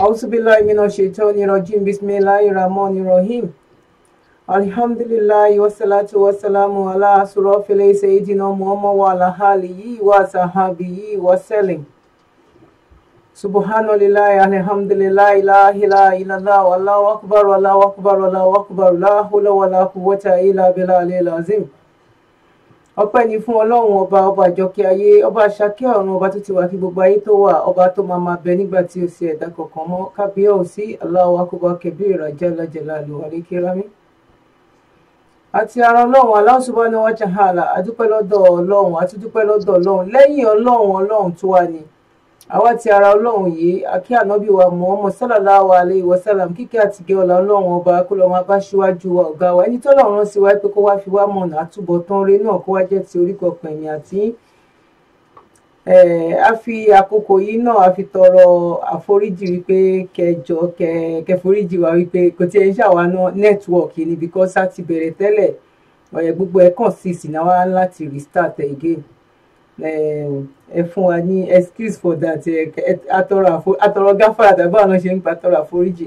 Auzubillahi minash shaitani rajim bismillahir rahmanir rahim Alhamdulillahi wassalatu wassalamu ala asrafil sayyidina Muhammad wa ala alihi wa sahbihi wa alhamdulillahi la ilaha illallah wallahu akbar wallahu akbar wallahu la hawla wala quwwata illa billahil azim ọpẹ́ ni fún ọlọ́run ọba ọba àjọkẹ́ ayé ọba àṣàkẹ́ ọ̀run ọba tó ti wà kí gbogbo ayé tó wà ọba tó máa máa bẹ nígbà tí o sì ẹ̀dá kankan mọ́ kábíyèsí Allahu akbar kabir jalla jalaluhu àríkírámí. àti ara ọlọ́run Allah subhanahu wa ta'ala àdúpẹ́ lọ́dọ̀ ọlọ́run àti dúpẹ́ lọ́dọ̀ ọlọ́run lẹ́yìn ọlọ́run ọlọ́run tó wà ní àwa ti ara ọlọ́run yìí akí ànábì wa Muhammad sallallahu alayhi wa sallam kíkẹ́ àtìgẹ́ ọ̀la ọlọ́run ọba kó lọ́ọ́ máa bá síwájú wa ọ̀gá wa ẹni tọ́lọ́run rán sí wa pé kó wá fi wá mọ̀nà àtúbọ̀tán rẹ náà kó wá jẹ́ ti orí kọkàn ẹ̀yìn àti a fi àkókò yìí náà a fi tọrọ àforíjì wípé kẹjọ kẹforíjì wa wípé kò tí ẹ ń ṣàwa nẹ́tíwọ̀kì ni because ti bẹ̀rẹ̀ tẹ́lẹ̀ gbogbo ẹ̀ kàn sí ìsìn náà wá láti restart again ẹ fún wa ní excuse for that àtọ̀rọ̀ gáfárà tàbí àwọn ṣe ń gba àtọ̀rọ̀ àforíjì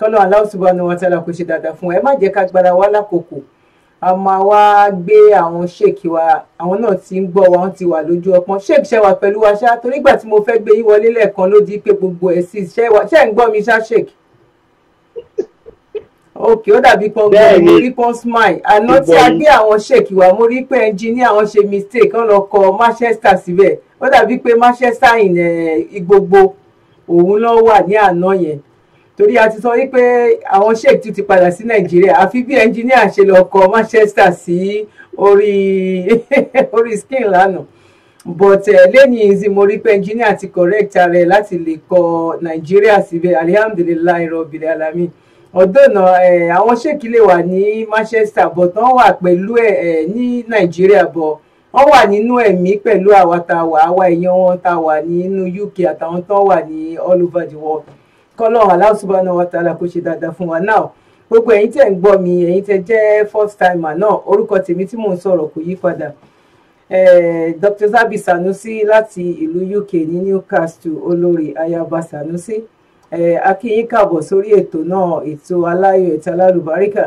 kọ́lọ́ Allah subhanahu wa ta'ala kò ṣe dáadáa fún ẹ má jẹ́ ká gbára wa lákòókò a máa wá gbé àwọn ṣèkì wa àwọn náà ti ń gbọ́ wa wọ́n ti wà lójú ọpọ́n ṣèkì ṣe pẹ̀lú wa ṣá torí ìgbà tí mo fẹ́ gbé yín wọlé lẹ́ẹ̀kan ló pé gbogbo ẹ̀ sì ṣe ń gbọ́ mi ṣá ṣèkì òkè ó dàbí pọn gbọ́n mo rí pọn smile àná tí a gbé àwọn ṣèkì wa mo rí pé ẹnjìníà wọn ṣe mistake wọn lọ kọ Manchester síbẹ̀ ó dàbí pé Manchester in eh, gbogbo òun ló wà ní àná yẹn torí a ti sọ wípé àwọn sheik tún ti padà sí nàìjíríà àfi bí ẹnjíníà ṣe lọ kọ manchester sí orí orí skin lánàá but eh, lẹ́yìn ìzí mo rí pé ẹnjíníà ti correct ara ẹ̀ láti lè kọ nàìjíríà síbẹ̀ alihamdulilayi rọ̀bìlẹ̀ alamin ọ̀dọ́nà eh, àwọn ṣèkì lè wà ní Manchester but wọ́n wà pẹ̀lú ẹ̀ eh, ní Nàìjíríà bọ̀ wọ́n wà nínú ẹ̀mí pẹ̀lú àwa tá a wà àwa èèyàn wọn tá a wà nínú UK àtàwọn tó wà ní all over the world kọ́lọ́run Allah subhanahu wa ta'ala kó ṣe dáadáa fún wa náà gbogbo ẹ̀yin tẹ̀ ń gbọ́ mi ẹ̀yin tẹ̀ jẹ́ first timer náà orúkọ tèmi tí mò ń sọ̀rọ̀ kò yí padà eh, Dr Zabi Sanusi láti ìlú UK ní Newcastle olórí ayaba Sanusi a kí yín káàbọ̀ sórí ètò náà ètò aláyọ̀ ètò alálùbáríkà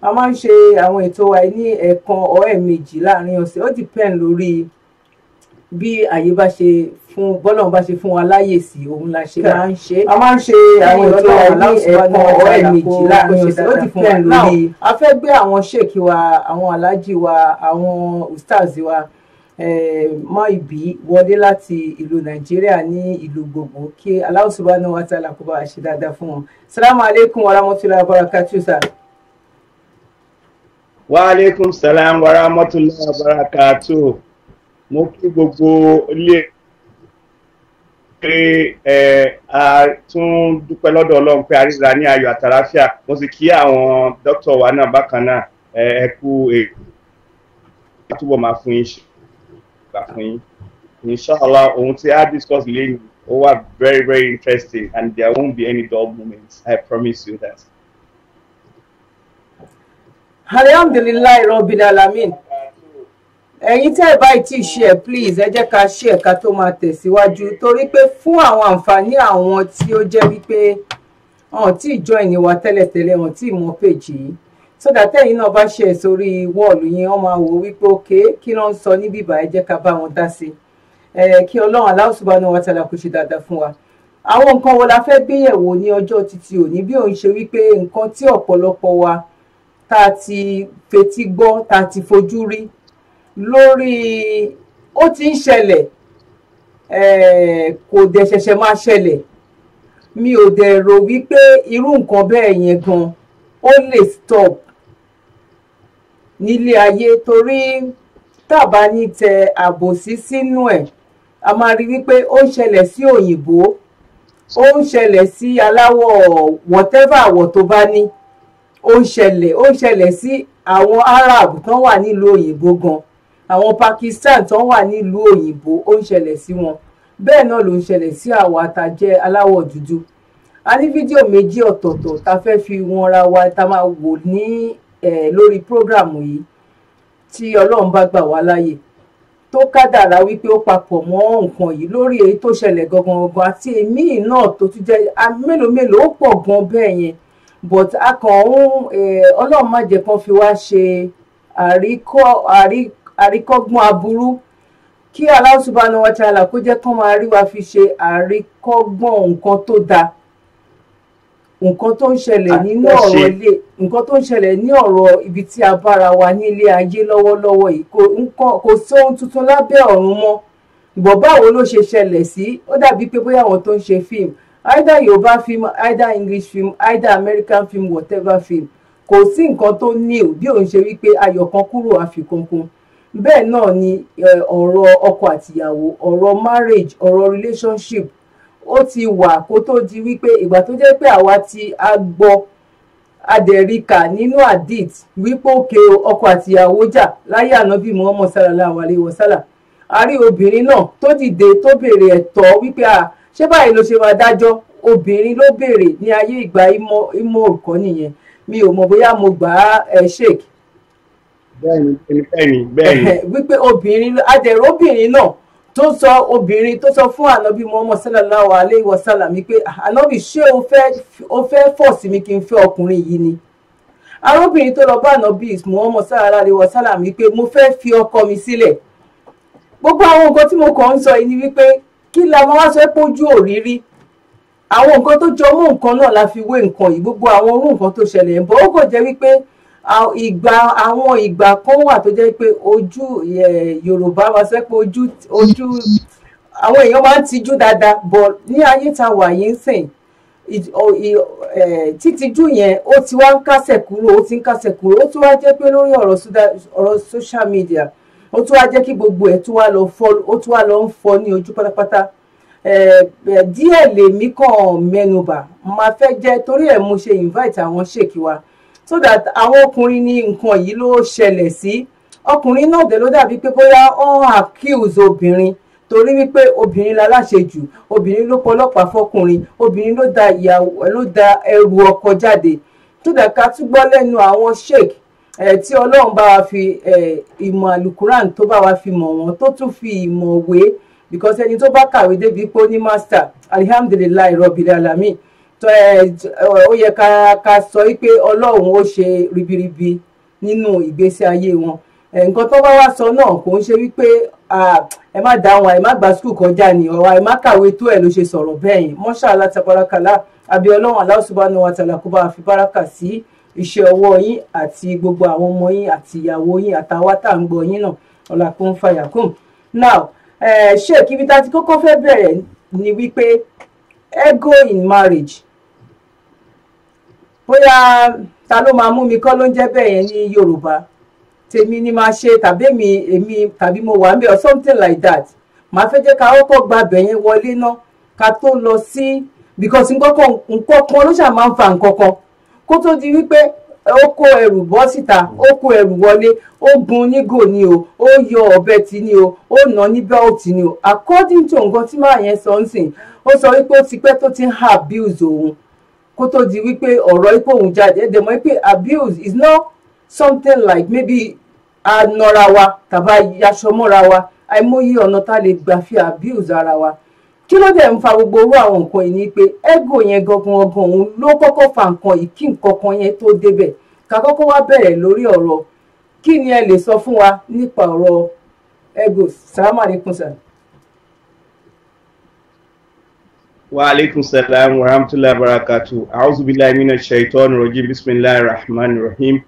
a máa ń ṣe àwọn ètò wa ní ẹ̀ẹ̀kan or ẹ̀ẹ̀mejì láàrin ọ̀sẹ̀ ó depend lórí bí àyè bá ṣe fún bọ́lọ́run bá ṣe fún wa láyè sí òun la ṣe máa ń ṣe. a máa ń ṣe àwọn ètò wa ní ẹ̀ẹ̀kan or ẹ̀ẹ̀mejì láàrin ọ̀sẹ̀ ó depend lórí. a fẹ́ gbé àwọn ṣèkì wa àwọn aláàjì wa àwọn ustaz wa. Eh, Mọ́ìbí wọlé láti ìlú Nàìjíríà ní ìlú gbogbo kí Allahu subhanahu wa ta'ala kó bá a ṣe dáadáa fún wọn. Salamu alaikum wa rahmatulahi wa barakatuh Wa alaikum salam wa rahmatulahi wa barakatuh. Mo kí gbogbo ilé pé ẹ eh, a tún dúpẹ́ lọ́dọ̀ ọlọ́run pé àríra ní ayọ̀ àtàláfíà mo sì kí àwọn dókítà wa náà bákan náà eh, ẹ kú èyí. a túbọ̀ máa fún yín ṣe kà fún yín inshallah ohun tí a discuss lẹ́yìn ó wà very very interesting and there won't be any dull moments i promise you that. alhamdulilayi rabbil alamin ẹ̀yin tẹ́ ẹ̀ báyìí tí ṣe please ẹ jẹ́ ká ṣe ẹ̀ka tó máa tẹ̀síwájú torí pé fún àwọn àǹfààní àwọn tí ó jẹ́ wípé wọn tí ì join tẹ́lẹ̀tẹ́lẹ̀ wọn tí ì mọ yìí so that ẹ̀yin náà bá ṣe ẹ̀ sórí wọ́ọ̀lù yẹn wọ́n máa wò wípé òkè kí ló ń sọ ní bíbá ẹ jẹ́ ká bá wọn dá sí i kí ọlọ́run Allah wa ta'ala kó ṣe dáadáa fún wa. àwọn nǹkan wo la fẹ́ gbéyẹ̀wò ní ọjọ́ títí òní bí òun ṣe wípé nǹkan tí ọ̀pọ̀lọpọ̀ wa tá a ti fetí gbọ́ tá a ti fojú rí lórí ó ti ń ṣẹlẹ̀ kò dẹ̀ ṣẹ̀ṣẹ̀ máa ṣẹlẹ̀ mi ò dẹ̀ rò wípé irú nǹkan bẹ́ẹ̀ yẹn gan ó lè stop nílé ayé torí tàbá ní tẹ àbòsí sínú ẹ̀ a máa rí wípé ó ń ṣẹlẹ̀ sí òyìnbó ó ń ṣẹlẹ̀ sí aláwọ̀ whatever àwọ̀ tó bá ní ó ń ṣẹlẹ̀ ó ń ṣẹlẹ̀ sí àwọn Arab tán wà nílùú òyìnbó gan àwọn Pakistan tán wà nílùú òyìnbó ó ń ṣẹlẹ̀ sí wọn bẹ́ẹ̀ náà ló ń ṣẹlẹ̀ sí àwọn àtàjẹ́ aláwọ̀ dúdú a ní fídíò méjì ọ̀tọ̀ọ̀tọ̀ tá a fẹ́ fi wọn ra wa tá a máa wò ní lórí programu yìí tí ọlọ́run bá gbà wá láàyè tó kádàrá wípé ó papọ̀ mọ́ nǹkan yìí lórí èyí tó ṣẹlẹ̀ gangan gangan àti èmi náà tó tún jẹ́ mélòó mélòó ó pọ̀ gan bẹ́ẹ̀ yẹn but a kàn ń ọlọ́run má jẹ́ kán fi wá ṣe àríkọ́gbọ́n aburú kí Allah subhanahu wa ta'ala kó jẹ́ kán máa rí wa fi ṣe àríkọ́gbọ́n nǹkan tó dáa nǹkan tó ń ṣẹlẹ̀ nínú ọ̀rọ̀ ilé nǹkan tó ń ṣẹlẹ̀ ní ọ̀rọ̀ ibi tí a bára wa ní ilé ayé lọ́wọ́lọ́wọ́ yìí kò sí ohun tuntun lábẹ́ ọ̀run mọ́ ìbọ̀ báwo ló ṣe ṣẹlẹ̀ sí ó dàbí pé bóyá àwọn tó ń ṣe fíìmù either Yorùbá film either English film either American film whatever film kò sí nǹkan tó new bí òun ṣe wípé ayọ̀ kan kúrò àfikúnkún bẹ́ẹ̀ náà ni ọ̀rọ̀ ọkọ àtìyàwó ọ̀rọ̀ marriage ọ̀rọ̀ relationship ó ti wà kó tó di wípé ìgbà tó jẹ́ pé àwa ti a gbọ́ adẹ̀ríkà nínú hadith wípé òkè ọkọ àtìyàwó jà láyé ànábì Muhammad sallallahu alaihi wasallam a rí obìnrin náà tó dìde tó béèrè ẹ̀tọ́ wípé a ṣé báyìí ló ṣe máa dájọ́ obìnrin ló béèrè ní ayé ìgbà ìmọ̀ ọ̀kọ́ nìyẹn mi ò mọ̀ bóyá mo gbà á ẹ̀ ṣèkì. bẹ́ẹ̀ni bẹ́ẹ̀ni bẹ́ẹ̀ni. wípé obìnrin adẹ̀rọ̀bìnrin náà tó sọ obìnrin tó sọ fún ànábì muhammad sallallahu alayhi wa sallam pé ah, ànábì ṣé o fẹ́ fọ̀ sí mi kí n fẹ́ ọkùnrin yìí ni arábìnrin tó lọ bá ànábì muhammad sallallahu alayhi wa sallam pé mo fẹ́ fi ọkọ mi sílẹ̀ gbogbo àwọn nǹkan tí mo kàn ń sọ yìí ni wípé kí la máa wá sọ pé ojú òrírí àwọn nǹkan tó jọ mọ́ nǹkan náà la fi wé nǹkan yìí gbogbo àwọn orú nǹkan tó ṣẹlẹ̀ ń bọ̀ ó kò jẹ́ wípé ìgbà àwọn ìgbà kan wà tó jẹ́ pé ojú yorùbá máa sọ pé ojú ojú àwọn èèyàn máa ń tijú dáadáa bọ̀ ní ayé ta wà yìí ń sìn títíjú yẹn ó ti wá ń kásẹ̀ kúrò ó ti ń kásẹ̀ kúrò ó tún wá jẹ́ pé lórí ọ̀rọ̀ social media ó tún wá jẹ́ kí gbogbo ẹ̀ tún wá lọ fọ́ ó tún wá lọ ń fọ́ ní ojú pátápátá díẹ̀ lèmi kàn mẹ́nubà máa fẹ́ jẹ́ torí ẹ̀ mo ṣe invite àwọn ṣèkí wa so that àwọn ọkùnrin ní nǹkan yìí ló ṣẹlẹ̀ sí ọkùnrin náà dẹ̀ ló dàbí pé bóyá ó ń accuse obìnrin torí wípé obìnrin láláṣejù obìnrin ló pọlọ́pàá fọkùnrin obìnrin ló da ìyàwó ló da ẹrù ọkọ jáde tó dà ká tún gbọ́ lẹ́nu àwọn sheik tí ọlọ́run bá wa fi ìmọ̀ alukuran tó bá wa fi mọ̀ wọ́n tó tún fi ìmọ̀ wé because ẹni tó bá kàwé débi pé ó ní master alihamdulilayi rọ̀bìlẹ̀ alamin Eh, ó yẹ ká ká sọ pé ọlọ́run ó ṣe ribiribi nínú ìgbésí ayé wọn eh, nǹkan tó bá wá sọ náà kò ń ṣe wípé ẹ má dá wọn ẹ má gba skul kọjá ni ọwọ ẹ má kàwé tó ẹ ló ṣe sọ̀rọ̀ bẹ́ẹ̀ yìí mọṣàlá tabarakala àbí ọlọ́run aláṣubánu àtàlà kó bá fi báràkà sí iṣẹ́ ọwọ́ yín àti gbogbo àwọn ọmọ yín àti ìyàwó yín àtàwọn tá à ń gbọ́ yín náà ọlákùn fàyàkùn now ṣé eh, kí ibi tá a ti kọ́kọ́ fẹ́ bẹ̀rẹ̀ ni wípé ego in marriage bóyá ta ló máa mú mi kọ́ ló ń jẹ́ bẹ́ẹ̀ yẹn ní Yorùbá tèmi ni máa ṣe tàbí èmi èmi tàbí mo wà ń bẹ̀ or something like that màá fẹ́ jẹ́ ká kọ́kọ́ gba bẹ̀ yẹn wọlé ná ká tó lọ sí because nkọ́kọ́ kan ló ṣáà máa ń fa nǹkan kan kó tó di wípé ó kó ẹrù bọ́ síta ó kó ẹrù wọlé ó gun nígò ni o ó yọ ọ̀bẹ tí ni o ó nà ní bẹ́ọ̀tì ni o according to nǹkan tí màá yẹn sọ ń sìn ó sọ wípé ó ti pẹ́ tó ti ń abuse òun kó tó di wípé ọ̀rọ̀ ipò òun jáde ẹ̀dẹ̀ mọ́ pé abuse is not something like maybe anọra wa tàbá yaṣọ mọ́ra wa àìmọye ọ̀nà tá a lè gbà fi abuse ara wa kí ló dẹ̀ ń fa gbogbo orú àwọn nǹkan yìí ni pé ego yẹn gangan gangan òun ló kọ́kọ́ fa nǹkan yìí kí nǹkan kan yẹn tó débẹ̀ ká kọ́kọ́ wá bẹ̀rẹ̀ lórí ọ̀rọ̀ kí ni ẹ lè sọ fún wa nípa ọ̀rọ̀ ego salaam aleykum sir. وعليكم السلام ورحمة الله وبركاته أعوذ بالله من الشيطان الرجيم بسم الله الرحمن الرحيم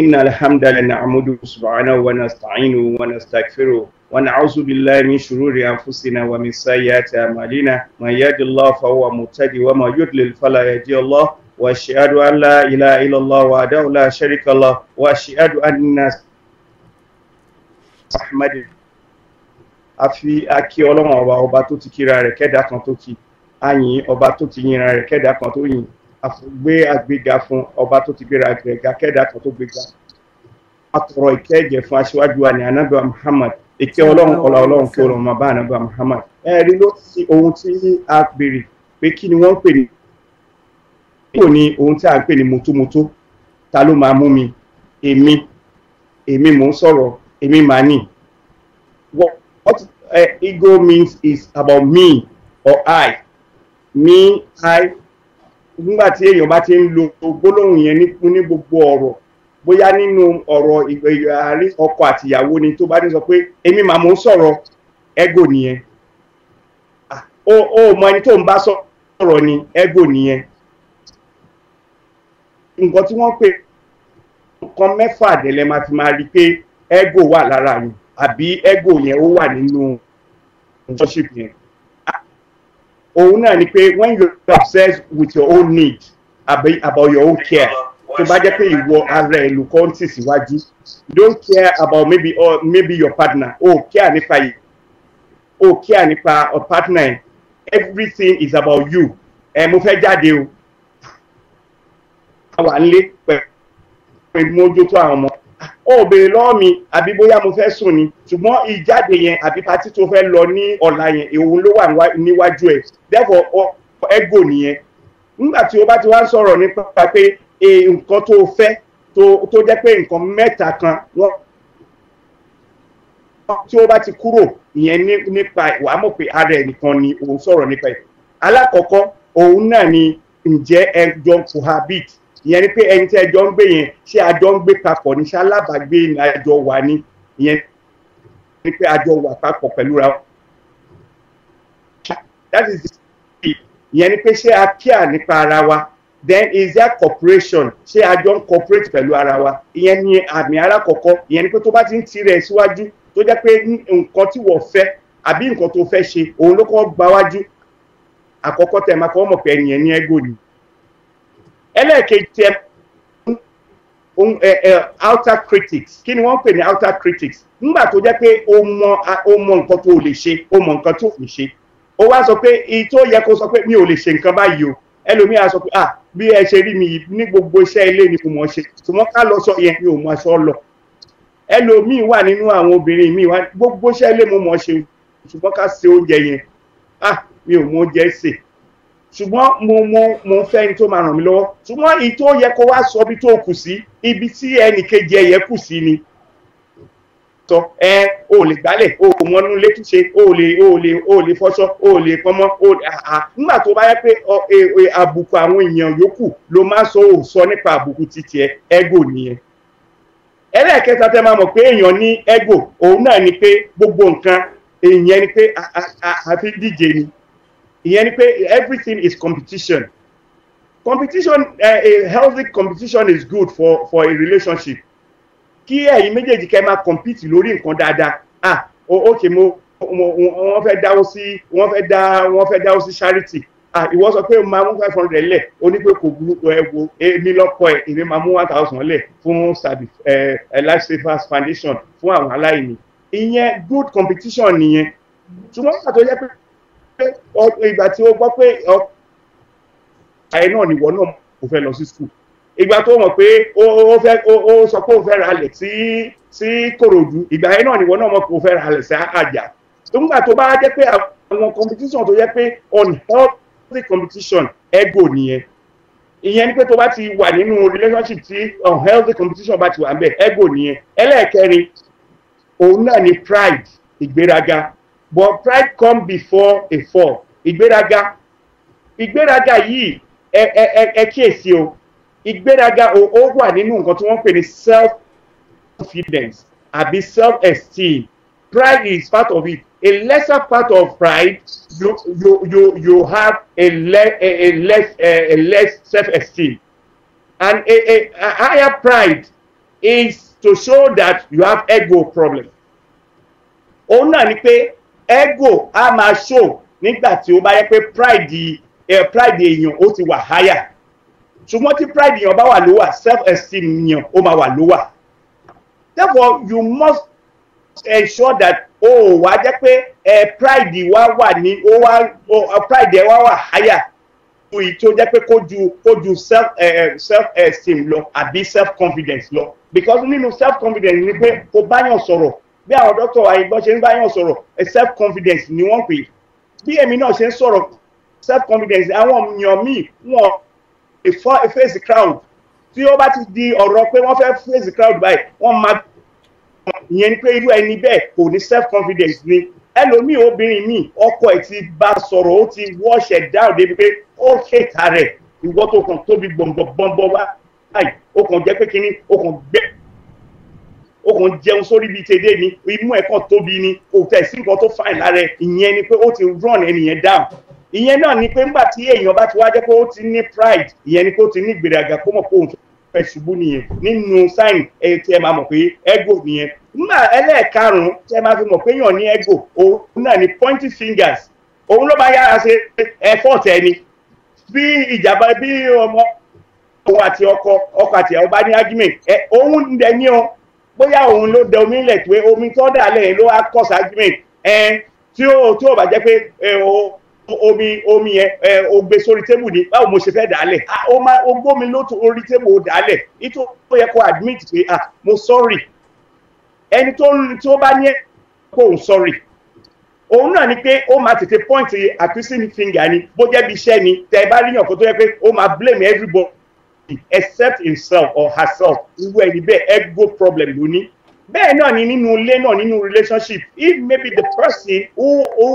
إن الحمد لله نعمده سبحانه ونستعينه ونستغفره ونعوذ بالله من شرور أنفسنا ومن سيئات أعمالنا من يهد الله فهو مهتدي وما يضلل فلا يهدي الله وأشهد أن لا إله إلا الله وحده لا شريك له وأشهد أن محمد àfi akí ọlọ́run ọba ọba tó ti kíra rẹ̀ kẹ́dà kan tó kì àyìn ọba tó ti yìnra rẹ̀ kẹ́dà kan tó yìn àfọ̀gbé àgbéga fún ọba tó ti gbéra rẹ̀ kẹ́dà kan tó gbéga àtọ̀rọ̀ ìkẹ́ fún aṣíwájú àní anábìá Muhammad ìkẹ́ ọlọ́run ọlá ọlọ́run kí ọlọ́run máa bá anábìá Muhammad ẹ̀rí ló ti ohun tí a béèrè pé kí ni wọ́n ń pè ní kò ní ohun tí a ń pè ní mutumutu ta ló máa mú mi èmi èmi mò ń sọ̀rọ̀ èmi màá nì wọ́n uh, ego means is about me or I me I nígbà tí èèyàn bá ti ń lo gbólóhùn yẹn ní gbogbo ọ̀rọ̀ bóyá nínú ọ̀rọ̀ àárín ọkọ àti ni tó bá ní sọ pé èmi màá mò ń sọ̀rọ̀ ego nìyẹn ah, o ò mọ ẹni tó ń bá sọ̀rọ̀ ni ego nìyẹn nǹkan tí wọ́n pè nǹkan mẹ́fà dẹ̀lẹ́ máa fi máa rí pé ego wà lára yìí àbí ego yẹn ó wà nínú worship yẹn òun náà ni pé when you are obsessed with your own need àbí about your own care tó bá jẹ́ pé ìwọ ara ẹ̀ lùkọ́ ń tì don't care about maybe or maybe your partner o oh, care nípa yìí o oh, care nípa your partner everything is about you ẹ mo fẹ́ jáde o àwa ń lé pẹ̀lú ìmójútó àwọn ọmọ ó béèrè lọ́wọ́ mi àbí bóyá mo fẹ́ sùn ni ṣùgbọ́n ìjáde yẹn àbí patí tó fẹ́ lọ ní ọ̀la yẹn òun ló wà níwájú ẹ̀ therefore ego nìyẹn nígbà tí o bá ti wá ń sọ̀rọ̀ nípa pé nǹkan tó fẹ́ tó jẹ́ pé nǹkan mẹ́ta kan wọ́n tí ó bá ti kúrò ìyẹn nípa ìwà mọ̀ pé ara ẹ̀ nìkan ni òun sọ̀rọ̀ nípa ẹ̀ alákọ̀ọ́kọ́ òun n'a ni ǹjẹ́ ẹ jọ cohabit ìyẹn ni pé ẹni tí ẹjọ́ ń gbé yẹn ṣé àjọ ń gbé papọ̀ ní ṣé alábàágbé ni àjọ wà ní ìyẹn ni pé àjọ wà papọ̀ pẹ̀lú ra that is ìyẹn ni pé ṣé a kíà nípa ara wa then is there cooperation ṣé àjọ ń cooperate pẹ̀lú ara wa ìyẹn ni àmì alákọ̀ọ́kọ́ ìyẹn ni pé tó bá ti ń tirẹ̀ síwájú tó jẹ́ pé nǹkan tí wọ́n fẹ́ àbí nǹkan tó fẹ́ ṣe òun ló kọ́ gbáwájú àkọ́kọ́ tẹ̀ máa kọ́ mọ̀ pé ẹnìyẹn ní ẹ́gò ni ẹlẹ́ẹ̀kejì ẹ eh, eh, outer critics kí ni wọ́n ń pè ní outer critics nígbà tó jẹ́ pé o mọ o mọ nǹkan tó o lè ṣe o mọ nǹkan tó o lè ṣe o wá sọ pé èyí tó yẹ kó sọ pé mi ò lè ṣe nǹkan báyìí o ẹlòmíà sọ pé ah bí ẹ ṣe rí mi ní gbogbo iṣẹ́ ilé ni kò mọ̀ ṣe ṣùgbọ́n ká lọ sọ yẹn mi ò mọ aṣọ lọ ẹlòmíì wà nínú àwọn obìnrin mi wá gbogbo iṣẹ́ ilé mo mọ̀ ṣe ṣùgbọ́n ká ṣe oúnjẹ yẹn ah mi ò mọ oúnjẹ ṣe ṣùgbọ́n mo mo mo fẹ́ ẹni tó máa ràn mí lọ́wọ́ ṣùgbọ́n èyí tó yẹ kó wá sọ ibi tó kù sí ibi tí ẹnì kejì ẹ yẹ kù sí ni tọ ẹ o lè gbálẹ̀ o kò mọ inú létúnṣe o lè o lè o lè fọṣọ o lè pọnmọ o àà nígbà tó bá yẹ pé e, e, àbùkù àwọn èèyàn yòókù ló máa sọ ò sọ nípa àbùkù títì ẹ ẹgò nìyẹn ẹlẹ́ẹ̀kẹta tẹ́ máa mọ̀ pé èèyàn ní ẹgò òun náà ni pé gbogbo nǹkan èèyàn ni pé àfi díje ni ìyẹn ni pé everything is competition competition uh, a healthy competition is good for for a relationship kí ẹ̀yin méjèèjì kẹ́ máa compete lórí nǹkan dáadáa ah ok mo wọ́n fẹ́ dáwọ́ sí wọ́n fẹ́ dá wọ́n fẹ́ dáwọ́ sí charity ah ìwọ sọ pé máa mú five hundred lẹ̀ ó ní pé kò burúkú ẹ wo èmi lọ́kọ ẹ̀ èmi máa mú one thousand lẹ̀ fún sabi ẹ life savers foundation fún àwọn aláìní ìyẹn good competition nìyẹn ṣùgbọ́n pàtó jẹ́ pé ìgbà tí ó gbọ́ pé ayé náà nìwọ náà kò fẹ́ lọ sí skul ìgbà tó mọ̀ pé ó fẹ́ ó sọ pé ó fẹ́ ra alẹ̀ sí sí Kòròdú ìgbà ayé náà nìwọ náà mọ̀ kò fẹ́ ra alẹ̀ sí Àjà nígbà tó bá jẹ́ pé àwọn competition tó yẹ pé unhealthy competition ego nìyẹn ìyẹn ni pé tó bá ti wà nínú relationship tí unhealthy competition bá ti wà ń bẹ ego nìyẹn ẹlẹ́ẹ̀kẹrin òun náà ni pride ìgbéraga but pride come before a fall ìgbéraga ìgbéraga yìí ẹ ẹ ẹ ẹ kíyèsí o ìgbéraga ó wà nínú nǹkan tí wọ́n pè ní self confidence àbí self esteem pride is part of it a lesser part of pride you you you you have a less a, a less a, a less self esteem and a, a, a higher pride is to show that you have ego problem òun náà ni pé ego a máa show nígbà tí ó bá yẹ pé pride eh, pride èèyàn ó ti wà higher ṣùgbọ́n tí pride èèyàn bá wà lower self esteem èèyàn ó máa wà lower therefore you must ensure that o oh, wá jẹ́ pé eh, pride wa wà ní ó wá oh, pride wa wà higher tó yìí tó jẹ́ pé kó ju self eh, eh, self esteem lọ àbí self confidence lọ because nínú self confidence ni pé kó báyàn sọ̀rọ̀ bí àwọn dókítà wa ìgbọ́n ṣe ń bá yàn sọ̀rọ̀ self confidence ni wọ́n pè bí èmi náà ṣe ń sọ̀rọ̀ self confidence àwọn èèyàn míì wọn face crowd tí ó bá ti di ọ̀rọ̀ pé wọ́n fẹ́ face crowd báyìí wọ́n máa ìyẹn ni pé irú ẹni bẹ́ẹ̀ kò ní self confidence ni ẹlòmíì obìnrin míì ọkọ ẹ̀ ti bá sọ̀rọ̀ ó ti wọ́ọ̀ṣẹ̀ dáhùn débi pé ó kéka rẹ̀ ìwọ́ tó kàn tóbi gbọ̀ngbọ̀ngbọ̀ báyìí ó kàn jẹ́ pé kínní ó kàn gbẹ́ o kàn jẹun sórí ibi tèdè ni imú ẹ̀kọ́ tóbi ni kò tẹ̀ nǹkan tó fàìn lára ìyẹn ni pé ó ti run ẹnìyẹn down ìyẹn náà ni pé tí èèyàn bá ti wá jẹ́ pé ó ti ní pride ìyẹn ni pé ó ti ní ìgbéraga kó mọ̀ pé òun sign tí ego nìyẹn nígbà ẹlẹ́ẹ̀karùn-ún tí ẹ máa ego òun náà ni pointing fingers òun ló yára ṣe effort ẹni bí ìjàmbá bí ọmọ ọkọ ọkọ àti ọba ní argument bóyá òun ló dẹ omi lẹ̀ pé omi tó dà lẹ́yìn ló wá cause argument ẹ tí ó tí ó bá jẹ́ pé omi omi yẹn o gbé sórí tébù ni báwo mo ṣe fẹ́ dà á lẹ̀ o ah, gbómi ló tún orí tébù ó dà á lẹ̀ nítorí ó yẹ kó admit pé ah mo sorry ẹni tó ń tí ó bá ní kó òun sorry òun náà ni pé ó máa tètè point accusing finger ni bó jẹ́ bí iṣẹ́ ni tẹ̀ bá ríyàn kó tó yẹ pé ó máa blame everybody except himself or herself irú ẹni bẹ́ẹ̀ ego problem ló ní bẹ́ẹ̀ náà ni nínú ilé náà nínú relationship if maybe the person who who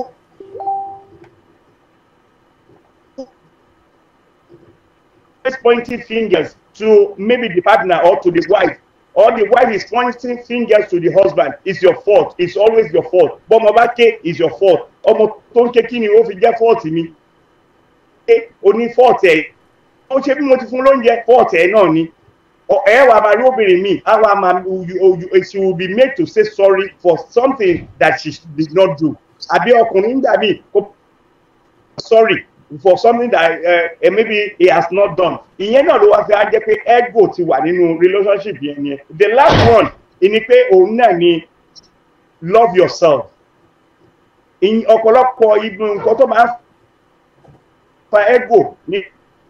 is pointing fingers to maybe the partner or to the wife or the wife is pointing fingers to the husband it's your fault it's always your fault bọ́mọ bá ké your fault ọmọ tó ń ké kí ni ó fi jẹ́ fault mi ṣé o fault ẹ̀ ó ṣe bí mo ti fún lóúnjẹ fọ́ọ̀tẹ̀ náà ni ẹ wà máa rí obìnrin mi á wà máa she will be made to say sorry for something that she did not do àbí ọkùnrin dàbí kó sorry for something that uh, maybe he has not done. ìyẹn náà ló wá fi á jẹ́ pé ego ti wà nínú relationship yẹn yẹn. the last one ni pé òun náà ni love yourself. ọ̀pọ̀lọpọ̀ ibi nǹkan tó máa ń fa ego ni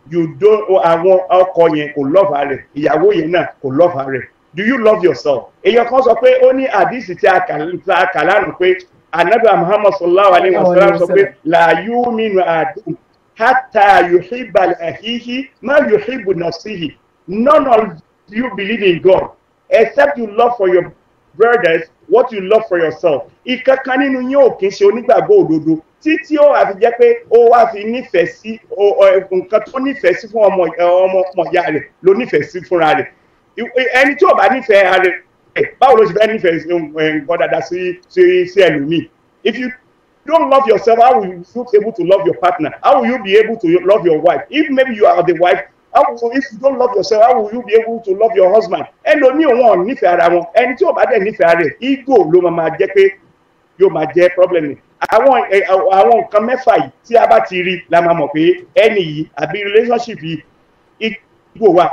you don't oh, àwọn ọkọ yẹn kò lọ́ọ̀fà rẹ̀ ìyàwó yẹn náà kò lọ́ọ̀fà rẹ̀ do you love yourself èèyàn kan sọ pé ó ní àdìsí tí a kà lánàá pé anabi muhammad sallallahu alayhi wa sallam sọ pé làyú mínú àdùn hátà yòhìbà àhíhí má yòhìbù nàṣíhì none of you believe in God except you love for your brothers what you love for yourself ìkankan nínú yín ò kí ń ṣe onígbàgbọ́ òdodo títí ó àfi jẹ́ pé ó wá fi nífẹ̀ẹ́ sí nǹkan tó nífẹ̀ẹ́ sí fún ọmọ ọmọ ọmọọ̀yá rẹ̀ ló nífẹ̀ẹ́ sí fúnra rẹ̀ ẹni tí ò bá nífẹ̀ẹ́ ara rẹ̀ báwo ló ṣe fẹ́ nífẹ̀ẹ́ nǹkan dáadáa sí sí sí ẹlòmíì if you don't love yourself how will you be able to love your partner how will you be able to love your wife if maybe you are the wife how will if you don't love yourself how will you be able to love your husband ẹlòmíì òun ò nífẹ̀ẹ́ ara wọn ẹni tí ò bá dẹ̀ nífẹ̀ẹ́ rẹ̀ ego ló máa máa jẹ́ pé yóò máa jẹ́ problem ni àwọn àwọn nǹkan mẹ́fà yìí tí a bá ti rí la máa mọ̀ pé ẹni yìí àbí relationship yìí ego wa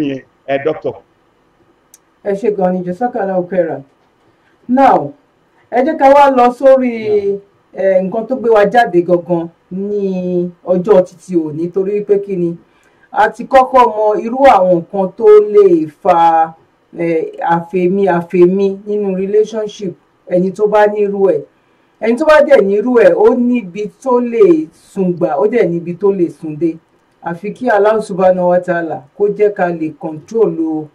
nìyẹn ẹ doctor. ẹ ṣe gan ni josakala okera now ẹ jẹ́ ká wá lọ sórí nǹkan tó gbé wa jáde gangan ní ọjọ́ títí òní torí pé kí ni. Yeah a ti kọ́kọ́ mọ irú àwọn nǹkan tó lè fa àfẹ̀mí àfẹ̀mí nínú relationship ẹni tó bá nírú ẹ̀ ẹni tó bá dẹ̀ nírú ẹ̀ ó níbi tó lè sùn gbà ó dẹ̀ níbi tó lè sùn dé àfi kí Allah subhanahu wa ta'ala kó jẹ́ ká lè control o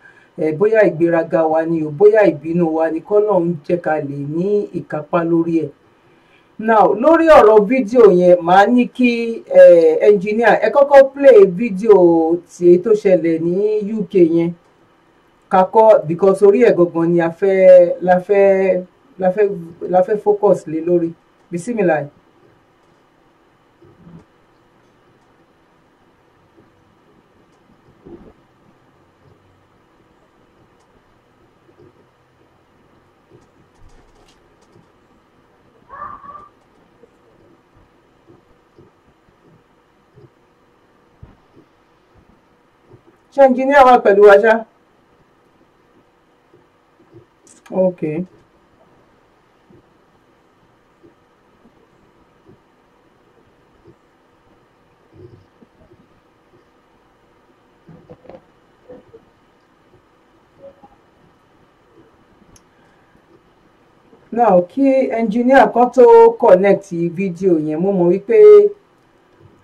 ẹ bóyá ìgbéraga wa ni o bọ́yá ìbínú wa ni kọ́lọ́hún jẹ́ ká lè ní ìkápá lórí ẹ̀ now lórí ọ̀rọ̀ fídíò yẹn màá ní kí ẹnjìníà ẹ kọ́kọ́ play fídíò tí tó ṣẹlẹ̀ ní UK yẹn kakọ́ because orí ẹ̀ gangan ni a fẹ́ la fẹ́ la fẹ́ la fẹ́ focus lé lórí bisimilayi. ṣé engineer wà pẹ̀lú wa ṣá. okay. now kí engineer kan tó connect fídíò yẹn mo mọ̀ wípé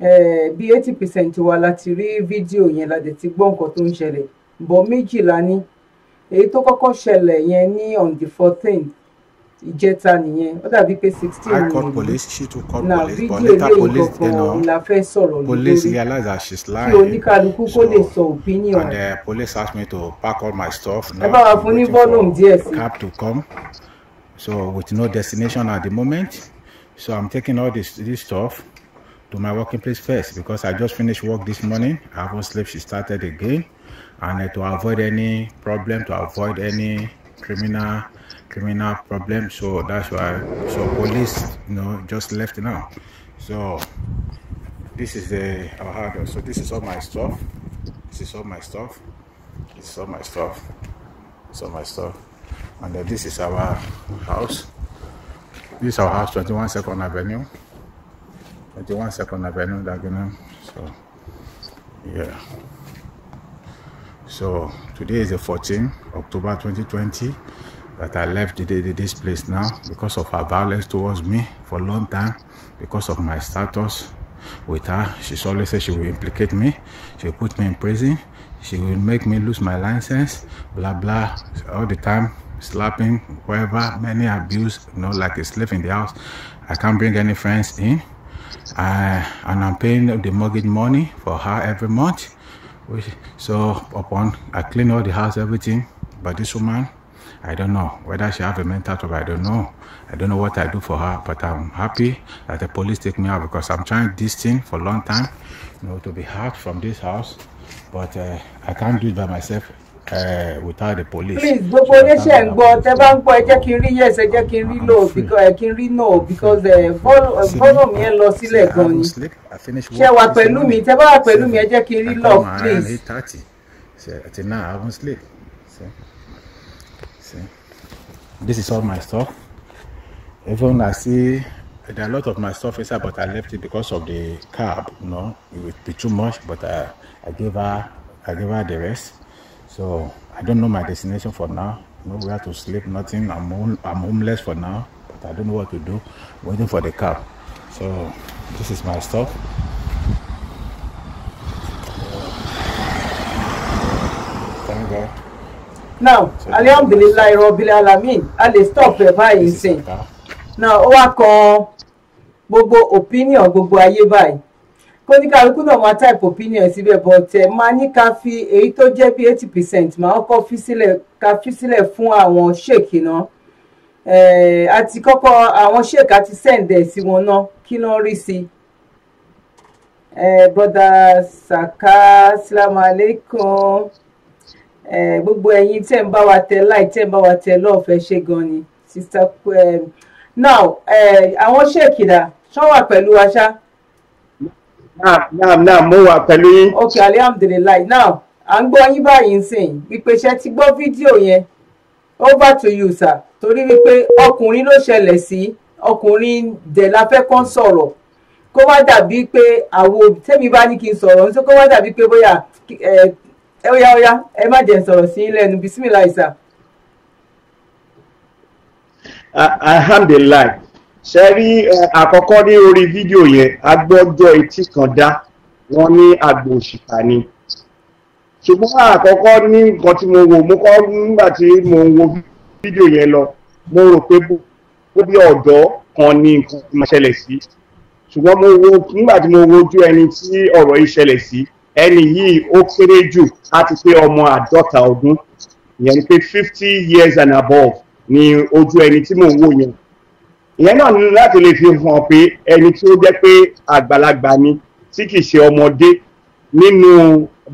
Eh, bí eighty percent wa la ti rí fídíò yẹn la dẹ̀ ti gbọ́ nǹkan tó ń ṣẹlẹ̀ bọ́ méjìlá ní èyí tó kọ́kọ́ ṣẹlẹ̀ yẹn ní on the fourteen ìjẹta nìyẹn ó dàbí pé sixteen ni mo ní na fídíò eléyìí kankan la fẹ́ sọ̀rọ̀ lórí kí oníkálukú kó lè sọ opinion rẹ̀. Uh, ẹ bá wa fún ní volume díẹ̀ sí. So with no destination at the moment, so I'm taking all this this stuff. to my working place first because I just finished work this morning. I haven't slept. She started again, and uh, to avoid any problem, to avoid any criminal criminal problem. So that's why. So police, you know, just left now. So this is the eh, So this is all my stuff. This is all my stuff. This is all my stuff. This all my stuff. And uh, this is our house. This is our house, 21 Second Avenue. 21 Second Avenue, Dagenham. So, yeah. So, today is the 14th, October 2020, that I left this place now because of her violence towards me for a long time, because of my status with her. She's always said she will implicate me, she will put me in prison, she will make me lose my license, blah, blah, all the time slapping, whatever, many abuse, you know, like a slave in the house. I can't bring any friends in and I'm paying the mortgage money for her every month. Which, so upon I clean all the house, everything, but this woman, I don't know whether she have a mental trouble. I don't know. I don't know what I do for her, but I'm happy that the police take me out because I'm trying this thing for a long time, you know, to be hacked from this house, but uh, I can't do it by myself. Eh, without the police. please gbogbo oníṣẹ́ ń gbọ́ tẹ́ bá ń gbọ́ ẹ jẹ́ kí n rí yes ẹ jẹ́ kí n rí no because ẹ eh, kí n rí no because volume eh, yẹn lọ sílẹ̀ gan ni ṣe wà pẹ̀lú mi tẹ́ bá wà pẹ̀lú mi ẹ jẹ́ kí n rí love please. I haven't slept. See? See? This is all my stuff. Even I see there are a lot of my stuff inside, but I left it because of the cab. You know, it would be too much, but I, uh, I gave her, I gave her the rest. So I don't know my destination for now. Nowhere to sleep, nothing. I'm, home, I'm homeless for now, but I don't know what to do. Waiting for the car. So this is my stuff. Thank God. Now, so, alhamdulillah, Rabbil Alamin, a stop ẹ̀ by insane. Now, ó wá kan gbogbo opinion gbogbo ayé báyìí pé ní kálukú náà máa type opinion síbẹ̀ but ẹ̀ eh, máa ní ká fi èyí tó jẹ́ bí eighty percent máa kọ́ fi sílẹ̀ ká fi sílẹ̀ fún àwọn sheik náà àti eh, kọ́kọ́ àwọn sheik àti send ẹ̀ sí wọn náà kí ló ń rí sí i. Eh, brother Saka salamu alaikum eh, gbogbo eh, ẹ̀yin tẹ́ ń bá wa tẹ láì tẹ́ ń bá wa tẹ lọ́ọ̀fẹ́ ṣe gan ni sister now àwọn ṣèkìlà ṣán wà pẹ̀lú wa naam naam mo wà pẹ̀lú yín. ok alihamdulilayi now à ń gbọ́ yín báyìí ń sìn ìpèsè ti gbọ́ fídíò yẹn over to you sir torí wípé ọkùnrin ló ṣẹlẹ̀ sí ọkùnrin dẹ̀ la fẹ́ kàn sọ̀rọ̀ kó wá dàbí pé àwọn tẹ́mi bá ní kí n sọ̀rọ̀ ní sọ kó wá dàbí pé bóyá ẹ ó yá ó yá ẹ má jẹ́ sọ̀rọ̀ sí lẹ́nu bisimilayi sir. alhamdulilayi ṣe rí àkọ́kọ́ ní orí fídíò yẹn agbọ́jọ́ etí kan dá wọ́n ní àgbò òṣìkà ni ṣùgbọ́n àkọ́kọ́ ní nǹkan tí mo wò mo kọ́ nígbà tí mo ń wo fídíò yẹn lọ mo rò pé bó bí ọ̀dọ́ kan ní nǹkan tí mo ṣẹlẹ̀ sí ṣùgbọ́n mo wo nígbà tí mo wojú ẹni tí ọ̀rọ̀ yìí ṣẹlẹ̀ sí ẹni yìí ó kéré jù láti pé ọmọ àádọ́ta ọdún ìyẹn ni pé fifty years and above ni ojú ẹni tí mò ń wò yẹn ìyẹn náà nínú láti lè fi hàn pé ẹni tí ó jẹ́ pé àgbàlagbà ni tí kìí ṣe ọmọdé nínú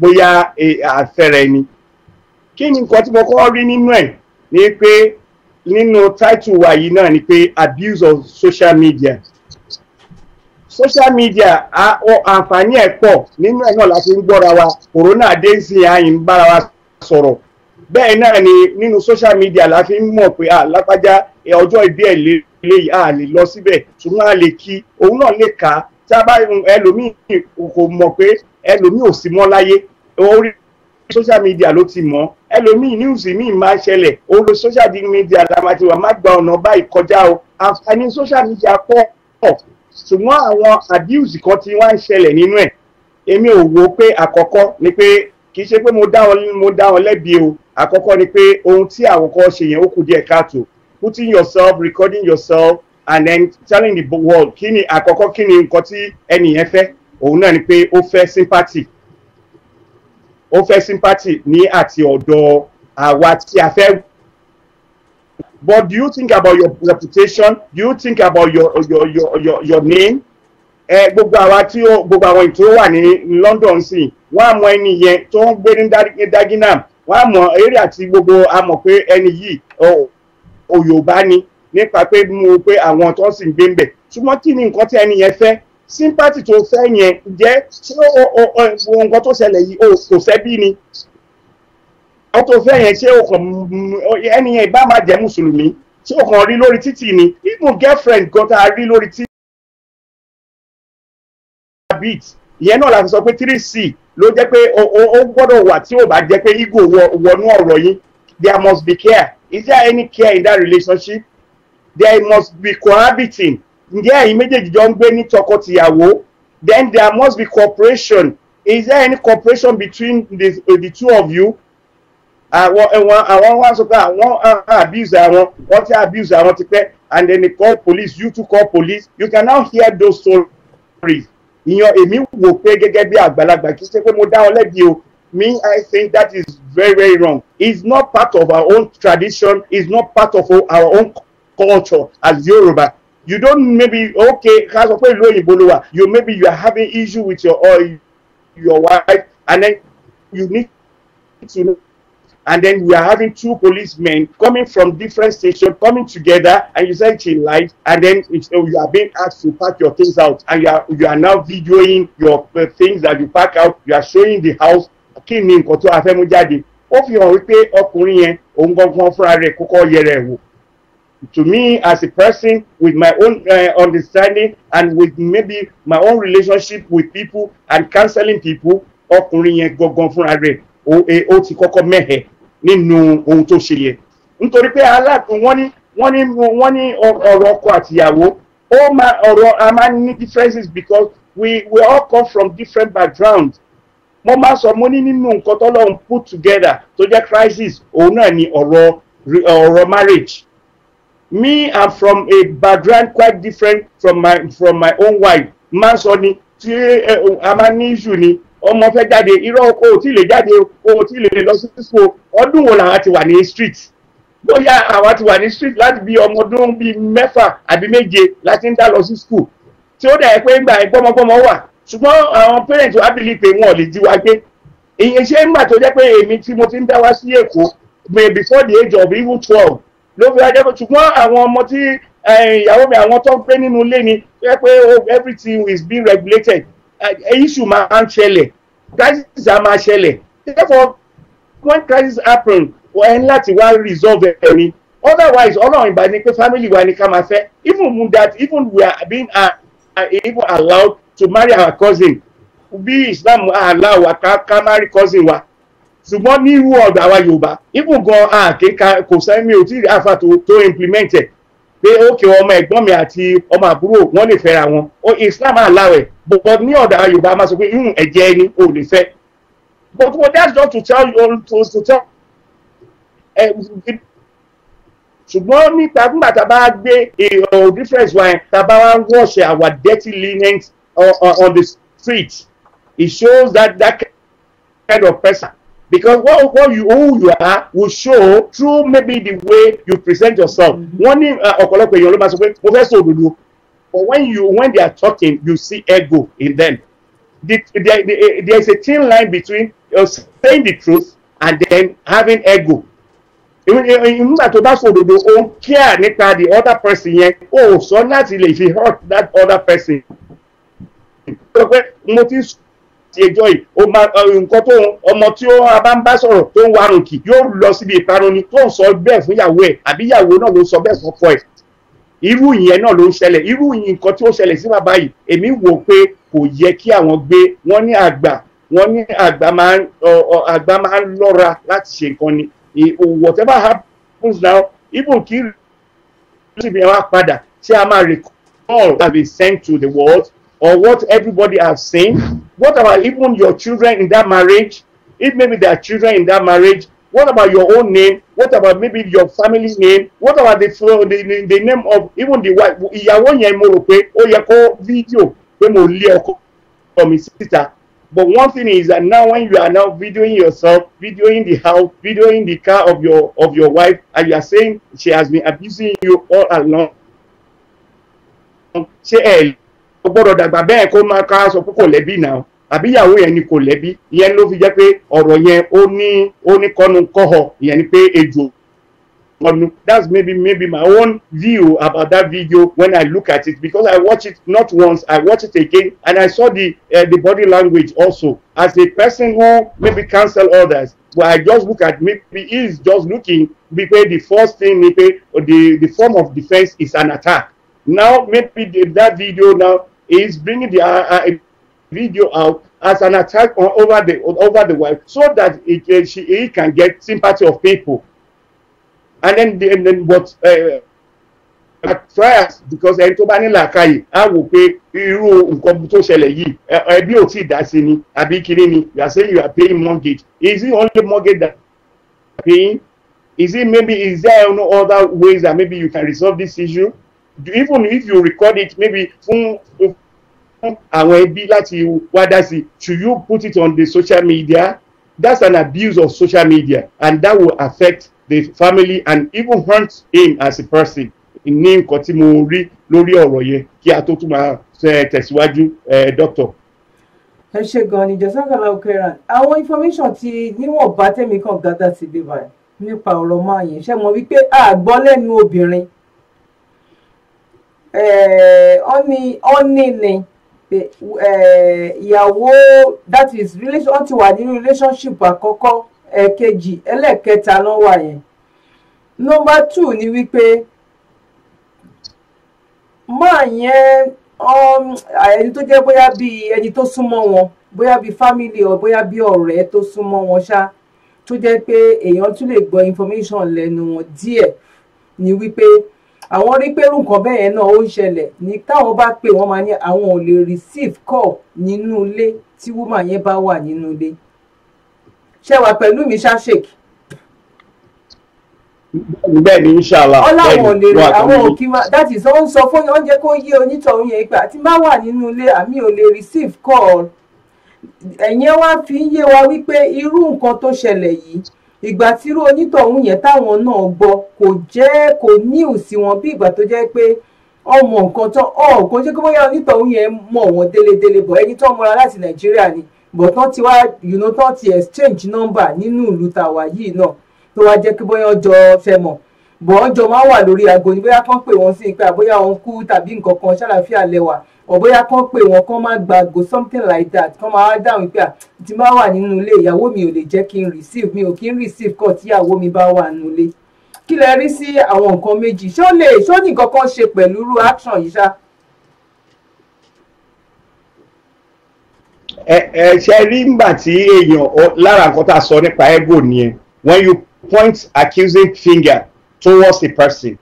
bóyá e, àfẹ́rẹ́ ni kí ni nǹkan tí mo kọ́ rí nínú ẹ̀ ni pé nínú táìtù wa yìí náà ni pé abuse of social media social media àǹfààní ẹ̀ pọ̀ nínú ẹ̀ náà láti ń gbọ́ra wa corona dé sí àyìn ń bára wa sọ̀rọ̀ bẹ́ẹ̀ náà ni nínú social media la fi ń mọ̀ pé lápájá ọjọ́ ìbí ẹ̀ lè eléyìí a lè lọ síbẹ̀ ṣùgbọ́n a lè kí òun náà lè kà á tí a bá ẹlòmíì kò mọ̀ pé ẹlòmíì ò sí mọ́ láyé orí social media ló ti mọ̀ ẹlòmíì níwùsì míì máa ṣẹlẹ̀ orí social media làmàtìwà má gba ọ̀nà báyìí kọjá o àǹfààní social media pọ̀ pọ̀ ṣùgbọ́n àwọn abuse kan ti wá ń ṣẹlẹ̀ nínú ẹ̀ èmi ò wo pé àkọ́kọ́ ni pé kì í ṣe pé mo dá wọn lẹ́bi o àkọ́kọ́ ni pé ohun tí àwọn kan ṣe yẹn ó kù díẹ̀ káàtó putting yourself recording yourself and then telling the world "Kini ni àkọ́kọ́ kí ni nǹkan tí ẹnìyẹn fẹ́ òun ni pé ó fẹ́ sympathy o fe sympathy ni ati ọ̀dọ̀ àwa tí a fẹ́ but do you think about your reputation do you think about your your your your, your name ẹ gbogbo àwa tí ó gbogbo àwọn ìtò wà ní London sí wọn á mọ ẹni yẹn tó ń gbé ní Dagenham wọn á mọ eré àti gbogbo a mọ̀ pé ẹni yìí oh, òyòbá ni nípa pé mú pé àwọn tó ń sì ń gbé ń bẹ̀ ṣùgbọ́n kí ni nǹkan tí ẹni yẹn fẹ́ sympathy tó fẹ́ yẹn jẹ́ ṣé nǹkan tó ṣẹlẹ̀ yìí kò fẹ́ bí ni o tó fẹ́ yẹn ṣé ẹni yẹn ìbá máa jẹ́ mùsùlùmí ṣé o kàn rí lórí títì ni even girlfriend gan ta rí lórí títì beat ìyẹn náà la fi sọ pé three c ló jẹ́ pé o gbọ́dọ̀ wà tí o bá jẹ́ pé ego wọnú ọ̀rọ̀ yín there must be care is there any care in that relationship there must be cohabiting There, immediately méjèèjì jọ ń gbé ní tọkọ then there must be cooperation is there any cooperation between the, uh, the two of you àwọn ẹ̀wọ̀n àwọn wá sọ pé àwọn ah, ah, abuse àwọn wọ́n ti abuse àwọn ti pẹ́ and then they call police you too call police you can now hear those stories ìyàn èmi wò pé gẹ́gẹ́ bí àgbàlagbà kì í ṣe pé mo dá ọ lẹ́bi o me, I think that is very, very wrong. It's not part of our own tradition. It's not part of our own culture as Yoruba. You don't maybe okay, you maybe you are having issue with your or your wife, and then you need to know and then we are having two policemen coming from different stations coming together and you say it's in light and then you are being asked to pack your things out and you are, you are now videoing your uh, things that you pack out you are showing the house kí ni nǹkan tó a fẹ́ mú jáde ó fi hàn wípé ọkùnrin yẹn òun gangan fúnra rẹ̀ kọ́kọ́ yẹra wò to me as a person with my own uh, understanding and with maybe my own relationship with people and counseling people ọkùnrin yẹn gangan fúnra rẹ̀ ó eh, ti kọ́kọ́ mẹ́hẹ̀ nínú ohun tó ṣe yẹ nítorí pé aláàtún wọ́n ní wọ́n ní wọ́n ní ọ̀rọ̀ ọkọ àtìyàwó ó máa ọ̀rọ̀ a máa ní differences because we we all come from different backgrounds mo máa sọ mo ní nínú nǹkan tọ́lọ́run put together tó jẹ́ crisis òun náà ni ọ̀rọ̀ ọ̀rọ̀ marriage me am from a background quite different from my from my own wife máa sọ ni tí a máa ní issue ni ọmọ fẹ́ jáde irọ́ o tí lè jáde o tí lè lọ sí sísò ọdún wo làwọn ti wà ní street bóyá àwa ti wà ní street láti bí ọmọ ọdún bíi mẹ́fà àbí méje láti ń dá lọ sí school tí ó dà ẹ́ pé ń gbà ẹ́ wà ṣùgbọ́n àwọn parent wa believe pé wọn ò lè jí wa gbé ìyẹn ṣe ń gbà tó jẹ́ pé èmi tí mo ti ń dá wá sí èkó may before the age of even twelve ló fi wá jẹ́ pé ṣùgbọ́n àwọn ọmọ tí eh, ìyàwó mi àwọn tó ń gbé nínú ilé ni jẹ́ pé everything is being regulated eh, eh, issue máa ń ṣẹlẹ̀ crisis á máa ṣẹlẹ̀ therefore when crisis happen ẹ ní láti wá resolve ẹ ni otherwise ọlọ́run ìbá ni pé family wa ni ká máa fẹ́ even that even we are being uh, uh, even allowed to marry our cousin bí islam àlá wa ká ká marry cousin wa ṣùgbọ́n ní irú ọ̀dọ̀ àwa yorùbá even gan àáké kò sẹ́mi ò tí ì àfa tó tó implement ẹ̀ pé ókè ọmọ ẹ̀gbọ́n mi àti ọmọ àbúrò wọ́n lè fẹ́ra wọn ó islam àlá rẹ̀ bọ̀bọ̀ ní ọ̀dọ̀ àwa yorùbá máa sọ pé irun hmm, ẹ̀jẹ̀ ẹni ò lè fẹ́ but well, that's not to tell you to, to tell ṣùgbọ́n nípa nígbà tá a bá gbé eh, oh, difference wa yẹn tá a bá wá wọ́ọ̀ṣẹ̀ our dirty linen on the street. It shows that that kind of person. Because what, what you who you are will show through maybe the way you present yourself. Mm-hmm. Wọ́n ní uh, But when you when they are talking, you see ego in them. The, the, the, there is a thin line between uh, saying the truth and then having ego. nígbà tó bá sọ òdodo ó ń kíà nípa the other person Oh, so naturally láti lè hurt that other person tó pé mo ti ti ẹjọ́ yìí o ma nǹkan tó ọmọ tí ó bá ń bá sọ̀rọ̀ tó ń warùn kì yóò lọ síbi ìparun ni tó ń sọ bẹ́ẹ̀ fún ìyàwó ẹ̀ àbí ìyàwó náà ló sọ bẹ́ẹ̀ sọ́kọ ẹ̀ irú ìyẹn náà ló ń ṣẹlẹ̀ irú ìyẹn nǹkan tí ó ṣẹlẹ̀ sí bàbá yìí èmi wò pé kò yẹ kí àwọn gbé wọn ní àgbà wọn ní àgbà máa ń lọ́ra láti ṣe nǹkan ni whatever happens now even kí ló sì bí wọn padà tí a máa recall have been sent to the world or what everybody has seen? What about even your children in that marriage? If maybe there are children in that marriage, what about your own name? What about maybe your family's name? What about the the, the name of even the wife? Ìyàwó yẹn mo rò pé ó yẹ kó fídíò pé mo lé ọkọ But one thing is that now when you are now videoing yourself, videoing the house, videoing the car of your of your wife, and you are saying she has been abusing you all along. She kò gbọ́dọ̀ dàgbà bẹ́ẹ̀ kó máa ká sọ pé kò lẹ́bí náà àbí ìyàwó yẹn ni kò lẹ́bí ìyẹn ló fi jẹ́ pé ọ̀rọ̀ yẹn ó ní ó ní kọ́nu kọ́họ ìyẹn ni pé ejò ọ̀nù that's maybe maybe my own view about that video when I look at it because I watch it not once I watch it again and I saw the uh, the body language also as a person who maybe cancel others but I just look at maybe he is just looking because the first thing maybe the the form of defense is an attack now maybe the, that video now is bringing the uh, uh, video out as an attack on over the over the wife so that he, uh, she he can get sympathy of people and then the, and then what uh, first, because ẹni tó bá ní làákàyè á wò pé irú nǹkan tó ṣẹlẹ̀ yìí ẹbí ò tí ì dá sí ni àbí kiri ni you are saying you are paying mortgage is it only mortgage that you are paying is it maybe is there no other ways that maybe you can resolve this issue even if you record it maybe fún fún àwọn ẹbí láti wá dá sí should you put it on the social media that's an abuse of social media and that will affect the family and even hurt him as a person ní nǹkan tí mo rí lórí ọ̀rọ̀ yẹn kí a tó tún máa tẹ̀síwájú doctor. ẹ ṣe gan ni jasakala okeran àwọn information ti níwọ̀nba tẹ̀mí kan gada ti dé báyìí nípa ọ̀rọ̀ máa yẹn ṣe mọ̀ wípé a gbọ́ lẹ́nu obìnrin ọ́nì eh, ni eh, ìyàwó that is relation ó ti wà nínú relationship àkọ́kọ́ ẹ̀ẹ̀kejì ẹlẹ́ẹ̀kẹta ló wà yẹn number two ni wípé máa yẹn um, ẹni tó jẹ́ bóyá bíi ẹni tó súnmọ́ wọn bóyá bíi family or bóyá bíi ọ̀rẹ́ tó súnmọ́ wọn ṣá tó jẹ́ pé èèyàn tún lè gbọ́ information lẹ́nu wọn díẹ̀ ni wípé àwọn rí pé irú nǹkan bẹ́ẹ̀ náà ó ń ṣẹlẹ̀ ní táwọn bá pè wọ́n máa ní àwọn ò lè receive call nínú ilé tí woman yẹn bá wà nínú ilé ṣé wà pẹ̀lú mi ṣáṣèkì. bẹ́ẹ̀ ni inshàlá ọláwọn ò lè rí àwọn òkè wa that is ó ń sọ fún oúnjẹ kó yé onítọ̀hún yẹn pé àti má wà nínú ilé àmì ò lè receive call ẹ̀yẹn wá fi ń yé wa wípé irú nǹkan tó ṣẹlẹ̀ yìí ìgbà tírú onítọ̀hún yẹn táwọn náà gbọ́ kò jẹ́ kò níhù sí wọn bí ìgbà tó jẹ́ pé ọmọ nǹkan tán ọ̀ọ̀kan jẹ́ kí bóyá onítọ̀hún yẹn mọ̀ wọ́n délédélé bọ̀ ẹni tán múra láti nàìjíríà ni bọ̀ tán ti wá you know tán ti exchange number nínú ìlú tàwa yìí náà tó wá jẹ́ kí bóyá ọjọ́ fẹ́ mọ̀ bọ̀ ọjọ́ máa wà lórí aago ni bóyá kán pè wọ́n sí pé àbóyá òun kú tàbí nǹkan kan ṣàlàáfíà lẹ́wà or bóyá kán pè wọ́n kán má gbàgbó something like that kán máa dáhùn pé ah, tí má wà nínú ilé ìyàwó mi ò lè jẹ́ kí n receive mi ò kí n receive kọ́ tíyàwó mi bá wà nínú ilé kí lẹ rí sí àwọn nǹkan méjì ṣé ó lè ṣé ó ní nǹkan kan ṣe pẹ̀lú irú action yìí ṣá. ẹ ẹ ṣe rí ngbà tí èèyàn lára nǹkan tá a sọ nípa ego nìyẹn when you point accusing finger towards a person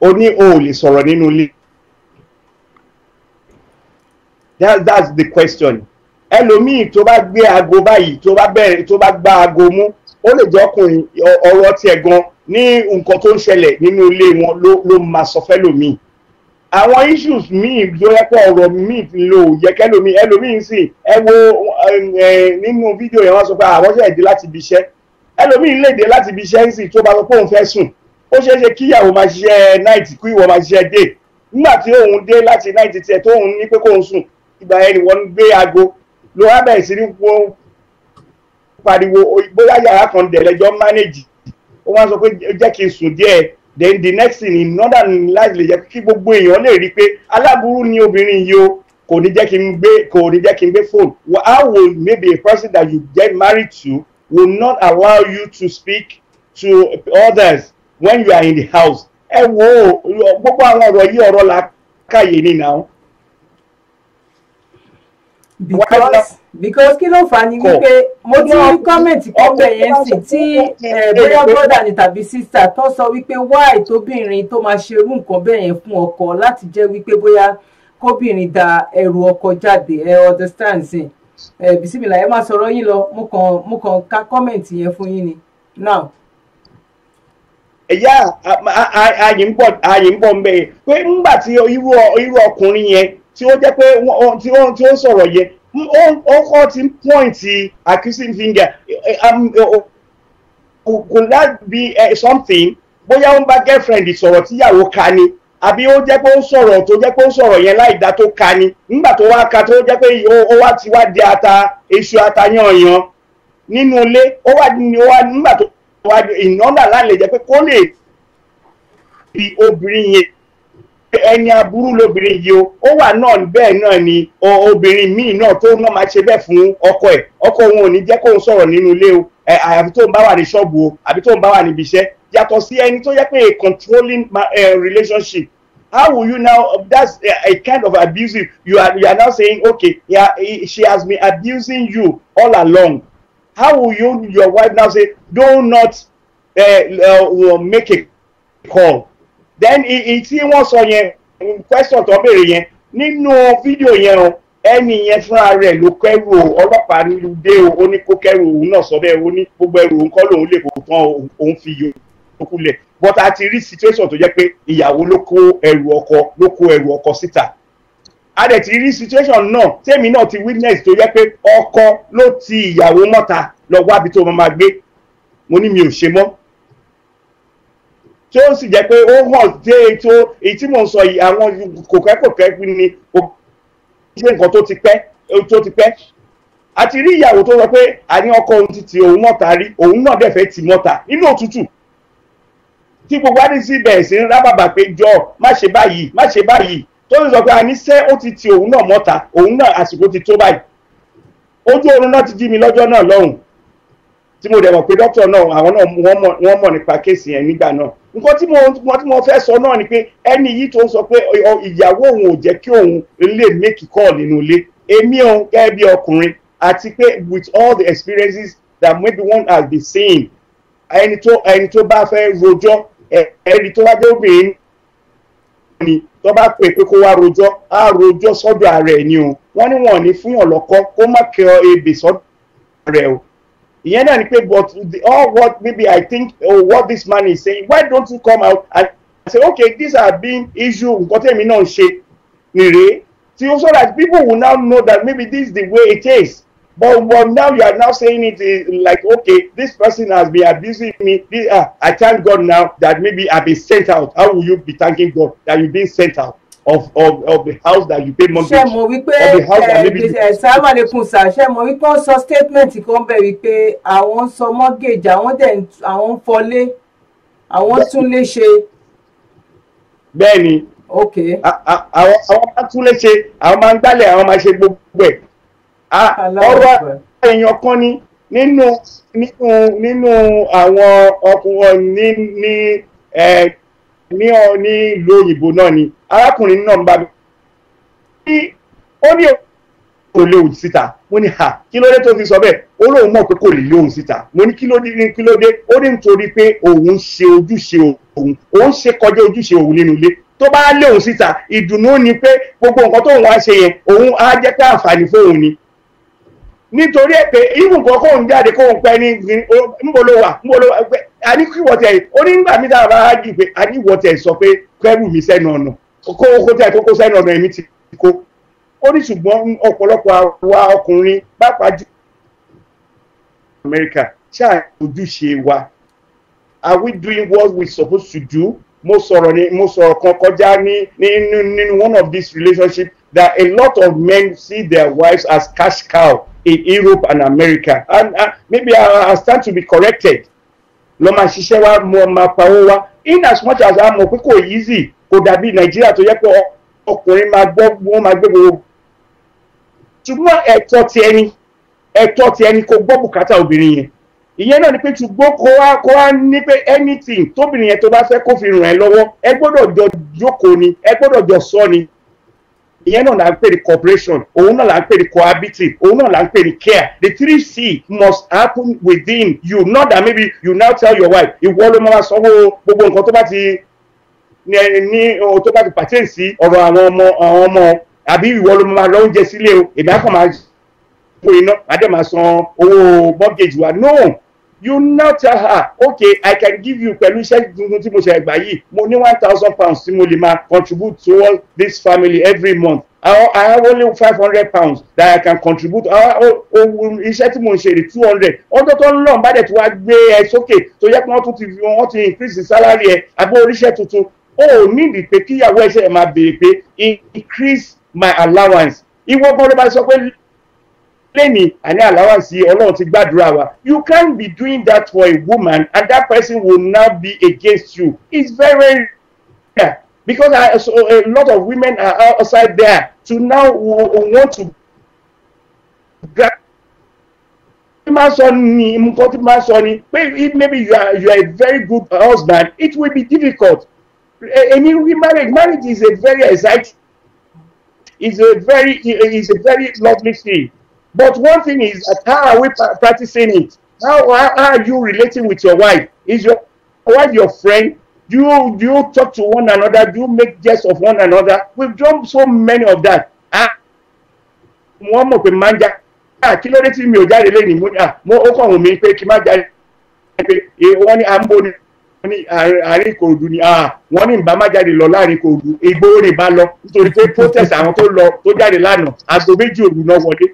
o ní o ò lè sọ̀rọ̀ nínú ilé that that's the question ẹlòmíì tó bá gbé aago báyìí tó bá bẹ̀rẹ̀ tó bá gbá aago mú ó lè jẹ́ ọkùnrin ọ̀rọ̀ tiẹ̀ gan ní nǹkan tó ń ṣẹlẹ̀ nínú ilé wọn ló ló máa sọ fẹ́lòmíì àwọn issues míì tó yẹ pé ọ̀rọ̀ míì ló yẹ kẹ́lòmíì ẹlòmíì sì ẹ wo nínú fídíò yẹn wọ́n sọ pé àwọn ah, ṣẹ̀ dé láti ibi iṣẹ́ ẹlòmíì lè dé láti ibi iṣẹ́ sì tó bá sọ pé òun fẹ́ sùn ó ṣeé ṣe kíyàwó máa ṣiṣẹ́ night kí ìwọ máa ṣiṣẹ́ day nígbà tí òun dé láti night tiẹ̀ tóun ní pé kóun sùn ìgbà yẹn ni wọ́n ń gbé aago ló wá bẹ̀rẹ̀ sí ní wo pariwo bóyá yàrá kan dẹ̀lẹ́jọ́ mánéjì ó wá sọ pé jẹ́ kí n sùn díẹ̀ then the next thing in northern life lè jẹ́ kí gbogbo èèyàn lè rí i pé aláburú ni obìnrin yìí o kò ní jẹ́ kí n gbé kò ní jẹ́ kí n gbé phone how will maybe a person that you get married to will not allow you to speak to others when you are in the house ẹ wo gbogbo àwọn ọ̀rọ̀ yìí ọ̀rọ̀ làákàyè ni now because because kí ló fà á ni wípé mo ti rí kọ́mẹ̀ntì kan bẹ̀ yẹn sì tí eh, eh, bóyá brọ́dà ni tàbí sísà tó sọ wípé why tóbìnrin tó máa ṣerú nǹkan bẹ́ẹ̀ yẹn fún ọkọ láti jẹ́ wípé bóyá kóbìnrin da ẹrù ọkọ jáde ẹ understand sin ẹ eh, bisimilà ẹ máa sọ̀rọ̀ yín lọ mo kàn mo kàn ka kọ́mẹ̀ntì yẹn fún yín ni now. ẹ̀yà àyìnbọ̀ àyìnbọ̀ ń bẹ̀ pé ńgbà tí irú ọkùnrin yẹn tí ó jẹ́ pé tí ó ń sọ̀rọ̀ yẹ ó kọ́ ti accusing finger could eh, um, eh, oh, that be eh, something bóyá bá girlfriend sọ̀rọ̀ tíyàwó ka ni àbí ó jẹ́ pé ó sọ̀rọ̀ tó jẹ́ pé ó sọ̀rọ̀ yẹn láì ka ni nígbà tó wá ka tó jẹ́ pé ó wá ti wá di ata èso ata yanyan nínú ilé ó wá ní ó wá nígbà tó wá ìnáwó jẹ́ pé kó lè bi obìnrin yẹn ẹni aburú lobìnrin yìí o ó wà náà bẹ́ẹ̀ náà ni obìnrin míì náà tó náà máa ṣe bẹ́ẹ̀ fún ọkọ ẹ̀ ọkọ òun ò ní jẹ́ kóun sọ̀rọ̀ nínú ilé o àbí tó bá wà ní ṣọ́ọ̀bù o àbí tó bá wà níbi iṣẹ́ yàtọ̀ sí ẹni tó yẹ pé a controlling uh, relationship how will you now that's a, a kind of abusive you are you are now saying okay yeah, she has been abusing you all along how will you your wife now say do not uh, uh, make a call then tí wọ́n sọ yẹn question tó béèrè yẹn nínú fídíò yẹn o ẹni yẹn fúnra rẹ̀ ló kẹ́rù o ọlọ́pàá nílùú dé o ó ní kó kẹ́rù òun náà sọ bẹ́ẹ̀ ó ní gbogbo ẹrù òun kọ́ lòun lè kó tán òun fi yòókù lẹ̀ but a ti rí situation tó jẹ́ pé ìyàwó ló kó ẹrù ọkọ ló kó ẹrù ọkọ síta a dẹ̀ ti rí situation náà tèmi náà ti witness tó jẹ́ pé ọkọ ló ti ìyàwó mọ́ta lọ wábi tó máa gbé mo ní mi ò ṣe mọ́ tí ó sì jẹ́ pé ó hàn dé ètò èyí tí mò ń sọ yìí àwọn kòkẹ́kòkẹ́ ni ó ṣe nǹkan tó ti pẹ́ tó ti pẹ́ a ti rí ìyàwó tó sọ pé àní ọkọ òun ti ti òun mọ́ta rí òun náà dẹ̀ fẹ́ ti mọ́ta nínú òtútù tí gbogbo adéṣí bẹ̀rẹ̀ sí ń rábàbà pé jọ má ṣe báyìí má ṣe báyìí tó ń sọ pé àníṣe ó ti ti òun náà mọ́ta òun náà àsìkò ti tó báyìí ojú oorun náà ti jí mi lọ́jọ́ náà lọ́hùn tí mo dẹ̀ mọ̀ pé dókítà náà àwọn náà wọ́n mọ̀ nípa kéèsì yẹn nígbà náà nǹkan tí mo tí mo fẹ́ sọ náà ni pé ẹni yìí tó ń sọ pé ìyàwó òun ò jẹ́ kí òun lè make call nínú ilé èmi òun gẹ́gẹ́ bí ọkùnrin àti pé with all the experiences that maybe one has been seeing ẹni tó ẹni tó bá fẹ́ rojọ́ ẹni tó bá jẹ́ obìnrin ni tó bá pè pé kó wá rojọ́ á rojọ́ sọ́dọ̀ ààrẹ ni o wọ́n ní wọ́n ní fún ọ̀lọ́kọ́ kó má kẹ́ ebè sọ́dọ̀ ààrẹ o ìyẹn náà ni pé but the, all what maybe I think oh, what this man is saying why don't you come out and say okay these are being issue nǹkan tẹ̀mí náà ṣe nìrè so so that people will now know that maybe this is the way it is but but now you are now saying it is eh, like okay this person has been abusing me this uh, I thank God now that maybe I been sent out how will you be thanking God that you been sent out of of of the house that you pay mortgage ṣe mọ̀ wípé ẹ salamu aleykum sir ṣe mọ̀ wípé wọ́n sọ statement kan bẹ̀ wípé àwọn sọ mortgage àwọn dẹ̀ àwọn fọlé àwọn tún lè ṣe. bẹ́ẹ̀ni àwọn máa tún lè ṣe àwọn máa ń gbálẹ̀ àwọn máa ṣe gbogbo ẹ̀ ọ̀rọ̀ èèyàn kan ni nínú nínú nínú àwọn ọkùnrin ní ní ní ọ ní ìlú òyìnbó náà ni arákùnrin náà ń bá mi. ó ní kò lé òun síta mo ní ha kí ló dé tó fi sọ bẹ́ẹ̀ ó lóun mọ̀ pé kò lè lé òun síta mo ní kí ló dé kí ló dé ó ní nítorí pé òun ṣe ojúṣe òun òun ṣe kọjá ojúṣe òun nínú ilé tó bá lé òun síta ìdùnnú ni pé gbogbo nǹkan tóun wá ṣe yẹn òun á jẹ́ pé àǹfààní fóun ni nítorí ẹ pé even kan kóun jáde kóun pẹ ní nbolowa nbolowa àní wọ́tẹ̀ onígbà mi dára bá jù pé àní wọ́tẹ̀ sọ pé kẹ́rù mi sẹ́nu ọ̀nà kó kó tẹ̀ kó kó sẹ́nu ọ̀nà èmi ti kó ó ní ṣùgbọ́n ọ̀pọ̀lọpọ̀ àwa ọkùnrin pápá are we doing what we supposed to do mo sọ̀rọ̀ ni mo sọ̀rọ̀ kan kọjá ní nínú nínú one of these relationships that a lot of men see their wives as cash cow in Europe and America and uh, maybe I, I stand to be corrected lọ máa ṣiṣẹ́ wa mọ máa pawó wa in as much as a mọ̀ pé kò easy kò dàbí Nàìjíríà tó yẹ pé ọkùnrin máa gbọ́ wọn máa gbé gbogbo ṣùgbọ́n ẹ̀tọ́ ti ẹni ẹ̀tọ́ ti ẹni kò gbọ́ bùkátà obìnrin yẹn ìyẹn náà ni pé ṣùgbọ́n kó wá kó wá ní pé anything tóbìnrin yẹn tó bá fẹ́ kó fi ràn ẹ́ lọ́wọ́ ẹ gbọ́dọ̀ jọ jókòó ni ẹ gbọ́dọ̀ jọ sọ ni ìyẹn náà là ń pè ní cooperation òun náà là ń pè ní cohabitive òun náà là ń pè ní care the three c must happen within you not that maybe you now tell your wife ìwọ ló máa sanwó gbogbo nǹkan tó bá ti ní tó bá ti pàtẹ́ǹ sí ọ̀rọ̀ àwọn ọmọ àwọn ọmọ àbí ìwọ ló máa lọ oúnjẹ sílé o èmi á kàn máa gbó iná àdé máa san owó mortgage wa no you nurture uh, her okay i can give you pẹ̀lú iṣẹ́ tuntun tí mo ṣe gbà yìí mo ní one thousand pounds tí mo lè máa contribute towards this family every month I, have only five hundred pounds that I can contribute ohun iṣẹ́ tí mo ń ṣe ní two hundred ọjọ́ tó ń lọ bá dẹ̀ tí wàá gbé ẹ sókè tó yẹ kí wọ́n tún ti wọ́n ti increase salary ẹ àbí oríṣẹ́ tuntun ó nídìí pé kíyàwó ẹ ṣe máa béèrè pé increase my allowance ìwọ gan ló bá sọ pé lẹ́ni àní àláwàsí ọlọ́run ti gbàdúrà wa you can't be doing that for a woman and that person will now be against you it's very rare because I, so a lot of women are outside there to now want to grab máa sọ ni nǹkan tí máa sọ ni pé maybe you are you are a very good husband it will be difficult èmi we marriage marriage is a very exciting is a very is a very lovely thing But one thing is how are we practicing it? How, how, are you relating with your wife? Is your wife your friend? Do you, do you talk to one another? Do you make jest of one another? We've done so many of that. Ah, wọ́n mọ̀ pé máa ń já ah, kí ló dé tí mi ò jáde lẹ́yìn ah, mo ó kàn wù pé kí n má jáde pé wọ́n ní à ń bò ní ní àárín kòòdù ni wọ́n ní ìbámá ah, ah, jáde lọ láàrin kòòdù Ìgbòho rè bá lọ nítorí pé protest àwọn tó lọ tó jáde lánàá aago méjì òru náà wọlé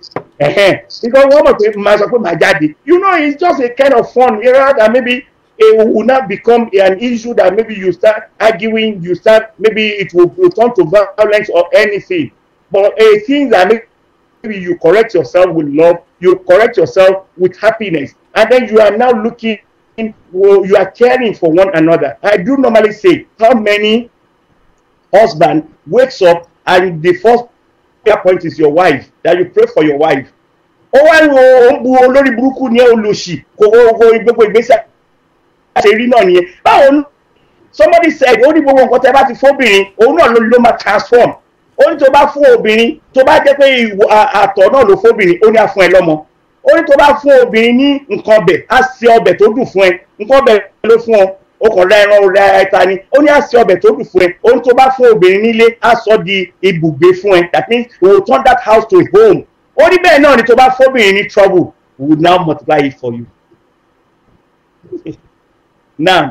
because wọ́n mọ̀ pé màá sọ pé màá jáde you know it's just a kind of fun era that maybe it will not become an issue that maybe you start arguing you start maybe it will, will turn to violence or anything but a thing that make maybe you correct yourself with love you correct yourself with happiness and then you are now looking caring well, you are caring for one another i do normally say how many husband wakes up and the first prayer point is your wife that you pray for your wife ó wá ní òun bu olórí burúkú ní olùsì kòkòrò gbogbo ìgbésẹ̀ àti èrí náà nìyẹn báwo somebody said ó ní gbogbo nǹkan tẹ́ bá ti fóbìnrin òun náà ló máa transform ó ní tó bá fún obìnrin tó bá jẹ́ pé àtọ̀ náà ló fóbìnrin ó ní àfún ẹ lọ́mọ ó ní tó bá fún obìnrin ní nǹkan ọbẹ̀ á ṣe ọbẹ̀ tó dùn fún ẹ nǹkan ọbẹ̀ ló fún ọ ó kàn ẹran ra ẹta ni ó ní á ṣe tó dùn fún ẹ ohun tó bá fún obìnrin nílé á sọ di ibùgbé fún ẹ that means we will turn that house to a home ó ní bẹ́ẹ̀ náà ni tó bá fóbìnrin ní trouble we will now multiply it for you now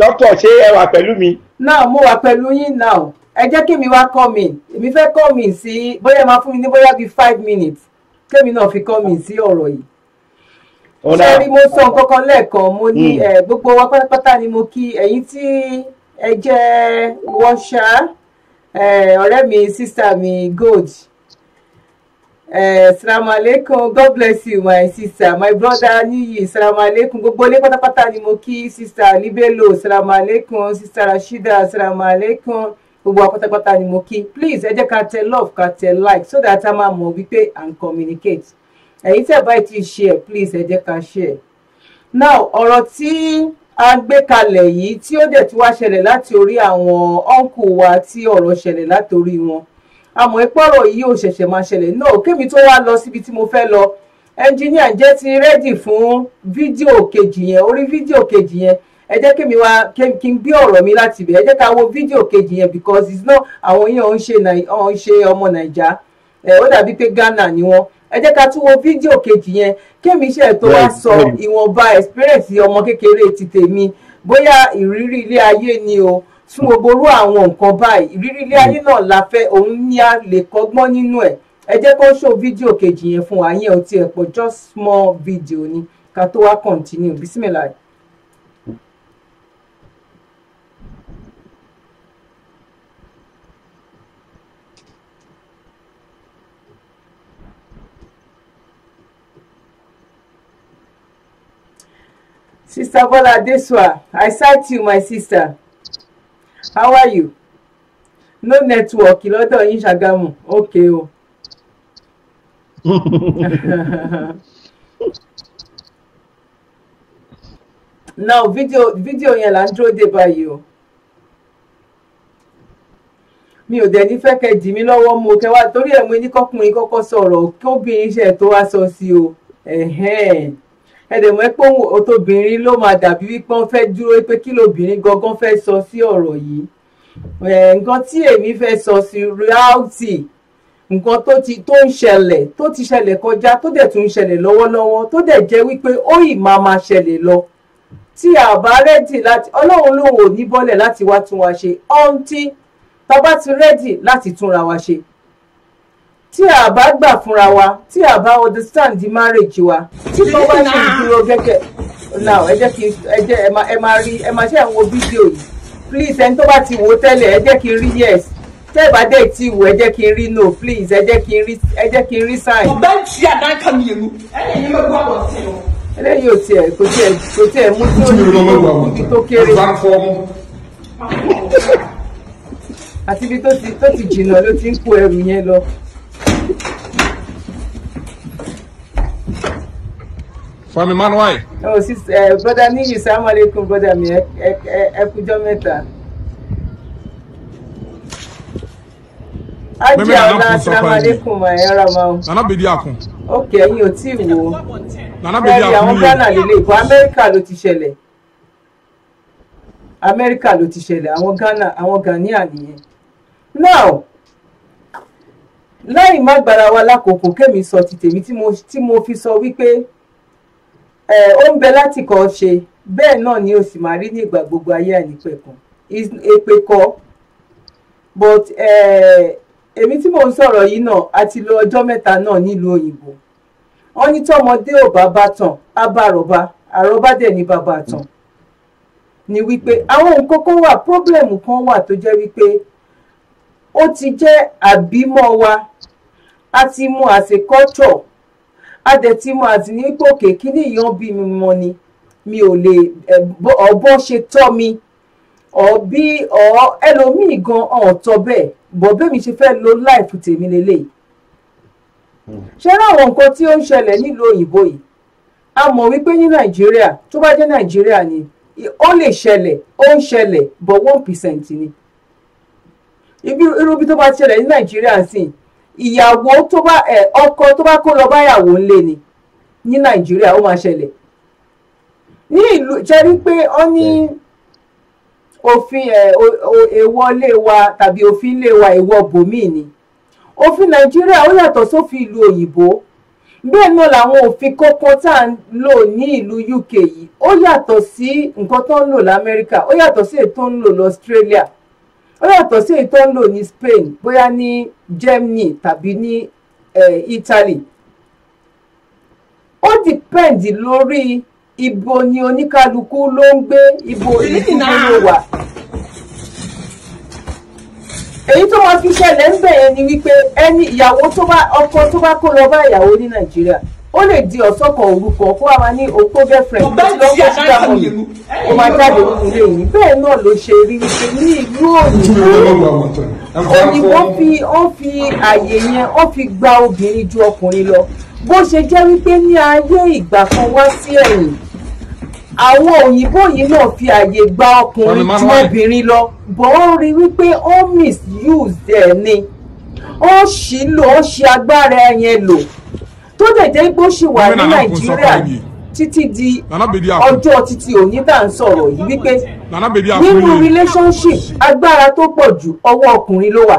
doctor ṣé ẹ wà pẹ̀lú mi. now mo wà pẹ̀lú yín now ẹ jẹ́ kí mi wá call me èmi fẹ́ call me sí bóyá máa fún mi ní bóyá bíi five minutes kémi náà fi call me sí ọ̀rọ̀ yìí ṣé rí mo sọ nǹkan kan lẹ́ẹ̀kan mo ní hmm. gbogbo wa pátápátá ni mo kí ẹ̀yin tí ẹ jẹ́ wọ́ṣà ọ̀rẹ́ mi sísá mi gold salamu alaikum god bless you my sister my brother niyi salamu alaikum gbogbo ilé pátápátá ni mo kí sister libelo salamu alaikum sister rashida salamu alaikum gbogbo wa ni mo kí please ẹ jẹ́ ká tẹ love ká tẹ like so that a máa mọ̀ wípé and ń communicate ẹ̀yin tẹ́ báyìí ti share please ẹ jẹ́ ká share. now ọ̀rọ̀ tí a gbé kalẹ̀ yìí tí ó dẹ̀ ti wá ṣẹlẹ̀ láti orí àwọn ọ́nkù wa tí ọ̀rọ̀ ṣẹlẹ̀ látòrí wọn àmọ́ ìpọ̀rọ̀ yìí ò ṣẹ̀ṣẹ̀ máa ṣẹlẹ̀ náà kémi tó wá lọ síbi tí mo fẹ́ lọ ẹnjíníà jẹ́ ti rẹ́dì fún fídíò kejì yẹn orí fídíò kejì yẹn ẹ jẹ́ kí mi wá kí n gbé ọ̀rọ̀ mi láti ibẹ̀ ẹ jẹ́ ká wo fídíò kejì yẹn because it's not àwọn yẹn ò ń ṣe ọmọ nàìjà ó dàbí pé Ghana ni wọ́n ẹ jẹ́ ká tún wo fídíò kejì yẹn kémi iṣẹ́ tó wá sọ ìwọ̀nba experience ọmọ kékeré ti tèmi bóyá ìrírí ilé ayé ni o fún gbogbo orú àwọn nǹkan báyìí ìrírí ilé ayé náà la fẹ́ òun ní a lè kọ́gbọ́n nínú ẹ̀ ẹ jẹ́ kó ṣó fídíò kejì yẹn fún wa yẹn ò tiẹ̀ pọ̀ just small video ni ká tó wá continue bismillah. Sister Bola Adesua, I sight you, my sister. How are you? No network, lọ́dọ̀ yín Ṣàgámù. Okay o. now video video yẹn là ń dúró dé báyìí o. mi ò dẹ̀ ní fẹ́ kẹ́ dì mí lọ́wọ́ mo kẹ́ wá torí ẹ̀ mo ní kọ́kùnrin kọ́kọ́ sọ̀rọ̀ kóbìnrin iṣẹ́ tó wá sọ sí o ẹ̀dẹ̀mọ́ pé obìnrin ló máa dàbí wípé wọ́n fẹ́ dúró pé kí lóbìnrin gangan fẹ́ sọ sí ọ̀rọ̀ yìí nǹkan tí èmi fẹ́ sọ sí reality nǹkan tó ti tó ń ṣẹlẹ̀ tó ti ṣẹlẹ̀ kọjá tó dẹ̀ tún ń ṣẹlẹ̀ lọ́wọ́lọ́wọ́ tó dẹ̀ jẹ́ wípé ó ì máa máa ṣẹlẹ̀ lọ tí a bá rẹ́dì láti ọlọ́run lòun ò ní bọ́lẹ̀ láti wá tún wa ṣe ọ̀ǹtí tá a bá ti rẹ́dì láti túnra wa ṣe Ti a ba gba funra wa ti a ba understand the marriage wa tí wọ́n bá ṣe ìdúró gẹ́gẹ́ now ẹ jẹ́ kí ẹ jẹ́ ẹ máa rí ẹ máa ṣe àwọn fídíò yìí please en tó bá ti wò tẹ́lẹ̀ ẹ jẹ́ kí n yes tẹ́ ẹ bá dẹ̀ tí wò ẹ jẹ́ kí no please ẹ jẹ́ kí n rí ẹ jẹ́ kí n rí sign. ọ̀bẹ ń ṣe àdáńkà mi èrò ẹ̀yìn mẹ́gbọ́ àwọn sí i. eléyìí ò tiẹ̀ kò tiẹ̀ kò tiẹ̀ mú tí ò ní ibi tó kéré àti ibi tó ti jìnnà ló ti ń kó ẹrù yẹn lọ. Fami man why? Oh, sis, uh, brother Niyi, salam alaikum, brother mi, ẹ kújọ́ mẹ́ta. Ajé ọ̀la, salam alaikum, ẹ ra ma o. Nana bèdí àkùn. Ok, ẹ̀yin ò tí ì wo. Nana bèdí àkùn yìí. Àwọn Ghana lè lè bọ́, Amẹ́ríkà ló ti ṣẹlẹ̀. Amẹ́ríkà ló ti ṣẹlẹ̀, àwọn Ghana, àwọn Ghanaian nìyẹn. Now, láì má gbára wa lákòókò kémi sọ ti tèmi tí mo fi sọ wípé ó ń bẹ láti kọ́ ṣe bẹ́ẹ̀ náà ni o sì máa rí ní ìgbà gbogbo ayé àìnípẹ̀kun èpè kọ́ but èmi tí mò ń sọ̀rọ̀ yìí náà a ti lò ọjọ́ mẹ́ta náà nílùú òyìnbó wọ́n ní tọmọdé ò bá bá tàn á bá àròbá àròbá dẹ̀ ní bàbá tàn ni wípé àwọn nǹkan kan wà problem kan wà tó jẹ́ wípé ó ti jẹ́ àbímọ wa a ti mú àṣẹ adẹ̀tìmọ̀ àti ní pòkè kí ni ìyàn bí mi mọ ni mi ò lè ọ̀bọ eh, ṣe tọ́ mi ọ̀bí ọ̀ ẹlòmíì gan ọ̀tọ̀ bẹ́ẹ̀ bọ̀ bẹ́mi ṣe fẹ́ lo láìfù tèmi lélẹ̀ ṣé láwọn nǹkan tí ó ń ṣẹlẹ̀ nílùú òyìnbó yìí a mọ̀ wípé ní nàìjíríà tó bá jẹ́ nàìjíríà ni ó lè ṣẹlẹ̀ ó ń ṣẹlẹ̀ bọ̀ one percent ni irú bí tó bá ṣẹlẹ̀ ní nàìjíríà sìn ìyàwó tó bá ọkọ tó bá kó lọ báyàwó ńlé ni ní nàìjíríà ó máa ṣẹlẹ̀ ní ìlú jẹ́rí pé ó ní òfin èèwọ̀ lé wa tàbí òfin lé wa èèwọ̀ bòmíì ni òfin nàìjíríà ó yàtọ̀ sófin ìlú òyìnbó bẹ́ẹ̀ náà làwọn òfin tá à ń UK yìí ó yàtọ̀ sí nǹkan tó ń lò lamẹ́ríkà ó yàtọ̀ sí èyí tó ó yàtọ̀ sí èyí tó ń lò ní Spain bóyá ní Germany tàbí ní Italy ó depend lórí ibo ni oníkálukú ló ń gbé ibo ìlú ló wà èyí tó wọ́n fi ṣẹlẹ̀ ń bẹ̀yẹn ni wípé ẹni ìyàwó tó bá ọkọ tó bá kó lọ bá ìyàwó ní Nàìjíríà ó lè di ọ̀sán kan orúkọ kó a máa ní okó girlfriend tí lọ́kọ́ síra mọ̀ mi ó máa jáde nínú ilé yìí bẹ́ẹ̀ náà ló ṣe rí ṣe ní ìlú òyìnbó òyìnbó fi ó fi àyè yẹn ó fi gba obìnrin ju ọkùnrin lọ bó ṣe jẹ́ wípé ní ayé ìgbà kan wá sí ẹ̀yìn àwọn òyìnbó yìí náà fi àyè gba ọkùnrin ju obìnrin lọ bọ́ ó rí wípé ó misuse ẹ̀ ni ó ṣì lò ó ṣe agbára ẹ̀yẹn lò tó dẹ̀ jẹ́ pé ó ṣì wà ní nàìjíríà títí di ọjọ́ títí òní tá à ń sọ̀rọ̀ yìí wípé nínú relationship agbára tó pọ̀ jù ọwọ́ ọkùnrin ló wà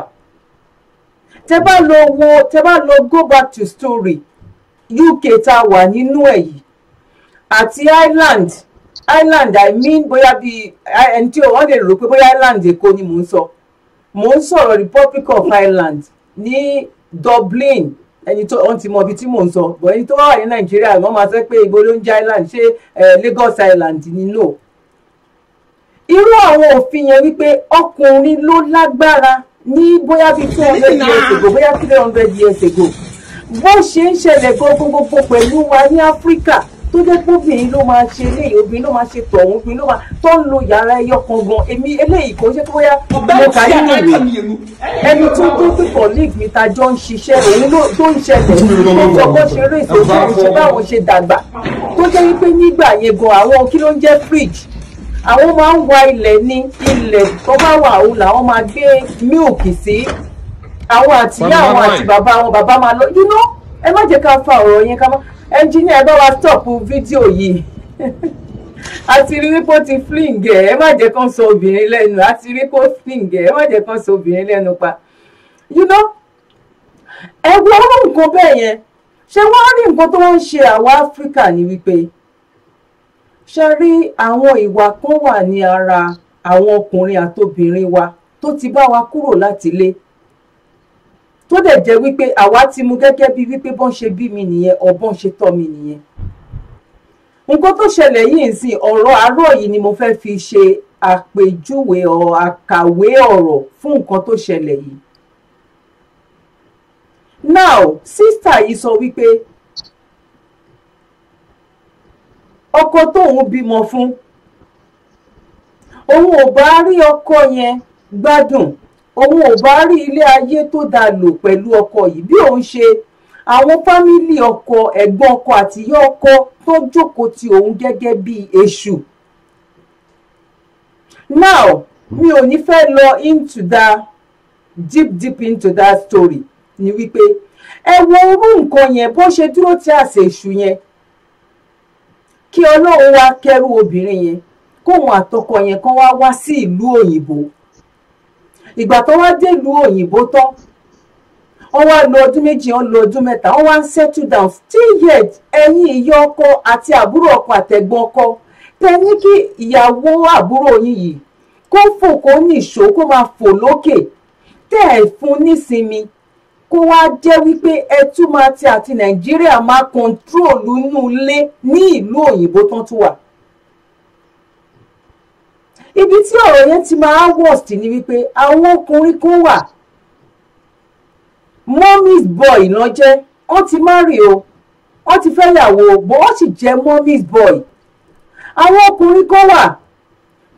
tẹ bá lọ wo tẹ bá lọ go back to story UK ta a wà nínú ẹ̀ yìí àti Ireland Ireland I mean bóyá bíi ẹni tí wọ́n lè rò pé bóyá Ireland Èkó ni mò ń sọ mò ń sọ̀rọ̀ Republic of Ireland ní Dublin ẹni tó ọ̀n ti mọ ibi tí mò ń sọ bọ̀ ẹni tó wà ní nàìjíríà wọ́n máa sọ pé ibo ló ń jẹ́ island ṣé Lagos Island ni no irú àwọn òfin yẹn wípé ọkùnrin ló lágbára ní bóyá bíi two hundred years ago bóyá three hundred years ago bó ṣe ń ṣẹlẹ̀ gbogbogbò pẹ̀lú wa ní Áfíríkà tó jẹ́ pé obìnrin ló máa ṣe eléyìí obìnrin ló máa ṣe tọ̀hún obìnrin ló máa tó ń lo yàrá ẹyọ kan gan èmi eléyìí kò ṣe pé bóyá mo kà á nínú ìwé ẹni tó tó tó colleague mi ta jọ ń ṣiṣẹ́ òun tó ń ṣẹlẹ̀ tó jọkọ́ ṣe eré ìṣòṣèlú ṣe báwọn ṣe dàgbà tó jẹ́ wípé nígbà yẹn gan àwọn kí ló ń jẹ́ fridge àwọn máa ń wa ilẹ̀ ní ilẹ̀ tó bá wà òun làwọn máa gbé mílìkì sí àwọn àtìyá àwọn àti bàbá àwọn bàbá máa lọ you know ẹ má jẹ́ ká fa ọ̀rọ̀ yẹn ká má Engineer ẹ bá wa stop fídíò yìí àti rí wípé ó ti flingẹ̀ ẹ má jẹ́ kán sọ obìnrin lẹ́nu àti rí pé ó flingẹ̀ ẹ má jẹ́ kán sọ obìnrin lẹ́nu pa you know ẹ wo nǹkan bẹ́ẹ̀ yẹn ṣé wọ́n rí nǹkan tó ń ṣe àwọn áfíríkà ní wípé ṣe rí àwọn ìwà kan wà ní ara àwọn ọkùnrin àtobìnrin wa tó ti bá wa kúrò láti ilé tó dẹ̀ jẹ́ wípé àwa ti mu gẹ́gẹ́ bíi wípé bọ́n ṣe bí mi nìyẹn ọ̀bọ́n ṣe tọ́ mi nìyẹn nǹkan tó ṣẹlẹ̀ yìí ń sìn ọ̀rọ̀ àárọ̀ yìí ni mo fẹ́ fi ṣe àpèjúwe ọ̀ àkàwé ọ̀rọ̀ fún nǹkan tó ṣẹlẹ̀ yìí now sísítà yìí sọ wípé ọkọ tóun bímọ fún òun ò bá rí ọkọ yẹn gbádùn òun ò bá rí ilé ayé tó dáa lò pẹ̀lú ọkọ yìí bí òun ṣe àwọn fámìlì ọkọ ẹ̀gbọ́n ọkọ àti ìyá ọkọ tó jókòó ti òun gẹ́gẹ́ bí èṣù. now mi ò ní fẹ́ lọ into that deep deep into that story ni wípé ẹ wo orú nǹkan yẹn bó ṣe dúró tí àṣẹ èṣù yẹn kí ọlọ́run wá kẹ́rù obìnrin yẹn kóun àtọkọ yẹn kan wá wá sí ìlú òyìnbó ìgbà tó wá délùú òyìnbó tán wọ́n wá lò ọdún méjì wọ́n lò ọdún mẹ́ta wọ́n wá ń settle down still yet ẹ̀yin ìyá ọkọ àti àbúrò ọkọ àtẹ̀gbọ́n ọkọ tẹ ní kí ìyàwó àbúrò yín yìí kó fò kó nìṣó kó máa fò lókè tẹ́ ẹ̀ fún nísinmi kó wá jẹ́ wípé ẹtú máa ti àti nàìjíríà máa kọńtrólù inú ilé ní ìlú òyìnbó tán tún wà ibi tí ọ̀rọ̀ yẹn ti máa ń worst ni wípé àwọn ọkùnrin kan wà mommy's boy náà jẹ́ wọ́n ti marry o wọ́n ti fẹ́ yàwó bó wọ́n sì jẹ́ mommy's boy àwọn ọkùnrin kan wà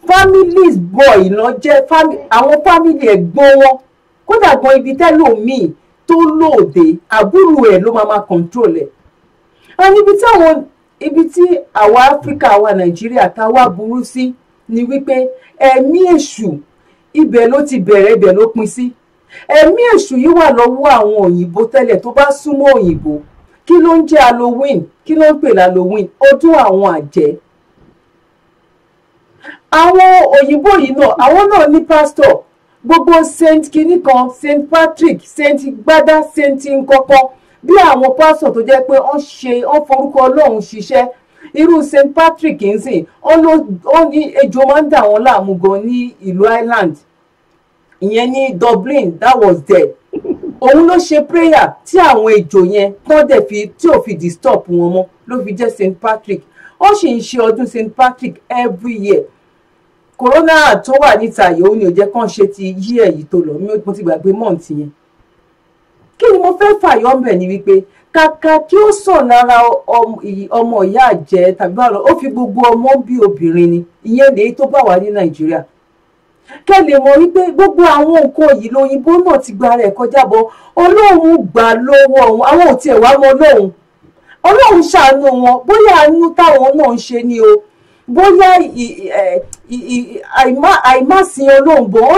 families boy náà jẹ́ àwọn family ẹ̀gbọ́n wọn kódà gan ibi tẹ́lòmíì tó lóde àbúrò ẹ̀ ló máa máa control ẹ̀ and ibi tí àwọn ibi tí àwa Áfíríkà àwa Nàìjíríà táwa burú sí. Si, ni wípé ẹ̀mí èṣù ibẹ̀ ló ti bẹ̀rẹ̀ ibẹ̀ ló pin sí ẹ̀mí èṣù yìí wà lọ́wọ́ àwọn òyìnbó tẹ́lẹ̀ tó bá súnmọ́ òyìnbó kí ló ń jẹ́ halloween kí ló ń pè halloween ọdún àwọn àjẹ́ àwọn òyìnbó yìí náà àwọn náà ní pásítọ̀ gbogbo saint kinní kan saint patrick saint gbádá saint nkankan bí àwọn pásítọ̀ tó jẹ́ pé wọ́n ṣe wọ́n forúkọ ọlọ́run ṣiṣẹ́ irú St Patrick ń sìn ó ní ejò máa ń dà wọ́n láàmú gan ní ìlú Ireland ìyẹn ní Dublin that was there òun ló ṣe prayer tí àwọn ejò yẹn tán dẹ̀ fi tí ò fi disturb wọn mọ́ ló fi jẹ́ St Patrick ó sì ń ṣe ọdún St Patrick every year corona tó wà níta yìí ó ní ò jẹ́ kán ṣe ti yí èyí tó lọ mo ti gbàgbé mọ́ǹtì yẹn kí ni mo fẹ́ fàyọ́ mbẹ̀ ni wípé kàkà kí ó sàn lára ọmọ ìyá àjẹ́ tàbí báwo ó fi gbogbo ọmọ bí obìnrin ni ìyẹn lèyí tó bá wà ní nàìjíríà kẹ́ lè mọ̀ wípé gbogbo àwọn nǹkan yìí lóyìnbó náà ti gba rẹ̀ kọjá bọ̀ ọlọ́run gbà lọ́wọ́ wọn àwọn ò wá mọ ṣàánú wọn bóyá àánú táwọn náà ń ṣe ni o bóyá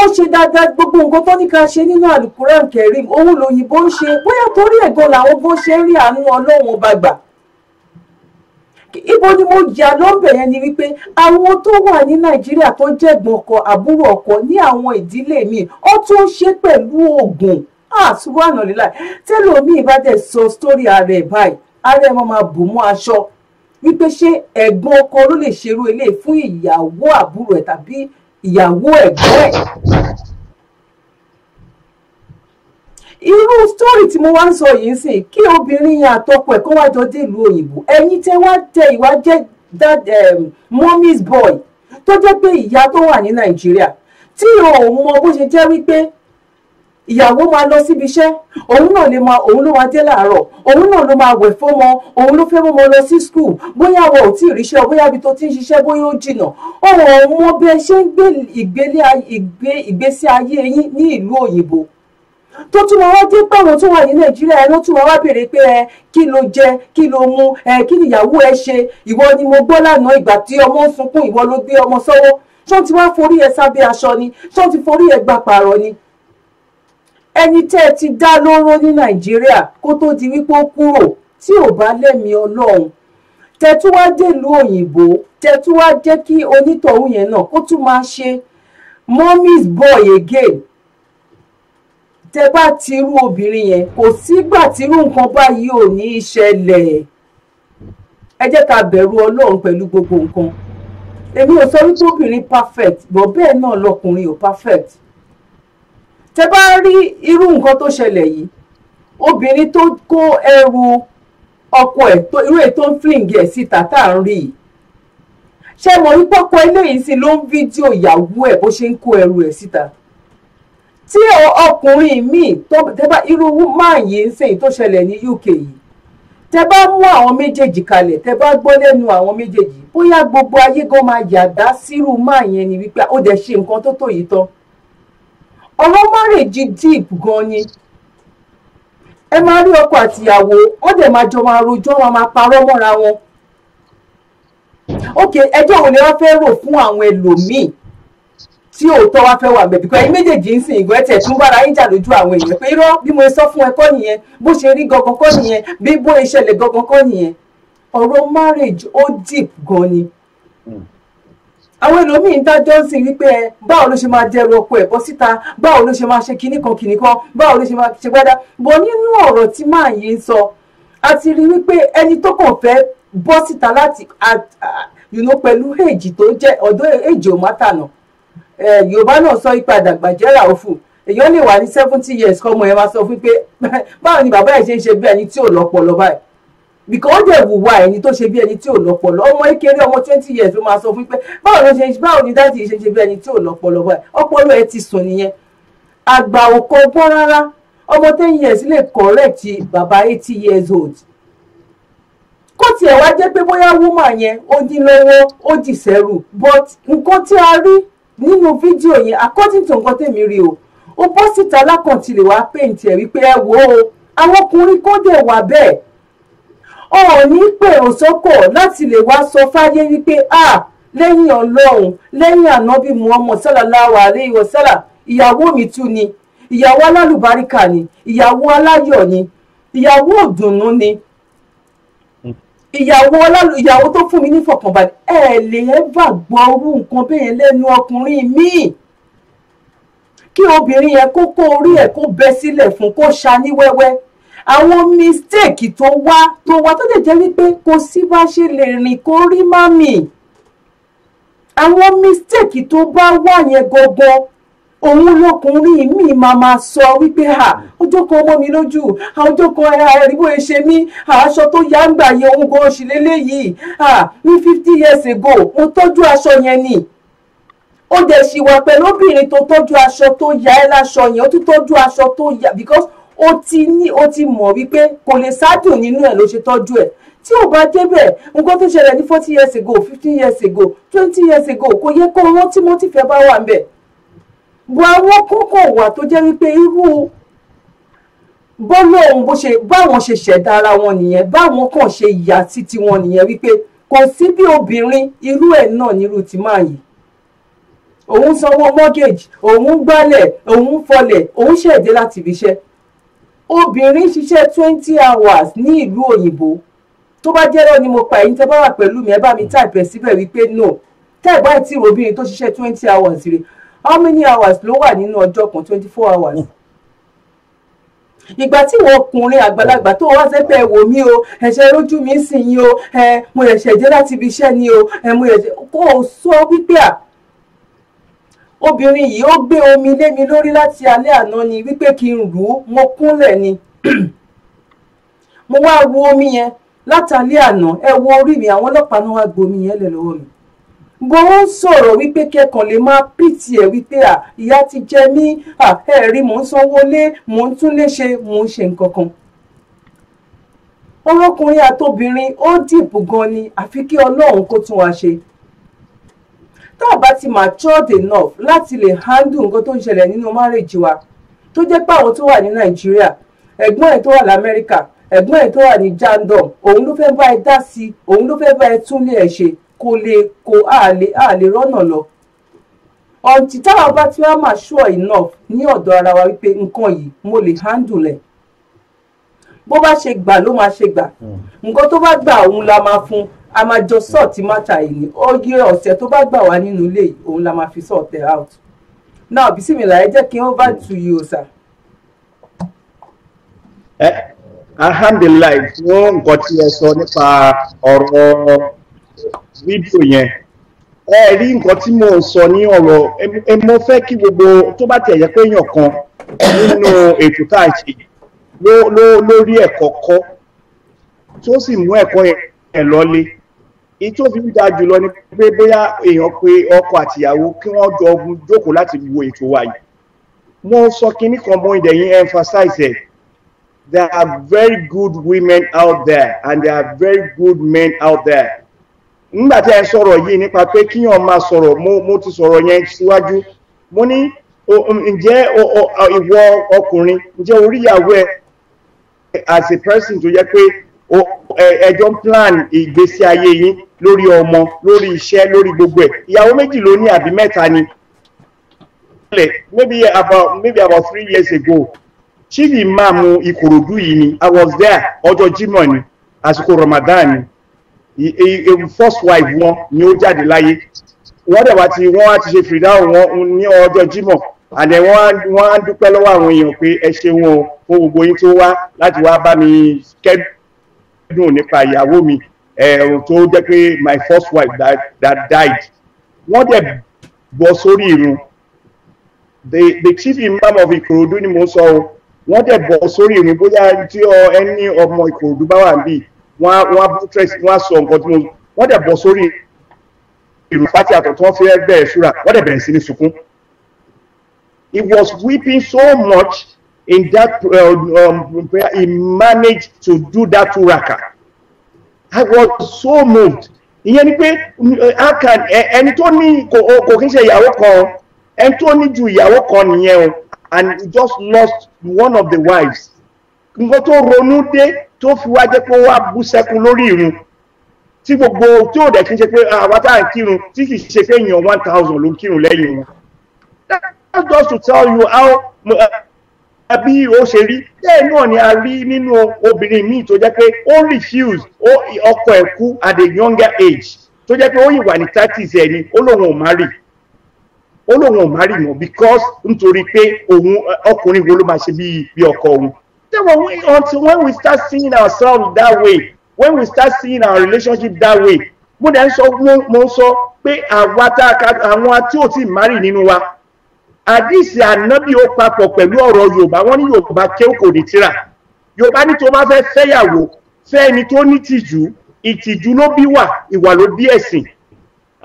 ó ṣe dáadáa gbogbo nǹkan tó ní ká ṣe nínú alukuran kerim òun lòyìnbó ń ṣe bóyá torí ẹ̀gàn làwọn bó ṣe ń rí àánú ọlọ́run ọba gbà ibo ni mo yà lọ́bẹ̀ yẹn ni wípé àwọn tó wà ní nàìjíríà tó jẹ̀gbọ́n ọkọ àbúrò ọkọ ní àwọn ìdílé mi ó tún ṣe pẹ̀lú oògùn àtúwànà lílà tẹ́lòmíì bá dẹ̀ sọ sórí ààrẹ báyìí ààrẹ wọn máa bù mọ́ aṣọ wípé ṣé ẹ̀gbọ́n ọkọ ló lè ṣerú ilé fún ìyàwó àbúrò ẹ̀ tàbí ìyàwó ẹ̀gbọ́n ẹ̀. irú sítórì tí mo wá ń sọ yìí ki sìn kí obìnrin yẹn àtọkọ ẹ̀ wá jọ dé ìlú òyìnbó ẹ̀yin tẹ́ wá tẹ ìwà jẹ́ mommy's boy tó jẹ́ pé ìyá tó wà ní nàìjíríà o mọ bó ṣe jẹ́ wípé ìyàwó máa lọ síbi iṣẹ́ òun náà lè máa òun ló máa dé láàárọ̀ òun náà ló máa wẹ̀ fọ́mọ òun ló fẹ́ mọ́mọ lọ sí skul bóyá wọn ò tí ì ríṣẹ́ bóyá ibi tó ti ń ṣiṣẹ́ bóyá ó jìnà ọ̀rọ̀ ọmọ bí ẹ ṣe ń gbé ìgbésí ayé yín ní ìlú òyìnbó tó tún máa wá dé pàwọn tó wà ní nàìjíríà ẹ ló tún máa wá béèrè pé ẹ kí ló jẹ kí ló mu ẹ kí nìyàwó ẹ ṣe ìwọ ni mo gbọ́ lánàá ìgbà tí ọmọ ń sunkún ìwọ ló gbé ọmọ sọ́wọ́ ṣé wọ́n ti wá forí ẹ sábẹ́ aṣọ ni ṣé wọ́n ti forí ẹ gbà pààrọ̀ ni ẹni tẹ́ ẹ ti dá lóró ní nàìjíríà kó tó di wípé ó kúrò tí ò bá lẹ́mìí ọlọ́run tẹ́tú wá dèlú òyìnbó tẹ́tú wá jẹ́ kí onítọ̀hún yẹn náà kó tún máa ṣe mommy's boy again tẹ́ bá tirú obìnrin yẹn kò sígbà tirú nǹkan báyìí ò ní í ṣẹlẹ̀ ẹ jẹ́ ká bẹ̀rù ọlọ́run pẹ̀lú gbogbo nǹkan èmi ò sọ wípé obìnrin perfect bọ̀ bẹ́ẹ̀ náà lọkùnrin ò perfect tẹ bá rí irú nǹkan tó ṣẹlẹ̀ yìí obìnrin tó kó ẹrù ọkọ ẹ̀ irú èyí tó ń fìlìngì ẹ̀ síta tá à ń rí yìí ṣé mo rí pọ́pọ́ eléyìí sí ló ń fídíò ìyàwó ẹ̀ bó ṣe ń kó ẹrù ẹ̀ síta tí ọkùnrin míì tó tẹ bá irú máà yìí ń sèyí tó ṣẹlẹ̀ ní UK yìí tẹ bá mú àwọn méjèèjì kalẹ̀ tẹ bá gbọ́ lẹ́nu àwọn méjèèjì bóyá gbogbo ayé máa yàgbá sírù máà yẹn ni wípé ó dẹ̀ ṣe nǹkan tó tó yìí tán ọ̀rọ̀ márìjì deep gan ni ẹ máa rí ọkọ àtìyàwó wọ́n dẹ̀ máa jọ máa rojọ́ wọn máa parọ́ mọ́ra wọn ok ẹjọ́ wo ni wọ́n fẹ́ rò fún àwọn ẹlòmíì tí òótọ́ wá fẹ́ wà bẹ̀ bíkọ́ ẹ̀yin méjèèjì ń sìn ẹ̀tẹ̀ tún bára lójú gangan kọ́ nìyẹn bí bó ṣẹlẹ̀ gangan kọ́ nìyẹn ọ̀rọ̀ marriage ó gan ni. Hmm. àwọn ẹlòmíín dájọ́ sí wípé ẹ báwo ló ṣe máa jẹrù ọkọ ẹ̀ bọ́ síta báwo ló ṣe máa ṣe kinní kan kinní kan báwo ló ṣe máa ṣe gbádá bọ́ nínú ọ̀rọ̀ tí máa yé sọ a ti rí wípé ẹni tó kàn fẹ́ bọ́ síta láti pẹ̀lú èjì tó jẹ́ ọ̀dọ́ èjì ò má tànà yorùbá náà sọ ipa àdàgbà jẹ́ra òfò èèyàn lè wà ní seventy years kọ́mọ ẹ máa sọ fún pé báwo ni bàbá ẹ̀ ṣe ń ṣe bí ẹni tí ò lọ́pọlọ báyìí because ó dẹ̀ wùwà ẹni tó ṣe bí ẹni tí ò lọ́pọlọ ọmọ ìkéré ọmọ twenty years ló máa sọ fún pé báwo ló ṣe báwo ni dáàdì ṣe ṣe bí ẹni tí ò lọ́pọlọ báyìí ọpọlọ ẹ ti sùn nìyẹn àgbà ò kọ bọ́ rárá ọmọ ten years lè correct bàbá eighty years old kó tiẹ̀ wá jẹ́ pé bóyá woman yẹn ó dín lọ́wọ́ ó dì sẹ́rù but nǹkan tí a rí nínú fídíò yẹn according to nǹkan tèmi rí o ó bọ́ síta lákàntì lè wá paint ẹ̀ wípé ẹ wò ó àwọn ọkùnrin òní pè òsókò láti lè wá sọ fáyé wípé a lẹ́yìn ọlọ́run lẹ́yìn ànábì muhammed sallallahu alayhi wa sallam ìyàwó mi tún ni ìyàwó alálùbáríkà ni ìyàwó aláyọ̀ ni ìyàwó òdùnnú ni ìyàwó ọlálù ìyàwó tó fún mi ní fọkànbalẹ̀ ẹ lè ẹ bà gbọ́ orú nǹkan bẹ́ẹ̀ lẹ́nu ọkùnrin míì kí obìnrin yẹn kó kó orí ẹ̀ kó bẹ́ sílẹ̀ fún kó ṣa ní wẹ́wẹ́ àwọn mistake tó wá tó wá tó lè jẹ́ wípé kò sí bá ṣe lè rìn kó rí mami àwọn mistake tó bá wà yẹn gangan òun lọkùnrin mi máa ma sọ wípé à ọjọ́ kan ọmọ mi lójú ọjọ́ kan ẹ̀rìnwó ṣe mí aṣọ tó yá ń gbà yẹ ohun kan ṣì léléyìí ní fifty years ago mo tọ́jú aṣọ yẹn ni ó dẹ̀ ṣì wà pẹ̀lú obìnrin tó tọ́jú aṣọ tó yá ẹ láṣọ yẹn ó tún tọ́jú aṣọ tó yá because o ti ní o ti mọ̀ wípé kò lè sádùn nínú ẹ̀ ló ṣe tọ́jú ẹ̀ tí ò bá débẹ̀ nǹkan tó ṣẹlẹ̀ ní forty years ago fifteen years ago twenty years ago kò yẹ kó wọ́n tí wọ́n ti fẹ́ bá wà ńbẹ̀ wà wọ́n kókó wà tó jẹ́ wípé irú bọ́lọ̀ òun bó ṣe báwọn ṣe ṣẹ̀dá ara wọn nìyẹn báwọn kàn ṣe ìyá sí tiwọn nìyẹn wípé kò sí bí obìnrin irú ẹ̀ náà nírú ti máa yìí òun sanwó mortgage òun gbálẹ̀ òun fọlẹ̀ òun ṣẹ̀dé láti fi ṣẹ́ obìnrin ṣiṣẹ́ twenty hours ní ìlú òyìnbó tó bá jẹ́ lọ́ọ́ ni mo pa ẹ̀yin tẹ́ bá wà pẹ̀lú mi ẹ bá mi tàìpẹ́ síbẹ̀ wípé no tẹ́ẹ̀bá tí obìnrin tó ṣiṣẹ́ twenty hours rẹ̀ how many hours ló wà nínú ọjọ́ kan twenty four hours. ìgbà tí wọn ọkùnrin àgbàlagbà tó wá sẹ́pẹ̀ wò mí o ẹ̀ṣẹ̀ lójú mi sì yín o mo ẹ̀ṣẹ̀ jẹ́ láti ibi iṣẹ́ ni o mo ẹ̀ṣẹ̀ kó o sọ wípé à obìnrin yìí ó gbé omi lé mi lórí láti alẹ́ àná ni wípé kí n rù ú mo kúnlẹ̀ ni mo wá ru omi yẹn látàlẹ́ àná ẹ wo orí mi àwọn ọlọ́pàá náà wá gbomi yẹn lẹ̀ lọ́wọ́ mi bó ń sọ̀rọ̀ wípé kẹkàn lè máa pìtì ẹ̀ wípé à ìyá ti jẹ mí à ẹ rí mò ń sanwó lé mò ń tún lé ṣe mò ń ṣe nǹkan kan ọlọ́kùnrin àtobìnrin ó dìbò gan ni àfi kí ọlọ́run kó tún wa ṣe tá a bá ti matured enough láti lè handle nǹkan tó ń ṣẹlẹ̀ nínú márèjì wa tó jẹ́ pé àwọn tó wà ní nàìjíríà ẹ̀gbọ́n ẹ̀ tó wà lamẹ́ríkà ẹ̀gbọ́n ẹ̀ tó wà ní jandom òun ló fẹ́ bá ẹ dá sí òun ló fẹ́ bá ẹ túnlé ẹ ṣe kó lè kó àlè àlè rọ́nà lọ ọ̀ǹtí táwọn bá ti wá mature enough ní ọ̀dọ̀ ara wa wípé nǹkan yìí mo lè handle ẹ̀ bó bá ṣe gbà ló máa ṣe gbà hmm. nǹkan tó bá gbà òun la máa fún a máa jọ sọ́ọ̀tì mátà yìí ni ọyẹ ọ̀sẹ̀ tó bá gbà wá nínú ilé yìí òun la máa fi sọ́ọ̀tì out now bisimilá ẹ jẹ́ kí n over hmm. to you sir. ẹ alhamdulilayi fún nǹkan tí ẹ sọ nípa ọ̀rọ̀ fídíò yẹn ẹ rí nǹkan tí mo sọ ní ọ̀rọ̀ ẹ mo fẹ́ kí gbogbo tó bá tiẹ̀ yẹ pé èèyàn kan nínú ètò tá a ṣe lórí ẹ̀kọ́ kọ́ tó sì mú ẹ̀kọ́ yẹn lọ́lé ìtò fi ń da jùlọ ni pé bóyá èèyàn pé ọkọ àtìyàwó kí wọ́n jọ ogun jókòó láti wo ètò wa yìí mo sọ kinní kan mọ́ ìdẹ̀yìn emphasize it there are very good women out there and there are very good men out there nígbà tí ẹ sọ̀rọ̀ yìí nípa pé kíyàn máa sọ̀rọ̀ mo ti sọ̀rọ̀ yẹn síwájú mo ní um, ǹjẹ́ ìwọ ọkùnrin ǹjẹ́ oríyàwó ẹ as a person tó yẹ pé ẹjọ́ plan ìgbésí ayé yín lórí ọmọ lórí iṣẹ́ lórí gbogbo ẹ̀ ìyàwó méjì ló ní àbí mẹ́ta ni maybe about maybe about three years ago chief imam Ìkòròdú yìí ni I was there ọjọ́ Jímọ̀ ni àsìkò Ramadan ni first wife wọn ni ó jáde láyé wọ́n dẹ̀ wá ti wọ́n á ti ṣe fìdáhùn wọn ní ọjọ́ Jímọ̀ àdẹ̀ wọ́n á dúpẹ́ lọ́wọ́ àwọn èèyàn pé ẹ ṣeun o fún gbogbo yín tó wá láti wá bá mi dùn nípa ìyàwó mi ẹ̀rùn eh, tó jẹ́ pé my first wife that, that died wọ́n dẹ̀ bọ́ sórí ìrun the the chief imam of Ìkòròdú ni mo sọ o wọ́n dẹ̀ bọ́ sórí ìrun bóyá tí ẹni ọmọ Ìkòròdú bá wà níbí wọ́n á buttress wọ́n á sọ nǹkan tí mo wọ́n dẹ̀ bọ́ sórí ìrun pátí àtọ̀tọ̀ fẹ́ bẹ̀rẹ̀ ṣúra wọ́n dẹ̀ bẹ̀rẹ̀ sí ní sunkún he was weeping so much in that uh, um, prayer, he managed to do that to Raka, I was so moved. Ìyẹn ni pé ẹni tó ní kò kí ń ṣe ìyàwó kan ẹni tó ní ju ìyàwó kan nìyẹn o and he just lost one of the wives. Nǹkan tó ronú dé tó fi wá jẹ́ pé ó wá bú sẹ́kún lórí ìrun tí gbogbo tí ò dẹ̀ kí ń ṣe pé ah, àwa tá à ń kírun tí kì í ṣe pé èèyàn one thousand ló ń kírun lẹ́yìn wọn. That's just to tell you how. Uh, bí ó ṣe rí bẹ́ẹ̀ náà ni a rí nínú obìnrin míì tó jẹ́ pé ó refuse ọkọ ẹ̀ kú at a younger age tó jẹ́ pé ó yìí wà ní thirties ẹ̀ ni ó lóun ò marry ó lóun ò marry mọ́ because nítorí pé òun ọkùnrin wo ló máa ṣe bí bí ọkọ òun. therefore we until when we start seeing ourselves that way when we start seeing our relationship that way mo dẹ̀ sọ mo ń sọ pé àwa tá a ka àwọn tí ò tí ì nínú wa àdìsí ànábì ó papọ̀ pẹ̀lú ọ̀rọ̀ yorùbá wọ́n ní yorùbá kéwù kò ní tírà yorùbá ní tó bá fẹ́ fẹ́yàwó fẹ́ ẹni tó ní tìjú ìtìjú ló bí wà ìwà ló bí ẹ̀sìn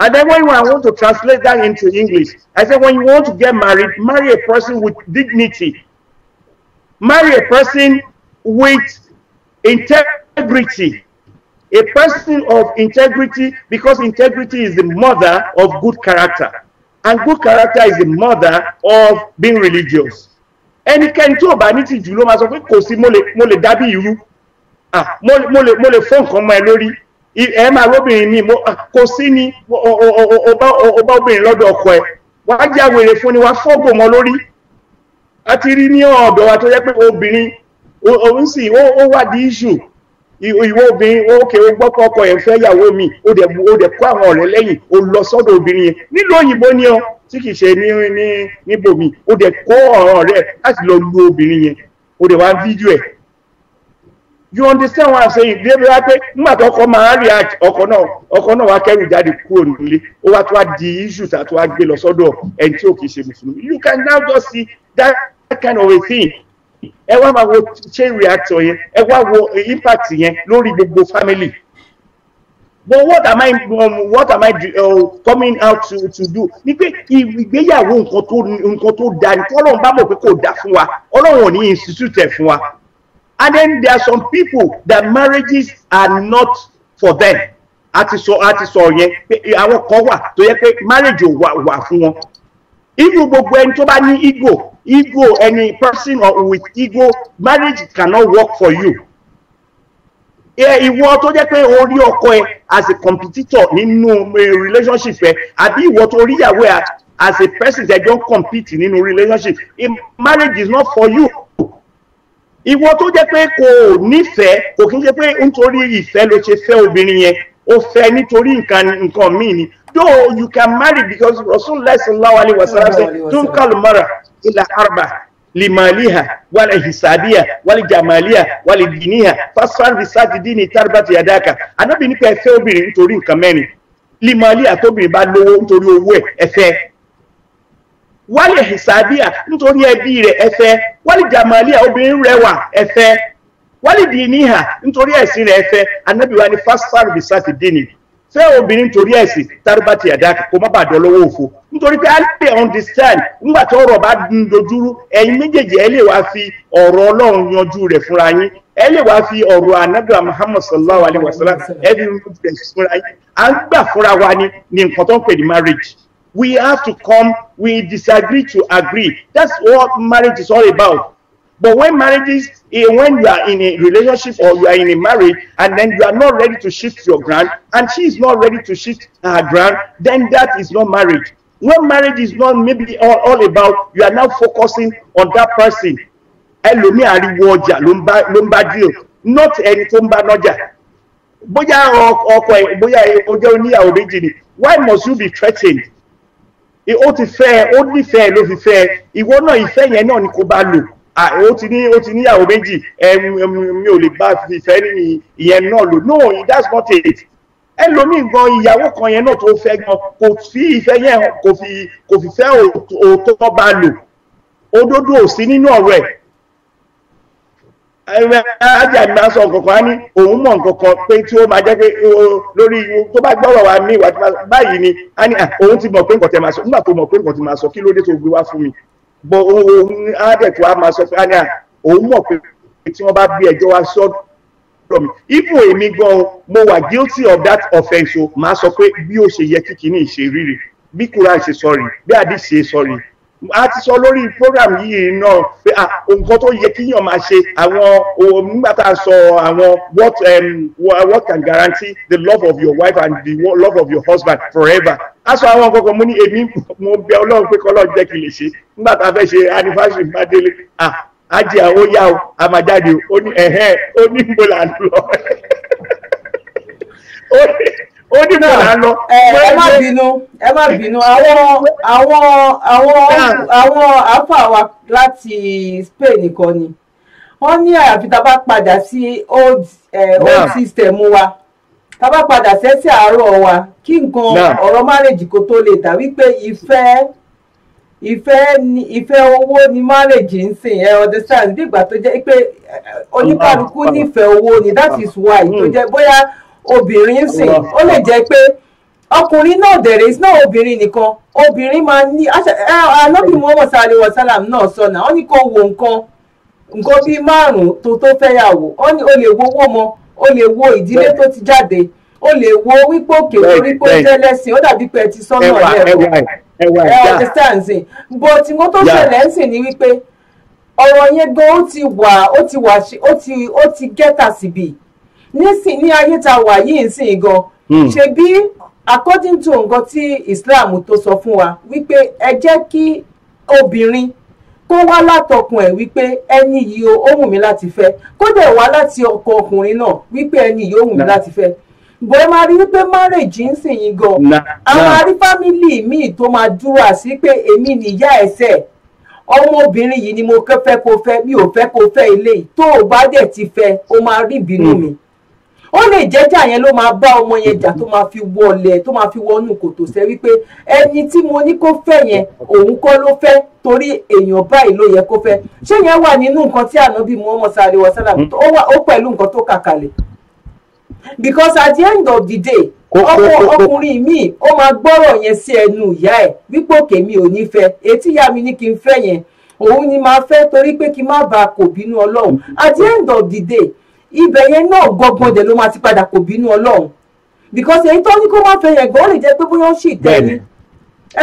and then when I want to translate that into English I say when you want to get married marry a person with dignity marry a person with integrity a person of integrity because integrity is the mother of good character and good character is the mother of being religious ẹnikẹ́ni tí ò bá ní tìjú ló máa sọ pé kò sí mo lè dábì irú mo lè ah, fọ́ nǹkan mọ́ ẹ lórí ẹ máa róbìnrin mi ah, kò sí ni ọba obìnrin lọ́dọ̀ ọkọ ẹ wàá jẹ́ àwèrè fún ni wàá fọ́gbò mọ́ lórí a ti rí ní ọ̀dọ̀ wa tó yẹ pé obìnrin òun sì ó wà di issue ìwọ obìnrin òkè ó gbọ́kọ́ ọkọ yẹn fẹ́ yàwó mi ó dẹ̀ kó àwọn ọ̀rẹ́ lẹ́yìn ó lọ sọ́dọ̀ obìnrin yẹn nílùú òyìnbó ni ọ tí kìí ṣe ní ní níbòmí ó dẹ̀ kó àwọn ọ̀rẹ́ láti lọ lu obìnrin yẹn ó dẹ̀ wá fídíò ẹ̀ you understand what i'm saying débi wá pé nígbà tó ọkọ máa rí ọkọ náà ọkọ náà wá kẹrù jáde kúrò nílé ó wá tó wá di issues àti wá gbé lọ sọ́dọ̀ ẹni tí ò kìí ṣe mùsùlùmí you can now just see that kind of a thing ẹ wá máa wo chain reactor yẹn ẹ wá wo impact yẹn lórí gbogbo family but what am I um, what am I uh, coming out to to do ni pé ìgbéyàwó nǹkan tó nǹkan tó da ni Ọlọ́run bá mọ̀ pé kò da fún wa Ọlọ́run ò ní institute ẹ̀ fún wa and then there are some people that marriages are not for them àti sọ àti sọ yẹn pé àwọn kan wà tó yẹ pé marriage ò wa wa fún wọn irú gbogbo ẹni tó bá ní ego ego any person or with ego marriage cannot work for you ìwọ tó jẹ́ pé orí ọkọ ẹ as a competitor nínú eh, relationship ẹ àbí ìwọ tó rí ìyàwó ẹ as a person that don compete nínú relationship if marriage is not for you ìwọ tó jẹ́ pé kò nífẹ̀ẹ́ kò kí n ṣe pé nítorí ìfẹ́ ló ṣe fẹ́ obìnrin yẹn ó fẹ́ nítorí nǹkan nǹkan ni Though you can marry because Rasulullah sallallahu alaihi wasallam said, "Tunkal mara ila arba limaliha wal hisabiya wal jamaliya wal diniya fasfan risati dini tarbati yadaka." Ànábì ní pé fẹ́ obìnrin nítorí nǹkan mẹ́rin. Limaliya tóbìnrin bá lówó nítorí owó ẹ̀ ẹ fẹ́. Wal hisabiya nítorí ẹbí rẹ̀ ẹ fẹ́. Wal jamaliya obìnrin rẹwà ẹ Wal diniya nítorí ẹ̀sìn rẹ̀ ẹ fẹ́. Ànábì wá ní fasfan dini ṣé obìnrin torí ẹ̀sìn tárúbá ti ẹ̀dá kò má bàjọ́ lọ́wọ́ òfo nítorí pé a lè understand nígbà tí ọ̀rọ̀ bá ń dojúrú ẹ̀yin méjèèjì ẹ lè wá fi ọ̀rọ̀ ọlọ́run yanjú rẹ̀ fúnra yín ẹ lè wá fi ọ̀rọ̀ anabi muhammad sallallahu alayhi wa sallam ẹ fi yanjú fúnra yín à ń gbà fúnra wa ni ní nǹkan tó ń pè ní marriage we have to come we disagree to agree that's what marriage is all about But when marriages, eh, when you are in a relationship or you are in a marriage, and then you are not ready to shift your ground, and she is not ready to shift her ground, then that is not marriage. When marriage is not maybe all, all about, you are now focusing on that person. Ẹlòmí ariwo ọjà ló ń bá ló ń bá díò not ẹni tó ń bá nọjà. Bóyá ọkọ ẹ̀ bóyá ọjọ́ oníyàwó méjì ni why must you be threatened? Ó ti fẹ́ ó nífẹ̀ẹ́ ló fi fẹ́ ìwọ náà ìfẹ́ yẹn náà ni kò bá Ah, ó ti ní ó ti níyàwó méjì mi ò lè bá ìfẹ́ ní ìyẹn náà lò no that's not it ẹlòmíì gan ìyàwó kan yẹn náà tó fẹ́ gan kò fi ìfẹ́ yẹn kò fi kò fi fẹ́ òótọ́ bá lò òdodo ò sí nínú ọ̀rọ̀ ẹ̀ ajá mi máa sọ nǹkankan á ní òun mọ̀ nǹkankan pé tí ó máa jẹ́ pé lórí tó bá gbọ́rọ̀ wa ní ìwà báyìí ni á ní ah, òun ti mọ̀ pé nǹkan tẹ́ máa sọ nígbà tó mọ̀ pé nǹkan tẹ́ máa sọ kí ló dé tó gbé wá fún mi bọ òun ádẹ́tù á máa sọ fún ania òun mọ̀ pé tí wọ́n bá gbé ẹjọ́ wá sọ́dọ̀ mi ibo èmi gan mo wà guilty of that offence o máa sọ pé bí ó ṣe yẹ kíkiní ṣe rírì bí kúrò àìṣe sọrí bí àdìsí ṣe sọrí a ti sọ lórí program yìí náà pé nǹkan tó yẹ kíyàn máa ṣe àwọn nígbà tá a sọ àwọn what um, what can guarantee the love of your wife and the love of your husband forever a sọ àwọn kankan mo ní èmi mo bẹ ọlọ́run pé kọ́lọ́ jẹ́ kí n lè ṣe nígbà tá a fẹ́ ṣe anniversary bá délé a jẹ àwọn yá o a máa jáde o ó ní ẹ̀hẹ́ ó ní mo lọ ó ní. ó e kò náà lọ. ẹ má bínú ẹ má bínú àwọn àwọn àwọn wa láti Spain nìkan ni wọ́n ní àyàfi tá a bá padà sí old system wa tá a bá padà sẹ́sẹ̀ àárọ̀ wa kí nǹkan ọ̀rọ̀ marriage kó tó lè dà wípé ìfẹ́ ìfẹ́ ni ìfẹ́ owó ni marriage ń sìn ẹ understand nígbà tó jẹ́ pé oníkàlùkù nífẹ̀ẹ́ owó ni that is why hmm. tó jẹ́ bóyá. obìnrin ń o ó lè pe pé ọkùnrin náà dẹ̀rẹ̀ obìnrin nìkan obìnrin máa ní anábì muhammed sallallahu náà sọ ó ní kó wo nǹkan nǹkan tó tó fẹyàwó ó ní o lè wo owó o lè wo ìdílé tó ti jáde o lè wo wípé òkè orí pé ó dàbí pé ẹ ti sọ́nà lẹ́ẹ̀kan ẹ understand sìn but mo tó ṣẹlẹ̀ ń sìn ni wípé ọ̀rọ̀ yẹn ó ti wà ó ti wà nísìn ní ayé tá a wà yìí nsìn gan hmm. ṣe bí according to nǹkan tí Islam tó sọ fún wa wípé ẹ jẹ́ kí obìnrin kó wá látọkùn ẹ̀ wípé ẹni yìí ó wù mí láti fẹ́ kó dẹ̀ wá láti ọkọ ọkùnrin náà wípé ẹni yìí ó wù mí láti fẹ́ bọ́ẹ̀ máa rí wípé márèjì ń sìn yín gan àwọn arí míì tó máa dúró àsí pé èmi nìyá ẹsẹ̀ ọmọbìnrin yìí ni mo fẹ́ kó fẹ́ mi ò fẹ́ kó fẹ́ eléyìí tó o bá dẹ̀ ti fẹ́ o máa rí ìbínú hmm. mi. Mm ó lè jẹ́jà yẹn ló máa bá ọmọ yẹn jà tó máa fi wọlẹ̀ tó máa fi wọnú kòtò sẹ́ wípé ẹni tí mo ní kó fẹ́ yẹn òun kọ́ ló fẹ́ torí èèyàn báyìí ló yẹ kó fẹ́ ṣé yẹn wà nínú nǹkan tí ànábì Muhammad sallallahu alaihi wasallam ó pẹ̀lú nǹkan tó kàkàlẹ̀ because at the end of the day ọkọ ọkùnrin mi ó máa gbọ́rọ̀ yẹn sí ẹnu ìyá ẹ̀ wípé òkè mi ò ní fẹ́ etí ìyá mi ní kí n fẹ́ yẹn òun ni máa fẹ́ torí pé kí n má bàa kò bínú Ọlọ́run at the end of the day ibẹ̀ yẹn náà gbọ́gbọ́n dẹ̀ ló máa ti padà kò bínú ọlọ́run because èyí tó ní kó má fẹ́ yẹn gan ó lè jẹ́ pé bóyá ó ṣì tẹ̀ ní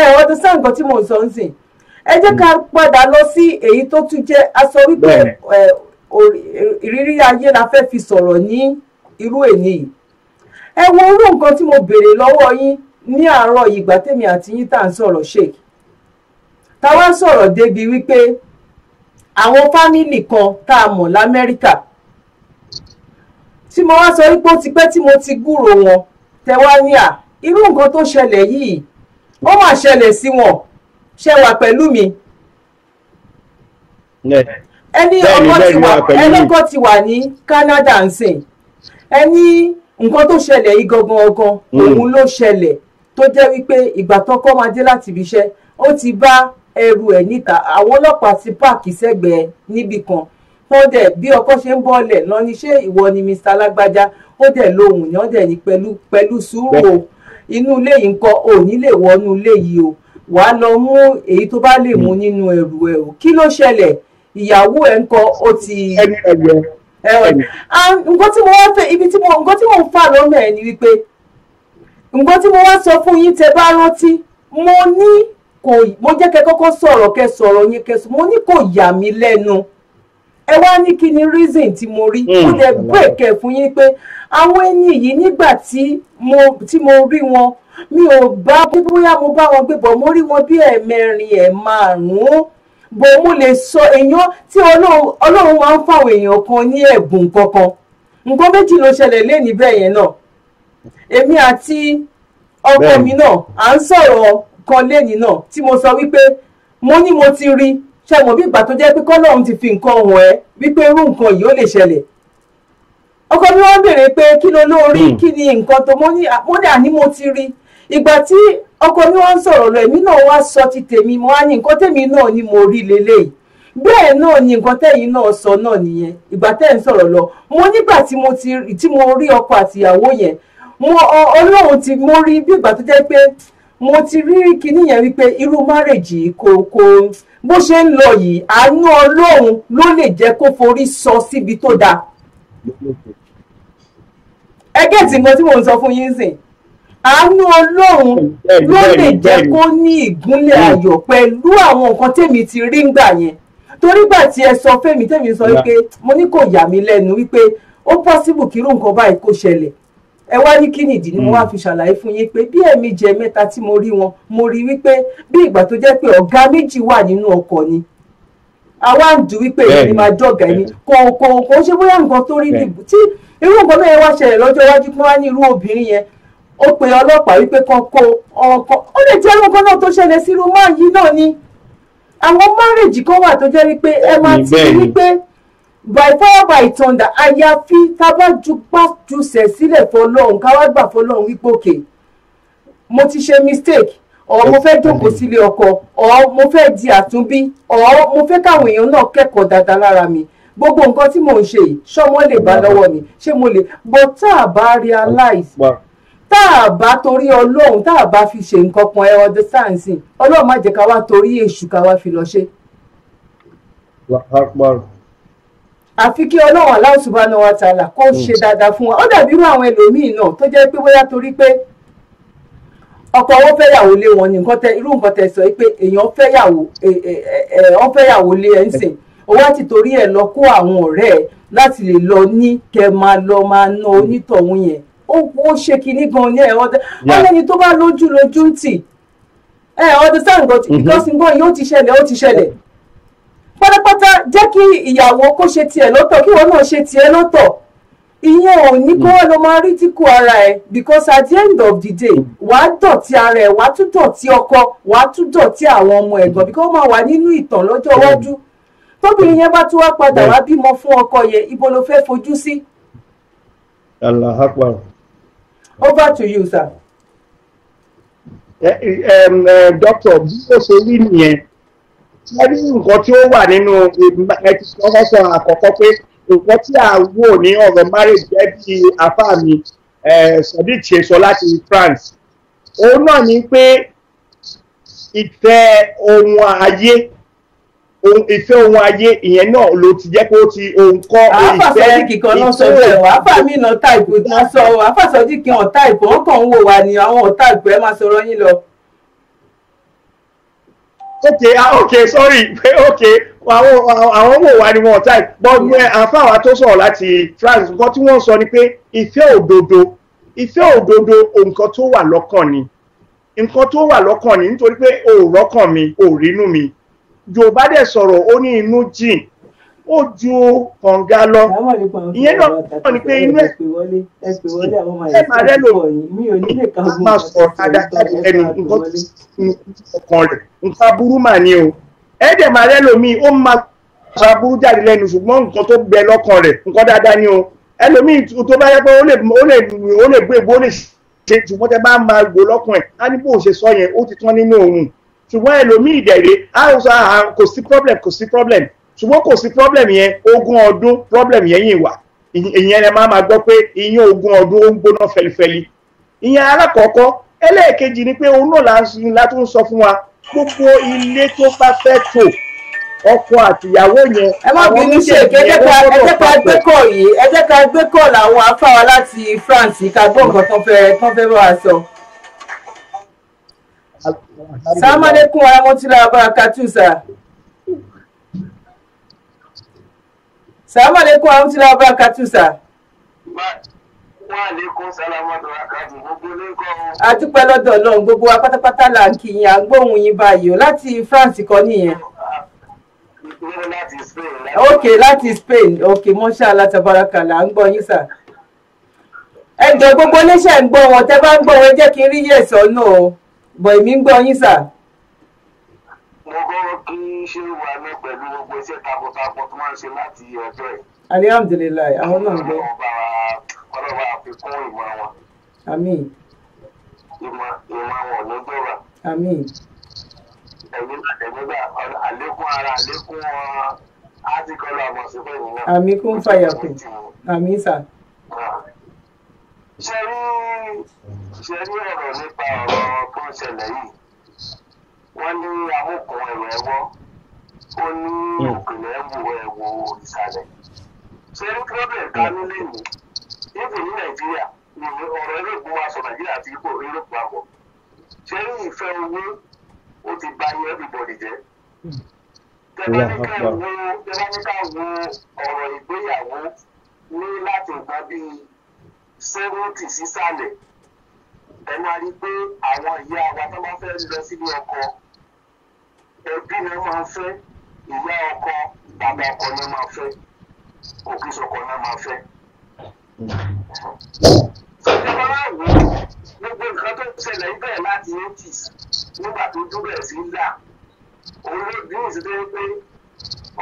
ẹ ọ̀ ti sáà nǹkan tí mò ń sọ ń sìn ẹ jẹ́ ká hmm. padà lọ sí èyí tó tún jẹ́ aṣọ wípé ìrírí ayé la fẹ́ fi sọ̀rọ̀ ní irú èyí ẹ wo irú nǹkan tí mo béèrè lọ́wọ́ yín ní àárọ̀ ìgbà tèmi àti yín tá à ń sọ̀rọ̀ sheik táwa sọ̀rọ̀ débi wípé àwọn fámìlì kan tá a mọ̀ lamẹ́ríkà tí mo wá sọ wípé ó ti pẹ́ tí mo ti gbúrò wọn tẹ̀wá ní à irú nǹkan tó ṣẹlẹ̀ yìí ó mà ṣẹlẹ̀ sí wọn ṣe wà pẹ̀lú mi. ẹni ọkọ ti wà ẹlẹ́kọ̀ ti wà ní Canada ń sìn ẹni nǹkan tó ṣẹlẹ̀ yìí gangan ọgan mm. òun ló ṣẹlẹ̀ tó jẹ́ wípé ìgbà tọkọ máa dé láti ibi iṣẹ́ ó ti bá ẹrù ẹ̀ níta àwọn ọlọ́pàá ti páàkì sẹ́gbẹ̀ẹ́ níbì kan ó dẹ̀ bí ọkọ ṣe ń bọ́ọ̀lẹ̀ lọ ni ṣé ìwọ ni Mr. alágbájá ó dẹ̀ lóhùn ni ó dẹ̀ ní pẹ̀lú pẹ̀lú sùúrù o inú ilé yìí ńkọ́ ò ní lè wọnú ilé yìí o wà á lọ mú èyí tó bá lè mú nínú ẹrù ẹ o kí ló ṣẹlẹ̀ ìyàwó ẹ̀ ńkọ́ ó ti. ẹni ẹyẹ nǹkan tí mo wá fẹ́ ibi tí mo nǹkan tí mo ń fà lọ́nà ẹ̀ ni wípé nǹkan tí mo wá sọ fún yín tẹ bá rántí mo ní kò mo jẹ́ kẹ́ kọ́kọ́ sọ̀rọ̀ kẹ́ sọ̀rọ̀ yín kẹ́ mo ní kò yà mí lẹ́nu. No ẹ wá ní kí ni reason tí mo rí mo hmm. dẹ̀ break ẹ̀ fún yín pé àwọn ẹni yìí nígbà tí mo tí mo rí wọn mi ò bá bóyá mo bá wọn gbé bọ̀ mo rí wọn bí ẹ̀mẹrin ẹ̀ márùn-ún bò mo lè sọ èèyàn tí ọlọ́run máa ń fáwọn èèyàn kan ní ẹ̀bùn kankan nǹkan méjì ló ṣẹlẹ̀ lẹ́ni bẹ́ẹ̀ yẹn náà èmi àti ọkọ mi náà à ń sọ̀rọ̀ kan lẹ́ni náà tí mo sọ wípé mo ní mo ti rí ṣe mọ̀ bí ìgbà tó jẹ́ pé kọ́lọ́hún ti fi nǹkan wọ̀n ẹ́ wípé irú nǹkan yìí ó lè ṣẹlẹ̀ ọkọ mi wọ́n pé kí ló lórí hmm. kí ni nǹkan tó mo ní àní mo ti ri ìgbà tí ọkọ mi wọn sọ̀rọ̀ lọ èmi náà wá sọ ti tèmi mo ní ni mo rí bẹ́ẹ̀ náà ni nǹkan náà sọ náà nìyẹn ìgbà tẹ̀ ń mo nígbà ti mo rí ọkọ àtìyàwó yẹn mo ọlọ́run ti mo rí bí ìgbà tó mo ti rí kinní yẹn wípé irú márèjì kò kò bó ṣe ń lọ yìí àánú ọlọ́run ló lè jẹ́ kó forí sọ síbi tó dáa. ẹgẹ́ tí mo tí mò ń sọ fún yín sìn àánú ọlọ́run ló lè jẹ́ kó ní ìgúnlẹ̀ ayọ̀ pẹ̀lú àwọn nǹkan tèmi ti rí ń gbà yẹn torígbà tí ẹ sọ fẹ́mi tèmi sọ wípé mo ní kò yà mí lẹ́nu wípé ó pọ́sibù kírú nǹkan báyìí kó ṣẹlẹ̀ ẹ wá ní kí ni mo wá hmm. fi ṣàlàyé fún yín pé bí ẹ̀mí jẹ mẹ́ta tí mo rí wọn mo rí wípé bí ìgbà tó jẹ́ pé ọ̀gá méjì wà nínú ọkọ̀ ni àwa ń dù wípé èmi máa jọ̀gà ẹni kọ̀ọ̀kan kò ṣe bóyá nǹkan tó rí nìbù tí irú nǹkan náà yẹn wá ṣẹlẹ̀ lọ́jọ́ iwájú kí wọ́n á ní irú obìnrin yẹn ó pe ọlọ́pàá wípé kan ọkọ̀ ó lè jẹ́ nǹkan náà tó ṣẹlẹ̀ sí irú máa yí náà ni àwọn márèjì kan wà tó jẹ́ wípé ẹ máa ti rí wípé by fire by thunder àyàfi tá a bá ju pàjùsẹ̀ sílẹ̀ fọlọ́run ká wá gbà fọlọ́run wípé òkè mo ti ṣe mistake ọ̀ mo fẹ́ jókòó sílé ọkọ ọ̀ mo fẹ́ di àtúnbí ọ̀ mo fẹ́ káwọn èèyàn náà kẹ́kọ̀ọ́ dáadáa lára mi gbogbo nǹkan tí mò ń ṣe yìí ṣọmọ lè bá lọ́wọ́ mi ṣé mo lè but tá a bá realize tá a bá torí ọlọ́run tá a bá fi ṣe nǹkan kan ẹ understand sí ọlọ́run má jẹ́ ká wá torí èṣù ká wá fi lọ ṣe àfi kí ọlọ́run Allah wa ta'ala kó mm. ṣe dáadáa fún wa ó dàbí irú àwọn ẹlòmíín náà tó jẹ́ pé bóyá torí pé ọkọ wọn fẹ́yàwó lé wọn ní nǹkan tẹ irú nǹkan tẹ sọ pé èèyàn fẹ́yàwó wọn fẹ́yàwó lé ẹ ń sìn owó àti torí ẹ lọ kó àwọn ọ̀rẹ́ ẹ láti lè lọ ní kẹ máa lọ máa ná onítọ̀hún yẹn ó ó ṣe kinní gan ní ẹ̀họ́ dẹ wọ́n lẹ́ni tó bá lójú lójú ń tì ẹ̀ dẹ sáà nǹkan tí mm-hmm. because pátápátá jẹ́ kí ìyàwó kó ṣe tiẹ̀ lọ́tọ̀ kí wọn náà ṣe tiẹ̀ lọ́tọ̀ ìyẹn ò ní kó lọ máa rí tí kú ara ẹ because at the end of the day wàá dọ̀tí ara ẹ wàá tún dọ̀tí ọkọ wàá tún dọ̀tí àwọn ọmọ ẹ̀gbọ́n because ó máa wà nínú ìtàn lọ́jọ́ iwájú tóbìnrin yẹn bá tún wá padà wá bímọ fún ọkọ yẹn ibo ló fẹ́ fojú sí. Allah akbar. over to you sir. ẹ ẹ dókítà bí ó ṣe rí nìyẹn ẹ rí nǹkan tí ó wà nínú ẹtìsọ́sọ́sọ àkọ́kọ́ pé nǹkan tí a wò ní ọ̀rọ̀ marriage jẹ́ bí afá mi Sadiq ṣe sọ láti France òun náà ni pé ìfẹ́ ohun ayé ìfẹ́ ohun ayé ìyẹn náà ló ti jẹ́ pé ó ti ohun kọ́ ìfẹ́ àfà Sadiq kan náà sọ bẹ́ẹ̀ wá àfà mi náà táìpù náà sọ àfà Sadiq hàn táìpù wọn kàn ń wò wá ni àwọn táìpù ẹ máa sọ̀rọ̀ yín lọ okay ah okay sorry pé okay àwọn wò wá ni wọn type but eh, àfáwà tó sọ̀rọ̀ láti France nǹkan tí wọ́n sọ ni pé ìfẹ́ òdodo ìfẹ́ òdodo nǹkan tó wà lọ́kàn ni nǹkan tó wà lọ́kàn ni nítorí pé òòrọ́kàn mi òòrínú mi Yorùbá dẹ̀ sọ̀rọ̀ ó ní inú jìn ó ju kànga lọ ìyẹn náà wọ́n ní pé inú ẹ̀ ẹ̀ máa rẹ́ lò máa sọ adájáde ẹni nǹkan tó ní ọkàn rẹ̀ nǹkan burú mà ní o ẹ̀ dẹ̀ máa rẹ́ lòmíì ó máa sọ aburú jáde lẹ́nu ṣùgbọ́n nǹkan tó bẹ lọ́kàn rẹ̀ nǹkan dáadáa ni o ẹlòmíì tó bá yẹ pé ó lè ó lè gbé ìbò ó lè ṣe ṣùgbọ́n tẹ bá máa gbò lọ́kàn ẹ̀ á ní bó ṣe sọ yẹn ó ti tán nínú òun ṣùgbọ́n ẹlòmíì dẹ̀rẹ̀ á sọ kò sí problem kò sí problem ṣùgbọ́n kò sí problem yẹn ogún ọdún problem yẹn yìí wà ìyẹn ẹ máa ma gbọ́ pé iyán ogún ọdún ó ń gbóná fẹlifẹli ìyẹn alákọ̀ọ́kọ́ ẹlẹ́ẹ̀kejì ni pé òun náà látún sọ fún wa gbogbo ilé tó bá fẹ́ tò ọkọ àtìyàwó yẹn. ẹ má bínú ṣe èké ẹ jẹ́ ká gbé kọ̀ yìí ẹ jẹ́ ká gbé kọ̀ làwọn afáwa láti France ká gbọ́ nǹkan tó fẹ́ tó fẹ́ bá wa sọ. sàmàlẹ́kùn aramọ́tìlá abárakàtúnṣà. salamu alaikum amtila abakatu sa. a dúpẹ́ lọ́dọ̀ ọlọ́run gbogbo wa pátápátá là ń kí yín à ń gbóhùn yín báyìí o láti France kọ́ nìyẹn. ok láti Spain ok mọ́ṣá alátabaraka là ń gbọ́ yín sà. ẹ jọ gbogbo oníṣẹ́ ń gbọ́ wọn tẹ́ bá ń gbọ́ wọn jẹ́ kí n rí yẹ̀ sọ́nù o bọ̀ èmi ń gbọ́ yín sà mo kọ́kọ́ kí ṣéwù àmì pẹ̀lú gbogbo iṣẹ́ takuntakun tó máa ń ṣe láti ọjọ́ ẹ̀. alihamdulilayi àwọn náà ń gbọ́. ọlọ́ba àfikún ìmọ̀ wọn. àmín. ìmọ̀ ìmọ̀ wọn ló jọba. àmín. ẹ̀yin ẹ̀yin náà àlékún ara àlékún átíkọ́lù àmọ̀síkọ́ ìyìn náà. kún fàyàkùn àmì sà. ṣe rí ṣe rí ọ̀rọ̀ nípa ọ̀rọ̀ tó ń ṣẹlẹ̀ yìí wọ́n ní amúkan ẹ̀rọ ẹ̀wọ́ ó ní hmm. òkèlè ẹ̀wò ẹ̀wò ìsàlẹ̀ ṣé ní problem ká nílé mi ìfò ní nàìjíríà ní ọ̀rọ̀ eléègbò wa sọ nàìjíríà àti ipò eléègbò àpọ̀ ṣé ìfẹ́ owó ó ti bà yẹ everybody jẹ́ hmm. tẹ́lá ní ká wo ọ̀rọ̀ ìgbéyàwó ní láti nǹkan bíi sẹ́wọ́ntì sísàlẹ̀ ẹ̀ máa rí i pé àwọn ìyá wa tó bá fẹ́ lọ sílé ọkọ ẹbí ni máa fẹ́ ìyá ọkọ bàbá ọkọ ni máa fẹ́ òbí sọkọ ni máa fẹ́. ìjọba náà wò ó gbogbo nǹkan tó ṣẹlẹ̀ ń bẹ̀rẹ̀ láti eighties nígbà tó dúbẹ̀ sí là òun ló dín ìṣẹ́ pé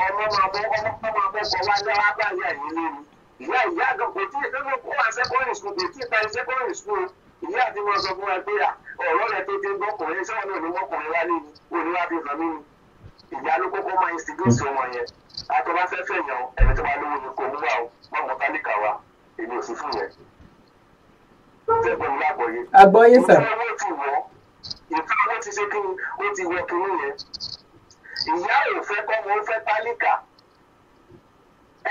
ọmọ máa bọ́ ọmọ máa bọ́ kọ wájú alábàáyà yìí lé mi ìyá ìyá àgbà kò tí ì fẹ́ ló kó wa secondary school kò tí ì parí secondary school ìyá àti mo sọ fún wa pé ọ̀rọ̀ rẹ̀ tó ti gbọ́kùnrin sọ́wọ́n náà ní mọ́kùnrin wá lé ní oníwà fi hàn mí ìyá ló kọ́kọ́ máa ń sìgẹ́sì mm. wọn yẹn àtọ́wá fẹ́fẹ́ yàn ẹni tó bá lówó ni kò mú wa má mọ tálíkà wa èmi ò sí fún yẹn. ṣẹ́gun ní àgbọ̀yé. àgbọ̀yé sà. ìfẹ́ owó ti wọ̀ ìfẹ́ owó ti ṣe kíni ó ti wọ kíní yẹn. ìyá ò fẹ́ kọ́ mo fẹ́ tálíkà.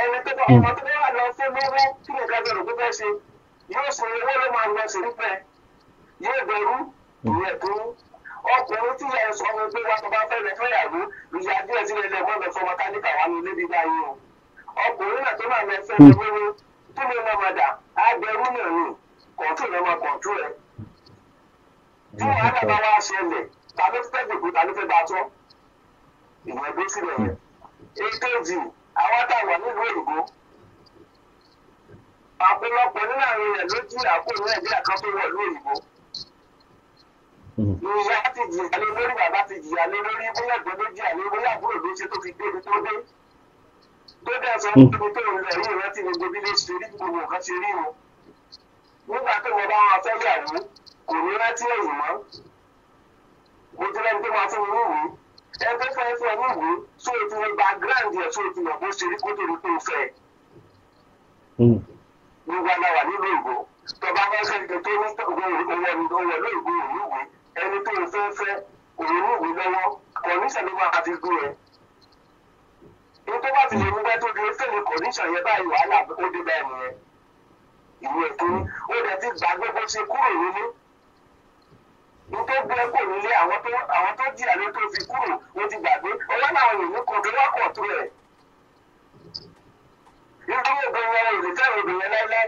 ẹni tó bá mm. ọmọ tó bá wà lọ fún lówó kí yóò ṣe owó ló máa lọ sí pẹ yóò dẹrú ìyẹn tó ọkùnrin tí ìyá sọ fún pé wá tó bá fẹ́ lẹ fẹ́ yàgò ìyá díẹ̀ sí lẹ́lẹ̀ mọ́ lọ fọ mọ́tálíkà wà ní níbi báyìí o ọkùnrin náà tó máa lọ fẹ́ lọ wéwé tó lè máa máa dà á dẹrú náà ni kọ̀ọ̀tù ló máa kọ̀ọ̀tù rẹ̀ tí wàhálà bá wá ṣẹlẹ̀ ta ló fẹ́ dìbò ta ló fẹ́ bá tọ́ ìyẹn bó sílẹ̀ yẹn èkejì àwọn táwọn nílùú èkó ọ̀pọ̀lọpọ̀ nínú àwọn èèyàn ló jí àpò ní nàìjíríà kan tó wọ̀ lóyìnbó. ìyá hmm. ti jìyà lé lórí bàbá ti jìyà lé lórí bóyá ẹ̀gbọ́n ló jìyà lé bóyá àbúrò ló ṣe tó fi dé ibi tó dé. tó dẹ̀ sọ fún mi tó ń lọ ẹ̀rí ìrántí gbogbo bí ṣe rí gbogbo nǹkan ṣe rí o. nígbà tó mo bá wọn fẹ́ yàrá kò ní rántí ẹ̀yìn mọ́. mo ti lẹ́ni tó máa fún mi níwèé ẹgbẹ́ fẹ́ fún ẹ níwèé sóòtú ní background yẹn sóòtú náà ṣe rí kó tó fẹ́. Hmm ní wàláwà nínú ìbò tọba bá sẹ́ni tó ní owó ọ̀nà lóyìnbó òrùwé ẹni tó ń fẹ́ fẹ́ òrùwé lọ́wọ́ kọ̀níṣà ló máa fi gbé ẹ. ní tó bá ti lè rúgbẹ́ tó di fẹ́lẹ̀ kọ̀níṣà yẹn báyìí wàhálà ó dé bá ẹ̀mí yẹn. ìlú èkó ó dẹ̀ ti gbà gbogbo ṣe kúrò nílé. ní tó gbé kò nílé àwọn tó jìyà ló tó fi kúrò ó ti gbàgbé ọwọ́ làwọn èèyàn kọ̀ọ̀tún wá kọ̀ọ̀tún rẹ̀ nítorí obìnrin yẹn ò lè fẹ́ràn obìnrin láíláí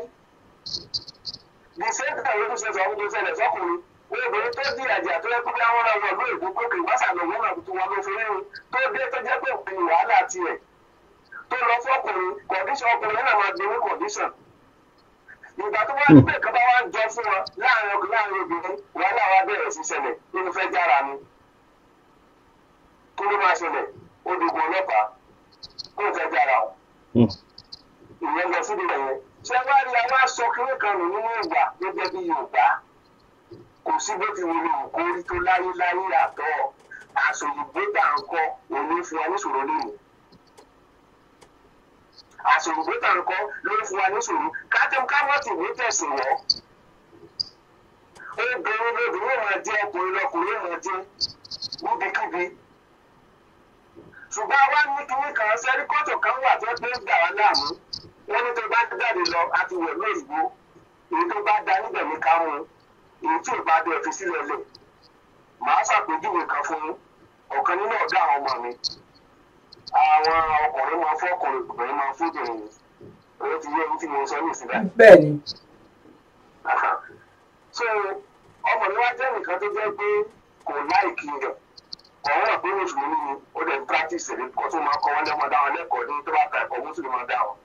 the same time ló tún ṣe sọ̀rọ̀ tó ṣẹlẹ̀ sọ́kùnrin obìnrin tó di àjà tó yẹ kó bí àwọn ọmọ ìlú èkó gòkè wásàlù òun náà tó wọn ló fi rí tó dé tó jẹ́ pé òun wàhálà tiẹ̀ tó lọ fọkùnrin condition ọkùnrin náà máa gbé ní condition ìgbà tó wá níbẹ̀ kan bá wá ń jọ fún wọn láàrin ọkùnrin láàrin obìnrin wàhálà wa bẹ̀rẹ̀ sí ṣẹlẹ̀ nínú fẹ́ jára ni kó ló máa ṣẹlẹ̀ ó dìgbò ọlọ́pàá kó fẹ́ jára o ìyẹn lọ síbi yẹn ṣé wá rí àwọn aṣọ kéré kan nù nínú ìgbà gẹ́gẹ́ bí Yorùbá kò sí bó ti wọlé òkú orí tó láyé láyé àtọ aṣọ òyìnbó tà ń kọ òní fún wa níṣòro lónìí aṣọ òyìnbó tà ń kọ ló ń fún wa níṣòro kámọ́tì ìwé tẹ̀sán wọ́ obìnrin lóbìnrin máa jẹ ọkùnrin lọkùnrin máa jẹ níbikíbi ṣùgbọ́n àwa ní kinní kan sẹ́ríkọ́tò kan wà tó gbé ń wá láàmú wọ́n ní tó bá jáde lọ àti wẹ̀ lóyìnbó èyí tó bá da níbẹ̀ ní ká èyí tí ò bá bẹ fi sílẹ̀ lẹ̀ màá ṣàpèjúwe kan fún ọ̀kan nínú ọ̀gá àwọn ọmọ mi àwọn ọkùnrin máa fọ́ ọkùnrin obìnrin máa fún obìnrin òun ti yé ohun tí mo sọ ní ìsìnkà. bẹ́ẹ̀ni. so ọmọ mi wá jẹ́ nìkan tó jẹ́ pé kò láìkí rẹ̀ ọ̀rọ̀ rẹ̀ pé mùsùlùmí ni ó dẹ̀ practice rẹ̀ kó tó máa kọ́ wọn lẹ́mọ̀ọ́ dáwọn lẹ́kọ̀ọ́ ní tó bá ka ẹ̀kọ́ mùsùlùmí máa dáwọn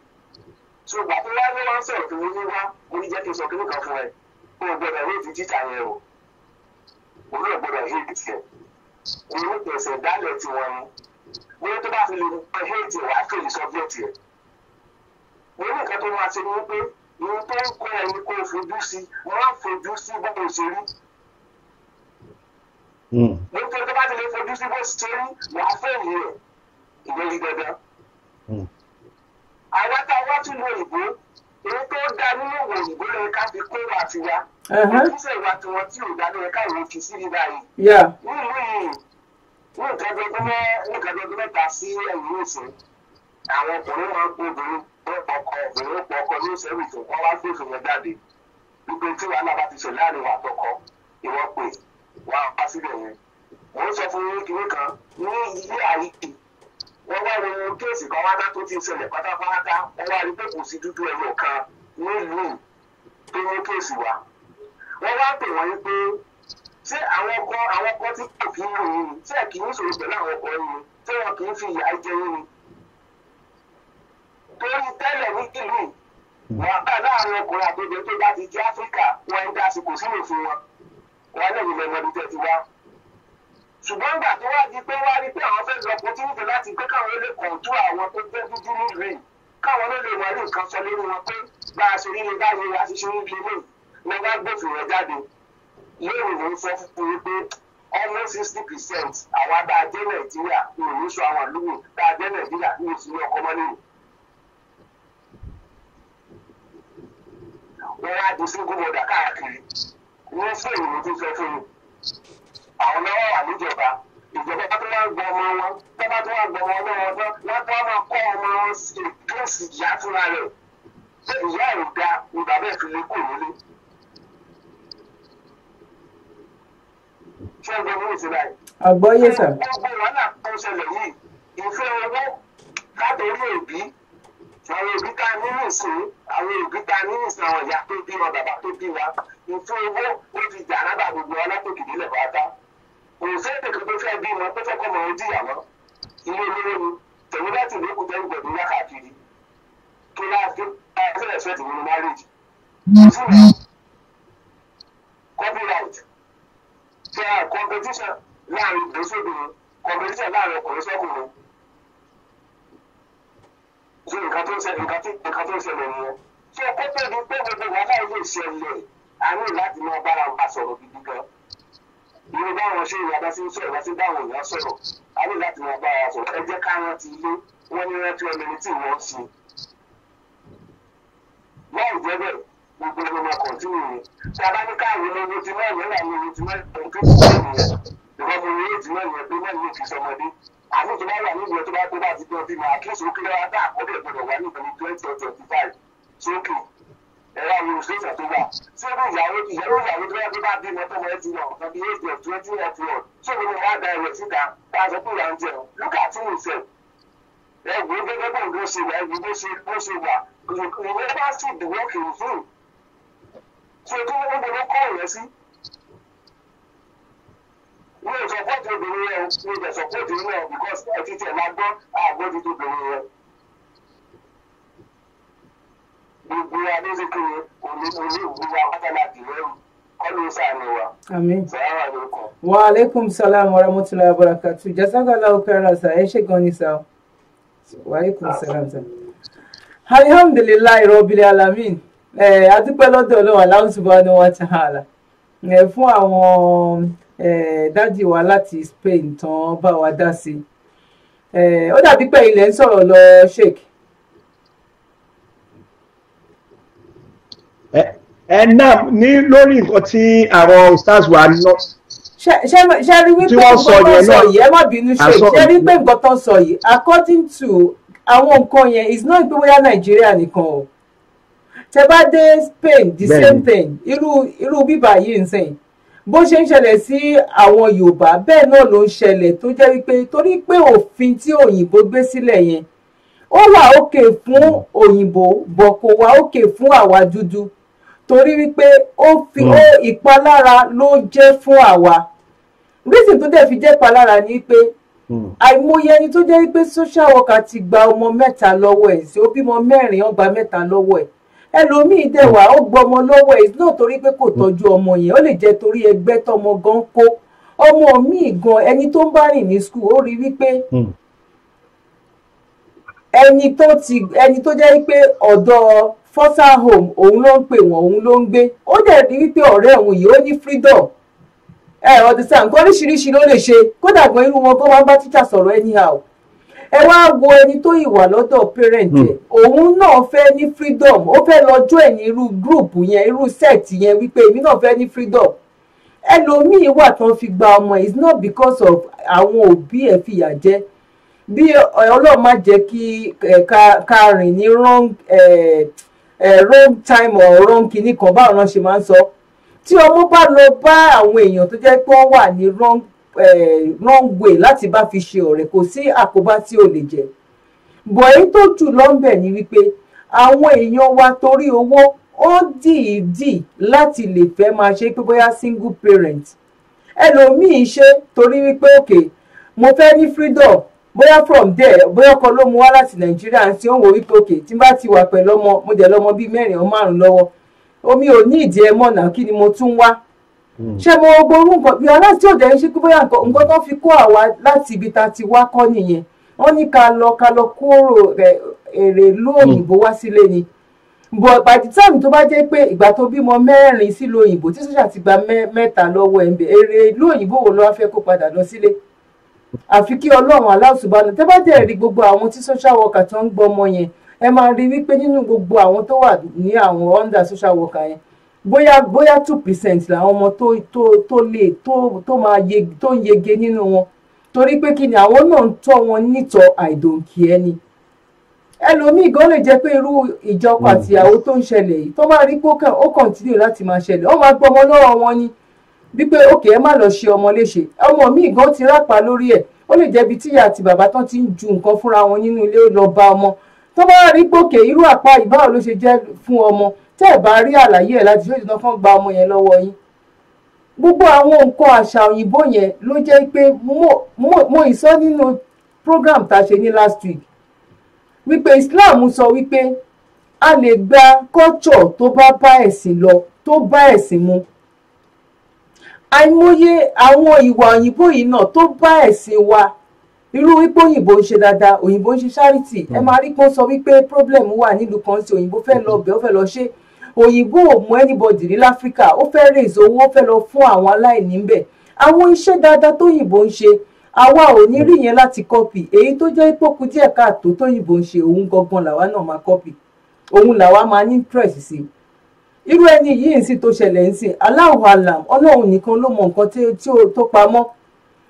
so ìgbà tó wá ní wọn sọ̀rọ̀ tó ní wá mo ní kí n sọ kíní kan fún ẹ kó o gbọ́dọ̀ rí ìdí títà yẹn o òun náà gbọ́dọ̀ rí ìdí tiẹ̀ òun pèsè dálẹ̀ tiwọn ni bóyá tó bá fi lè pẹ́ hẹ́ẹ̀tì wá fèrè sọ́bíẹ̀tì ẹ̀ òun nìkan tó máa ṣe ni wípé ohun tó ń kọ́ ẹni kó o fojú sí wọ́n fojú sí bó o ṣe rí hmm. tó bá ti lè fojú sí bó o ṣe rí fẹ́ yìí rẹ̀ ìwé dandan. Hmm àwa tá a wá tún lo òyìnbó èyí tó dá nínú òwò òyìnbó lọ ká fi kó wa ti wa ìfúnṣe ìwà tiwọn tí ò dá lọ ká ìwé fi sí nígbà yìí nílùú yìí ní nǹkan bí ọdún mẹ́ nǹkan bí ọdún mẹ́ta sí ẹ̀yìn òsè àwọn ọkùnrin máa ń kó obìnrin ọkọ obìnrin pọ̀ ọkọ ní ìṣẹ́rù ìtò wọn wá gbèsè yẹn jáde gbogbo tí wàhálà bá ti ṣe láàrin wa tọkọ ìwọ pé wàá pa síbẹ̀ yẹn mò ń sọ fún yín kan ní ilé àyíkì wọ́n wá wo kéèsì kan wá dá tó ti ṣẹlẹ̀ pátápátá wọ́n wá rí pé kò sí dúdú ẹ̀rọ kan nílùú tó ní kéèsì wa wọ́n wá pè wọ́n pé ṣé àwọn ọkọ àwọn ọkọ tí kò kí ń lò yín ni ṣé ẹ̀ kì í ṣòro pẹ̀lú àwọn ọkọ yín ni ṣé wọn kì í fi ìyà jẹ yín ni. torí tẹ́lẹ̀ ní ìlú wọn kà láàrin ọkùnrin àtòjọ tó bá ti jẹ́ áfíríkà wọn ń dá sí kò sínú òfin wọn wọn lè rí lọ́mọdé ṣùgbọ́n gbà tó wá di pé wá rí pé àwọn fẹ́ lọ opportunity láti pé káwọn lè kọ̀ọ̀dú àwọn tó jẹ́ dúdú nílùú yìí káwọn ló lè wọlé nǹkan sọ lórí wọn pé bá a ṣe rí ni báyìí a ṣe ṣe ń lé lóyún ni wọ́n gbófinró jáde lóòrùn ló ń sọ fún mi pé almost sixty percent àwọn adájẹ́ nàìjíríà ní ìrúṣọ àwọn àlùmí adájẹ́ nàìjíríà ní ìṣúná ọkọ mọ́lẹ́ yìí. wọ́n á di single mother káàkiri wọ́n fún ìròyìn tó sọ fún mi àwọn náà wà níjọba ìjọba tó wá gbọ́ ọmọ wọn tó bá tó wá gbọ́ ọmọ wọn lọ́wọ́ tó wọn tó wá máa kọ́ ọmọ wọn sí kíláàsì ìyá fúnra rẹ̀ ṣé ìyá rẹ̀ ga ni bàbá ẹ̀ fi lè kú òun ní. ṣé ẹgbẹ́ mi ò ti báyìí. àgbọ́yé sà. gbogbo wàhálà tó ṣẹlẹ̀ yìí ìfẹ́ owó látòrí òbí àwọn òbí tá a ní nìsín àwọn òbí tá a ní nìsín àwọn ìyá tó bí wọn bàbá tó bí wa ìfún owó ó ti jà nábà gbogbo ọlọ́pàá kìdílẹ̀ bá dá òfẹ́ nìkan tó fẹ́ bímọ tó fẹ́ kọ́mọ ojú ìyàwó ilé olówó ni tẹ̀wé láti ìlú òkúta ìgbọ̀dù yá káàkiri kí láàfin láàfin ẹ̀fẹ́ tó nínú márèjì. ṣùgbọ́n copyright ṣe à competition láàrin ìgbẹ́ sóbìnrin competition láàrin ọkùnrin sọ́kùnrin. ṣé nǹkan tó ń ṣẹlẹ̀ nǹkan tó ń ṣẹlẹ̀ nìyẹn. ṣé kókó ni pé gbogbo wàhálà ilé ìṣẹ́ ilẹ̀ àárín láti máa bára wa sọ̀rọ̀ gidi gan-an irú báwọn ṣe ìyá bá ti ń sọ̀rọ̀ bá ti báwọn èèyàn sọ̀rọ̀ a ní láti máa bá ara sọ̀rọ̀ ẹ jẹ́ ká rántí ilé wọ́n ní rántí ọmọ ẹni tí wọ́n ṣe. láì jẹ́ bẹ́ẹ̀ gbogbo ẹni máa kọ̀ntínú yẹn tí a bá ní káàwé lówó tí náà yẹn láàyè owó tí náà yẹn tó kù sí ìyẹn ìwọ́n fún owó tí náà yẹn pé náà yẹn kì í sọmọdé àti tó bá wà ní ìgbẹ́ tó bá tó bá ti gbọ́ bí máa kí sókè lọ́wọ́ ẹ̀rọ àwọn olùsèjà tó wà sóbì ìyàwó ìyàwó ìyàwó tó yẹ kó bá bímọ tó wọ́n jù lọ nǹkan bíi of twenty one plus sóbì wọn wá da ẹ̀rọ síta bá a sọ pé ìyà jẹun look at him himself ẹ wò ó bó ló ṣe wà ẹ wò bó ṣe wà ìwé bá sì dùwọ́ kì í fún ṣe kí wọ́n gbọ́dọ̀ ló kọ́ ọ̀rẹ́ sí. mi sọ pọ́ọ̀tì obìnrin rẹ mi sọ pọ́ọ̀tì rẹ because ẹ gbogbo alẹ́sẹ̀kẹ̀rẹ̀ òní òní ìgbéga wájàlá dìrẹ́rù kọ́lù sàánú wa. àmín sàlámà ló kọ. wa aleykum salaam wa rahmatulahi wa barakatu jazakallahu khairan sa ẹ ṣe gan ni sa wa aleykum salaam sa. alihamdulilayi rabbil alamin adúpẹ́ lọ́dọ̀ ọlọ́run Allahu subhanahu wa ta'ala fún àwọn dádì wa láti Spain tán bá wa dá sí i ó dàbí pé ilẹ̀ ń sọ̀rọ̀ lọ sheikh ẹ náà ní lórí nǹkan tí àwọn stars wà náà ṣe rí wípé nǹkan tó sọ yìí ẹ má bínú ṣe ṣe rí pé nǹkan tó sọ yìí according to àwọn nǹkan yẹn is not pé bóyá nàìjíríà nìkan o tẹ bá dé Spain the ben. same thing irú irú bíbá yìí ń sìn bó ṣe ń ṣẹlẹ̀ sí àwọn yorùbá bẹ́ẹ̀ náà ló ń ṣẹlẹ̀ tó jẹ́ wípé torí pé òfin tí òyìnbó gbé sílẹ̀ yẹn ó wà òkè fún òyìnbó bọ̀ kò wà òkè fún àwa dúdú torí wípé ó fi ó hmm. ìpalára ló jẹ́ fún àwa reason tó dẹ̀ fi jẹ́ ìpalára ni pé hmm. àìmọye ẹni tó jẹ́ pé social worker ti gba ọmọ mẹ́ta lọ́wọ́ ẹ̀ sí ó bímọ mẹ́rin ó gba mẹ́ta lọ́wọ́ ẹ̀ ẹlòmíì dẹ̀ wá ó gbọmọ lọ́wọ́ ẹ̀ náà torí pé kò hmm. tọ́jú ọmọ yẹn ó lè jẹ́ torí ẹgbẹ́ tọmọ gan kó ọmọ míì gan ẹni tó ń bá rìn ní skul ó rí wípé ẹni tó ti ẹni tó jẹ́ pé ọ̀dọ́ foster home òun ló ń pè wọ́n òun ló ń gbé ó dẹ̀ di wípé ọ̀rẹ́ òun yìí ó ní freedom ẹ ọdún sáà nǹkan oríṣiríṣi ló lè ṣe kódà gan irú wọn kó wá bá tíṣà sọ̀rọ̀ anyhow ẹ wá wo ẹni tó ìwà lọ́dọ̀ parent ẹ̀ hmm. òun náà fẹ́ ní freedom ó fẹ́ lọ join irú group yẹn irú sect yẹn wípé èmi náà fẹ́ ní freedom ẹlòmíì wà tán fi gba ọmọ it's not because of àwọn òbí ẹ̀ fìyà jẹ bí ọlọ́run má jẹ́ kí ká rìn ní wrong. Eh, Eh, wrong time or wrong kini kan báwọn náà ṣe máa ń sọ tí ọmọ bá lọ bá àwọn èèyàn tó jẹ́ pé wọ́n wà ní wrong eh, wrong way láti bá fi ṣe ọ̀rẹ́ kò sí àkóbá tí ò lè jẹ bọ̀ èyí tó jù lọ́nbẹ̀ ni wípé àwọn èèyàn wa torí owó ó dìídì láti lè fẹ́ máa ṣe pé bóyá single parent ẹlòmíì ṣe torí wípé òkè mo fẹ́ ní freedom bóyá from there bóyá ọkọ ló mu wá láti nàìjíríà tí ó ń wo wípé òkè tí n bá ti wà pẹ̀lú ọmọ mo dẹ̀ lọ́mọ bíi mẹ́rin ọ márùn lọ́wọ́ omi ò ní ìdí ẹ mọ̀nà kí ni mo tún wá hmm. ṣé mo gbórú nǹkan bí aláàtí tí ò dẹ̀ ń ṣe pé bóyá nǹkan tó fi kó àwa láti ibi ta ti wá kọ́ nìyẹn wọ́n ní ká lọ ká lọ kóró rẹ̀ eh, èrè lóòyìnbó wá sílé ni but by the time tó bá jẹ́ pé ìgbà tó bímọ mẹ́rin sílùú òyìnbó tí sọ́jà ti gba mẹ́ta lọ́wọ́ ẹ̀ ń bẹ̀ èrè lóòyìnbó wo ló fẹ́ kó padà lọ sílé àfi kí ọlọ́run aláṣùbánu tẹ́ bá dẹ̀ rí gbogbo àwọn tí social worker tó ń gbọ́ ọmọ yẹn ẹ máa rí wípé nínú gbogbo àwọn tó wà ní àwọn under social worker yẹn bóyá bóyá two percent làwọn ọmọ tó tó tó lè tó tó máa yege tó ń yege nínú wọn torí pé kí ni àwọn náà ń tọ́ wọn nítọ́ àìdòǹkì ẹni ẹlòmíì gan lè jẹ pé irú ìjọpọ̀ hmm. àtìyàwó tó ń ṣẹlẹ̀ yìí tó máa rí pé ó kàn ó kàn tí ó láti máa ṣẹlẹ̀ ó máa gbọ́ lọ́wọ́ wọn ni wípé òkè ẹ má lọ ṣe ọmọ léṣe ọmọ mi gan ti rápa lórí ẹ̀ ó lè jẹ́ ibi tíyà àti bàbá tán ti ń ju nǹkan fúnra wọn nínú ilé lọ bá ọmọ tó bá rí gbòkè irú àpá ìbáwò ló ṣe jẹ́ fún ọmọ tẹ́ ẹ̀ bá rí àlàyé ẹ̀ láti ṣèjìnà kan gba ọmọ yẹn lọ́wọ́ yín gbogbo àwọn nǹkan àṣà òyìnbó yẹn ló jẹ́ pé mo ìsọ nínú program tá a ṣe ní last week wípé Islam sọ wípé a lè gba culture tó bá bá ẹ̀sìn lọ tó bá ẹ̀sìn mu àìmọye àwọn ìwà òyìnbó yìí náà tó bá ẹ̀sìn wa irú wípé òyìnbó ń ṣe dáadáa òyìnbó ń ṣe charity ẹ hmm. máa rí pé sọ wípé problem wà nílùú kan sí òyìnbó fẹ́ lọ bẹ̀ ó fẹ́ lọ ṣe òyìnbó ò mú anybody ní láfíríkà ó fẹ́ raise owó ó fẹ́ lọ fún àwọn aláìní ń bẹ̀ àwọn iṣẹ́ dáadáa tó òyìnbó ń ṣe àwa ò ní rí yẹn láti kọ́pì èyí tó jẹ́ ìpókù díẹ̀ káàtó tó òyìnbó ń ṣe òun gangan làwa náà máa kọ́pì òun làwa máa ní interest sí i irú ẹni yìí ń sì tó ṣẹlẹ̀ ń sìn Allahu alam ọlọ́run nìkan ló mọ nǹkan tí tó pamọ́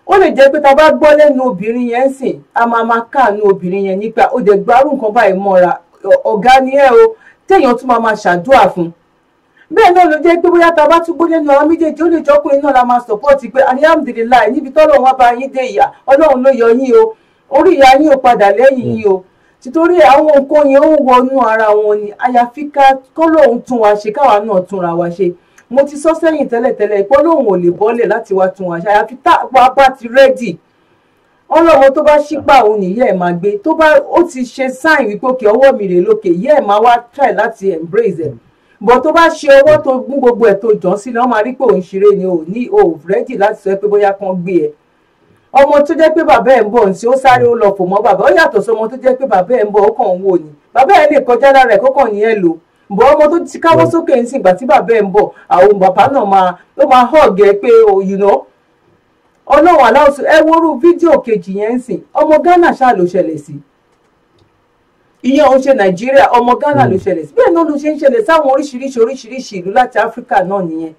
ó lè jẹ́ pé ta bá gbọ́ lẹ́nu obìnrin yẹn ń sìn a máa máa káàánú obìnrin yẹn nípa ó dẹ̀ gbárù nǹkan báyìí mọ́ra ọ̀gá ni ẹ o téèyàn tún máa máa ṣàdúrà fún bẹ́ẹ̀ náà ló jẹ́ pé bóyá ta bá tún gbọ́ lẹ́nu àwọn méjèèjì ó lè jọ́kùnrin náà la máa sọ̀pọ̀tì pé alihamudulilayi níbi tọ́lọ́run wá bá yín dé ìyà ọlọ́run ló yọ yín o orí ìyá yín ò padà lẹ́yìn yín o títorí àwọn nǹkan yẹn ń wọnú ara wọn ni àyàfi ká kọ́lọ́hún tún wa ṣe káwa náà ra wa ṣe mo ti sọ sẹ́yìn tẹ́lẹ̀tẹ́lẹ̀ ìpọ́lọ́hún ò lè bọ́lẹ̀ láti wá tún wa ṣe àyàfi tá a bá ti rẹ́dì ọlọ́wọ́ tó bá ṣípà òun nìyẹ́ ẹ̀ máa gbé tó bá ó ti ṣe sáìn wípé òkè ọwọ́ mi rè lókè yẹ́ ẹ̀ máa wá try láti embrace ẹ̀ bọ̀ tó bá ṣe ọwọ́ tó gún gbogbo ẹ̀ tó jọ́ sílẹ̀ wọ́n máa rí pé òun ṣeré ni ò ní ò rẹ́dì láti sọ pé bóyá kán gbé ẹ̀ ọmọ tó jẹ́ pé bàbá ẹ̀ ń bọ̀ ǹsí ó sáré ó lọ fò mọ́ bàbá ó yàtọ̀ sọmọ tó jẹ́ pé bàbá ẹ̀ ń bọ̀ ó kàn ń wò ni bàbá ẹ̀ lè kọjá lára ẹ̀ kó kàn yẹn ọmọ tó ti káwọ́ mm. sókè ń sìn tí bàbá náà máa máa pé oh, ọlọ́run ẹ fídíò kejì yẹn ń ọmọ Ghana ṣáà ló ṣẹlẹ̀ sí ìyẹn òun ṣe ọmọ Ghana ló mm. ṣẹlẹ̀ sí bẹ́ẹ̀ náà ló ṣe sáwọn oríṣiríṣi oríṣiríṣi ìlú láti Áfíríkà náà nìyẹn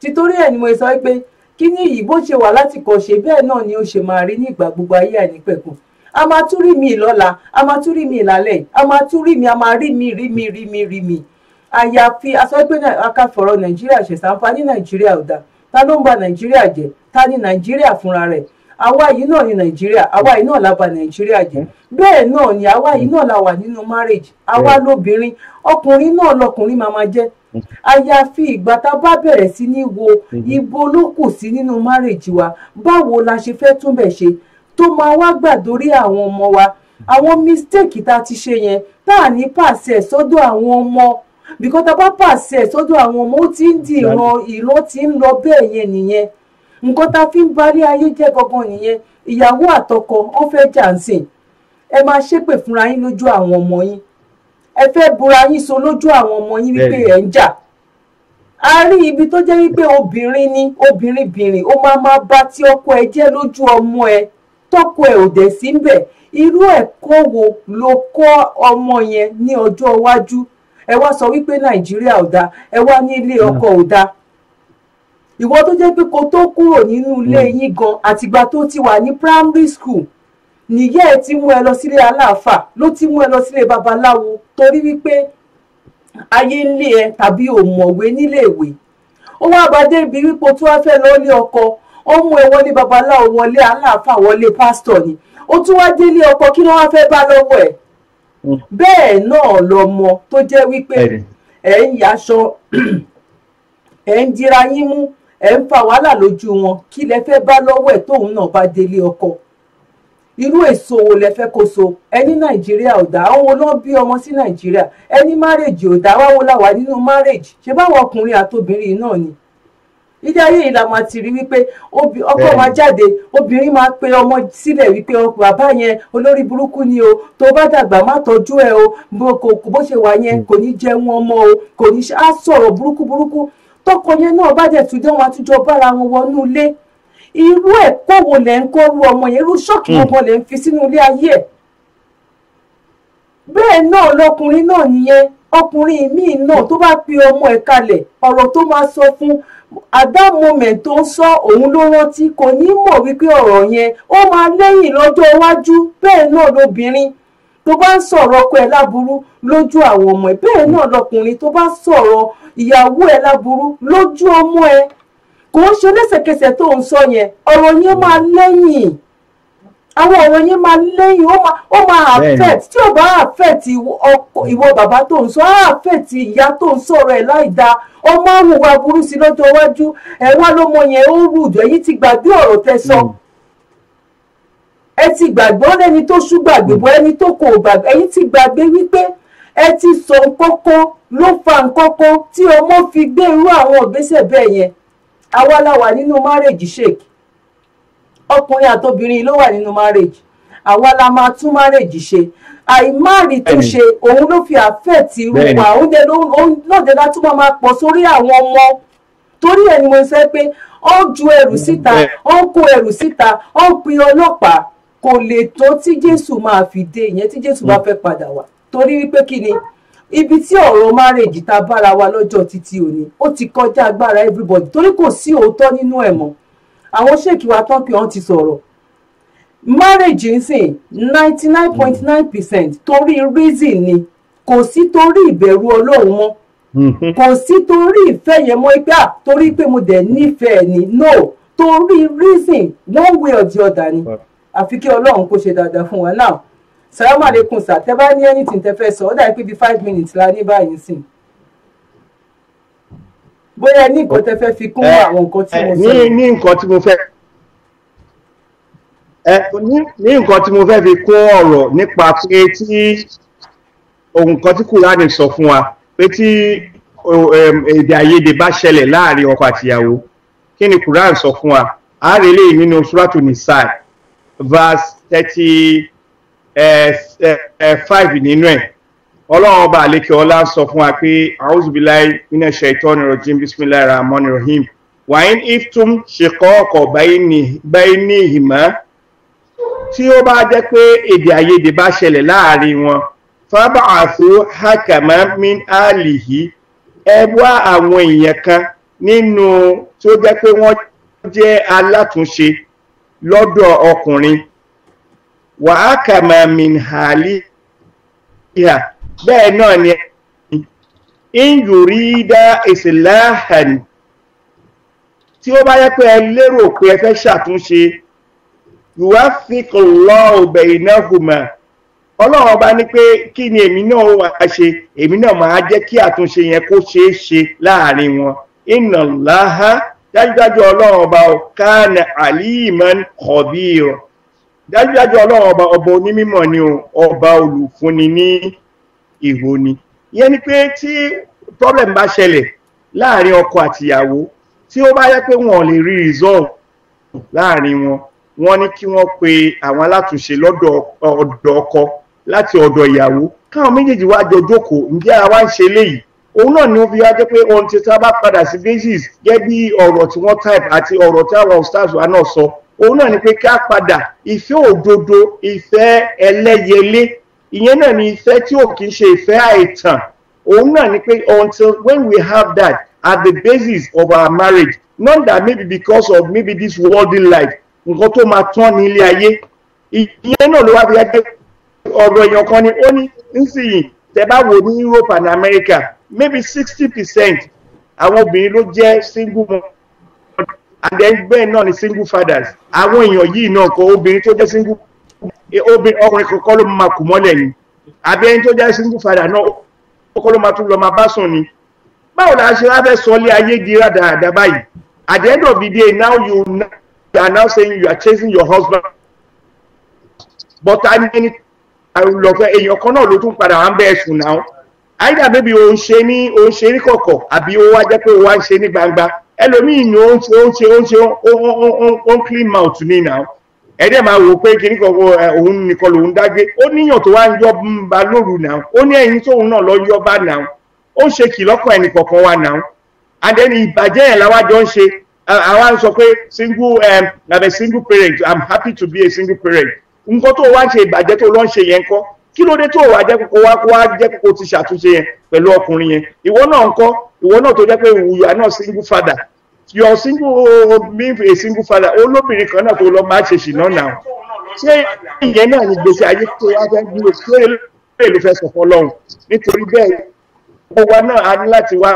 títorí ẹ̀ kíní yìí bó ṣe wà láti kàn ṣe bẹ́ẹ̀ náà ni ó ṣe máa rí ní ìgbà gbogbo ayé àìnípẹ̀kun a máa tún rí mi lọ́la a máa tún rí mi lálẹ́ a máa tún rí mi a máa rí mi rí mi rí mi rí mi àyàfi asọ́gbẹ́ akáfọ̀rọ̀ nàìjíríà ṣẹ̀ṣàǹfà ní nàìjíríà ò dáa ta ló ń ba nàìjíríà jẹ́ ta ni nàìjíríà fúnra rẹ̀ àwa yìí náà ni nàìjíríà àwa yìí náà la bà nàìjíríà jẹ́ bẹ́ẹ̀ náà ni àwa yìí náà la wà nínú marriage àwa hmm. lóbìnrin ọkùnrin náà lọkùnrin máa máa jẹ́ hmm. àyàfi ìgbà tá a bá bẹ̀rẹ̀ sí ní wo hmm. ibo ló kù sí nínú marriage wa báwo la ṣe fẹ́ túnbẹ̀ ṣe tó máa wá gbàdórí àwọn ọmọ wa àwọn mistake tá a ti ṣe yẹn tá a ní pàṣẹ sọ́dọ̀ àwọn ọmọ bìkọ́ tá a bá pàṣẹ sọ́dọ̀ àwọn ọmọ ó ti ń di ìran ìran ti ń lọ bẹ́ẹ̀ yẹn nìyẹn nǹkan tá fi ń balẹ̀ ayé jẹ́ gangan nìyẹn ìyàwó àtọkọ wọn fẹ́ jà ń ẹ máa ṣépè fúnra yín lójú àwọn ọmọ yín ẹ fẹ́ bura yín ọmọ yín wípé ẹ̀ ń a rí ibi tó jẹ́ wípé obìnrin ni obìnrin bìnrin ó máa máa bá tí ọkọ ẹ jẹ́ ọmọ ẹ tọkọ ẹ ò dẹ̀ sí ń bẹ̀ wo ló kọ́ ọmọ yẹn ní ọjọ́ iwájú ẹ sọ wípé nàìjíríà ò dáa ẹ wá ní ọkọ ò dáa ìwọ tó jẹ́ pé kó tó kúrò nínú ilé hmm. yín gan àtìgbà tó ti wà ní primary school nìyẹ́ ẹ ti mú ẹ lọ sílé aláàfà ló ti mú ẹ lọ sílé babaláwo torí wípé ayé ń lé ẹ tàbí ò mọ̀wé níléèwé ó wá bá débi wípé tó wá fẹ́ lọ lé ọkọ ó mú ẹ wọlé babaláwo wọlé aláàfà wọlé pásítọ̀ ni ó tún wá délé ọkọ kí ló wá fẹ́ bá lọ́wọ́ ẹ̀ hmm. bẹ́ẹ̀ náà lọmọ tó jẹ́ wípé ẹ̀ ń yaṣọ ẹ̀ ń dira yín mú ẹ̀ ń fa wàhálà lójú wọn kí lẹ fẹ́ bá lọ́wọ́ ẹ̀ tóun náà bá délé ọkọ irú èso wo lẹ fẹ́ kó so ẹni nàìjíríà ò dá àwọn olóò bí ọmọ sí nàìjíríà ẹni márèjì ò dá wáwo láwà nínú márèjì ṣe báwọn ọkùnrin àtobìnrin náà ni ilé ayé yìí la máa ti rí wípé ọkọ máa jáde obìnrin máa pe ọmọ sílẹ̀ wípé bàbá yẹn olórí burúkú ni o tó bá dàgbà má tọ́jú ẹ o bó ṣe wà yẹn hmm. kò ní jẹun ọmọ o kò ní á burúkú burúkú tọkọ yẹn náà bá dẹ̀ tún dé wọn àtijọ́ bára wọn wọnú ilé irú ẹ̀kọ́ wo lẹ̀ ń kọ́ ru ọmọ yẹn irú ṣọ́ọ̀kì gbogbo hmm. lẹ̀ ń fi sínú ilé ayé ẹ̀ bẹ́ẹ̀ náà lọkùnrin náà nìyẹn ọkùnrin míì náà tó bá pe ọmọ ẹ̀ kalẹ̀ ọ̀rọ̀ tó máa sọ fún at that moment tó ń sọ òun ló rántí kò ní mọ̀ wípé ọ̀rọ̀ yẹn ó máa lẹ́yìn lọ́jọ́ iwájú bẹ́ẹ̀ náà lobìnrin tó bá ń sọ̀rọ̀ ọkọ ẹ̀ láburú lójú àwọn ọmọ ẹ̀ bẹ́ẹ̀ náà lọkùnrin tó bá sọ̀rọ̀ ìyàwó ẹ̀ láburú lójú ọmọ ẹ̀ kò ń ṣe lẹ́sẹ̀kẹsẹ̀ tó ń sọ yẹn ọ̀rọ̀ yẹn máa lẹ́yìn àwọn ọ̀rọ̀ yẹn máa lẹ́yìn ó máa affect tí ò bá affect ìwọ bàbá tó ń sọ á affect ìyá tó ń sọ̀rọ̀ ẹ̀ láì dáa ọmọ àwùwà burú sí lọ́jọ́ iwájú ẹ̀ wá lọ́mọ yẹn ó rùjọ́ ẹ ti gbàgbọ́ ẹni tó ṣú gbàgbébọ̀ ẹni tó kò gbàgbé ẹ̀yin ti gbàgbé wípé ẹ ti sọ kọ́kọ́ ló fa nkọ́kọ́ tí ọmọ fi gbé irú àwọn ìgbésẹ̀ bẹ́ẹ̀ yẹn àwa la wà nínú marriage shake ọkùnrin àtobìnrin ló wà nínú marriage àwa la máa tún marriage ṣe àìmáàrí tún ṣe òun ló fi àfẹ́ẹ̀tì rúpa oúnjẹ lóde látún máa máa pọ̀ sórí àwọn ọmọ torí ẹ̀ ni mo sẹ́ pé ó ju ẹrù síta ó ń kó ẹrù síta ó ń pin ọlọ́pàá kò lè tó tí jésù máa fi dé ìyẹn tí jésù bá hmm. fẹ́ padà wá torí wípé kí ni ibi tí ọ̀rọ̀ márèjì ta bára wa lọ́jọ́ títí òní ó ti kọjá agbára everybody torí kò sí òótọ́ nínú ẹ̀ mọ́ àwọn ṣèkì wa tán kí wọ́n ti sọ̀rọ̀ márèjì ń sìn ninety nine point nine percent torí reason ni kò sí torí ìbẹ̀rù ọlọ́run mọ́ hmm. kò sí torí ìfẹ́ yẹn mọ́ pé torí pé mo dẹ̀ nífẹ̀ẹ́ ni no torí reason one way or the other ni. Wow àfi kí ọlọ́run kó ṣe dáadáa fún wa náà salamu aleykum sir tẹ bá ní anything tẹ fẹ́ sọ ó dàbí pé bíi five minutes la ní báyìí sìn bóyá ní nǹkan tẹ fẹ́ fi kún àwọn nǹkan tí mo sọ. ní nǹkan tí mo fẹ́ ní nǹkan tí mo fẹ́ fi kún ọ̀rọ̀ nípa pé tí ohun kan tí kùránì sọ fún wa pé tí èdè àìyedè bá ṣẹlẹ̀ láàrin ọkọ àtìyàwó kí ni kùránì sọ fún wa àárẹ̀ lẹ́yìn nínú suratu nìsáì verse thirty eh, eh, eh, five nínú ẹ̀ ọlọ́run ọba àlekè ọlá sọ fún wa pé auzubillahi minash shaitani rajim bismillahir rahmanir rahim wa in iftum shiqaqa bainihima tí ó bá jẹ́ pé èdè àìyedè bá ṣẹlẹ̀ láàrin wọn fábàáfó hakama min alihi ẹ wá àwọn èèyàn kan nínú tí ó jẹ́ pé wọ́n jẹ́ alátúnṣe lọ́dọ̀ ọkùnrin wà á kà máa min hàlì ìhà bẹ́ẹ̀ náà ni injurida islahan tí ó bá yẹ pé ẹ lérò pé ẹ fẹ́ ṣàtúnṣe yuwafiqullahu bainahuma ọlọ́run ọba ní pé kí ni èmi náà wá ṣe èmi náà máa jẹ́ kí àtúnṣe yẹn kó ṣeé ṣe láàrin wọn inna Allaha dájúdájú ọlọ́run ọba kánà aliman khabir dájúdájú ọlọ́run ọba ọba onímọ̀ ni ọba olùfúnni ní ìhò ni ìyẹn ni pé tí problem bá ṣẹlẹ̀ láàrin ọkọ àtìyàwó tí ó bá yẹ pé wọn ò lè rí resolve láàrin wọn wọn ní kí wọ́n pe àwọn alátúnṣe lọ́dọ̀ ọ̀dọ̀ ọkọ láti ọ̀dọ̀ ìyàwó káwọn méjèèjì wá jọ jókòó ǹjẹ́ àwa ń ṣe léyìí òun náà ni ó fi wájẹ́ pé ohun tí tá padà sí basis gẹ́gẹ́ ọ̀rọ̀ tí wọ́n type àti ọ̀rọ̀ tí àwọn stars wa náà sọ òun náà ni pé ká padà ìfẹ́ òdodo ìfẹ́ ẹlẹ́yẹlé ìyẹn náà ni ìfẹ́ tí ò kì í ṣe ìfẹ́ àìtàn òun náà ni pé until when we have that at the basis of our marriage not that maybe because of maybe this worldly life nǹkan tó máa tán ní ilé ayé ìyẹn náà ló wá fi wájẹ́ ọ̀rọ̀ èèyàn kan ni ó ní ń tẹ bá wò ní Europe and America maybe sixty percent àwọn obìnrin ló jẹ́ single mother and then bẹ́ẹ̀ náà ni single fathers àwọn èèyàn yìí náà kọ obìnrin tó jẹ́ single obìnrin ọkùnrin kọ́kọ́ ló máa kù mọ́lẹ̀ ni àbí ẹni tó jẹ́ single father náà kọ́kọ́ ló máa tún lọ máa bá sùn ni báwo la ṣe wá fẹ́ sọ ilé ayé di rádaràda báyìí at the end of the day now you you are now saying you are chasing your husband but i mean lọ fẹ́ èèyàn kan náà ló tún padà wá ń bẹ́ẹ̀ sùn náà. àìdá bíbi ò ń ṣe ní ò ń ṣe ní kọ̀kọ̀ àbí je pe jẹ́ pé nse wá gbangba ẹlòmíì clean mouth ní ìnáwó ẹ̀dẹ̀ máa wò pé kí nìkan òun nìkan o niyan to wa n wá ń loru now o ni ó to ẹ̀yìn na lo lọ yọ bá náà ó ki loko kìlọ́kọ̀ wa náà àdẹ́ni ìbàjẹ́ yẹn làwa single um, a single parent I'm happy to be a single parent to kí ló dé tó wà jẹ́ kókó wá kó wá jẹ́ kókó ti ṣàtúnṣe yẹn pẹ̀lú ọkùnrin yẹn ìwọ náà ń kọ́ ìwọ náà tó jẹ́ pé you are single father you single mean a single father olóbìnrin kan náà tó lọ máa ṣe ṣìnà náà ṣé ìyẹn náà ni gbèsè ayé tó wá fẹ́ gbúrò ṣé lè ló fẹ́ sọ fọlọ́run nítorí bẹ́ẹ̀ gbogbo wa náà a ní láti wá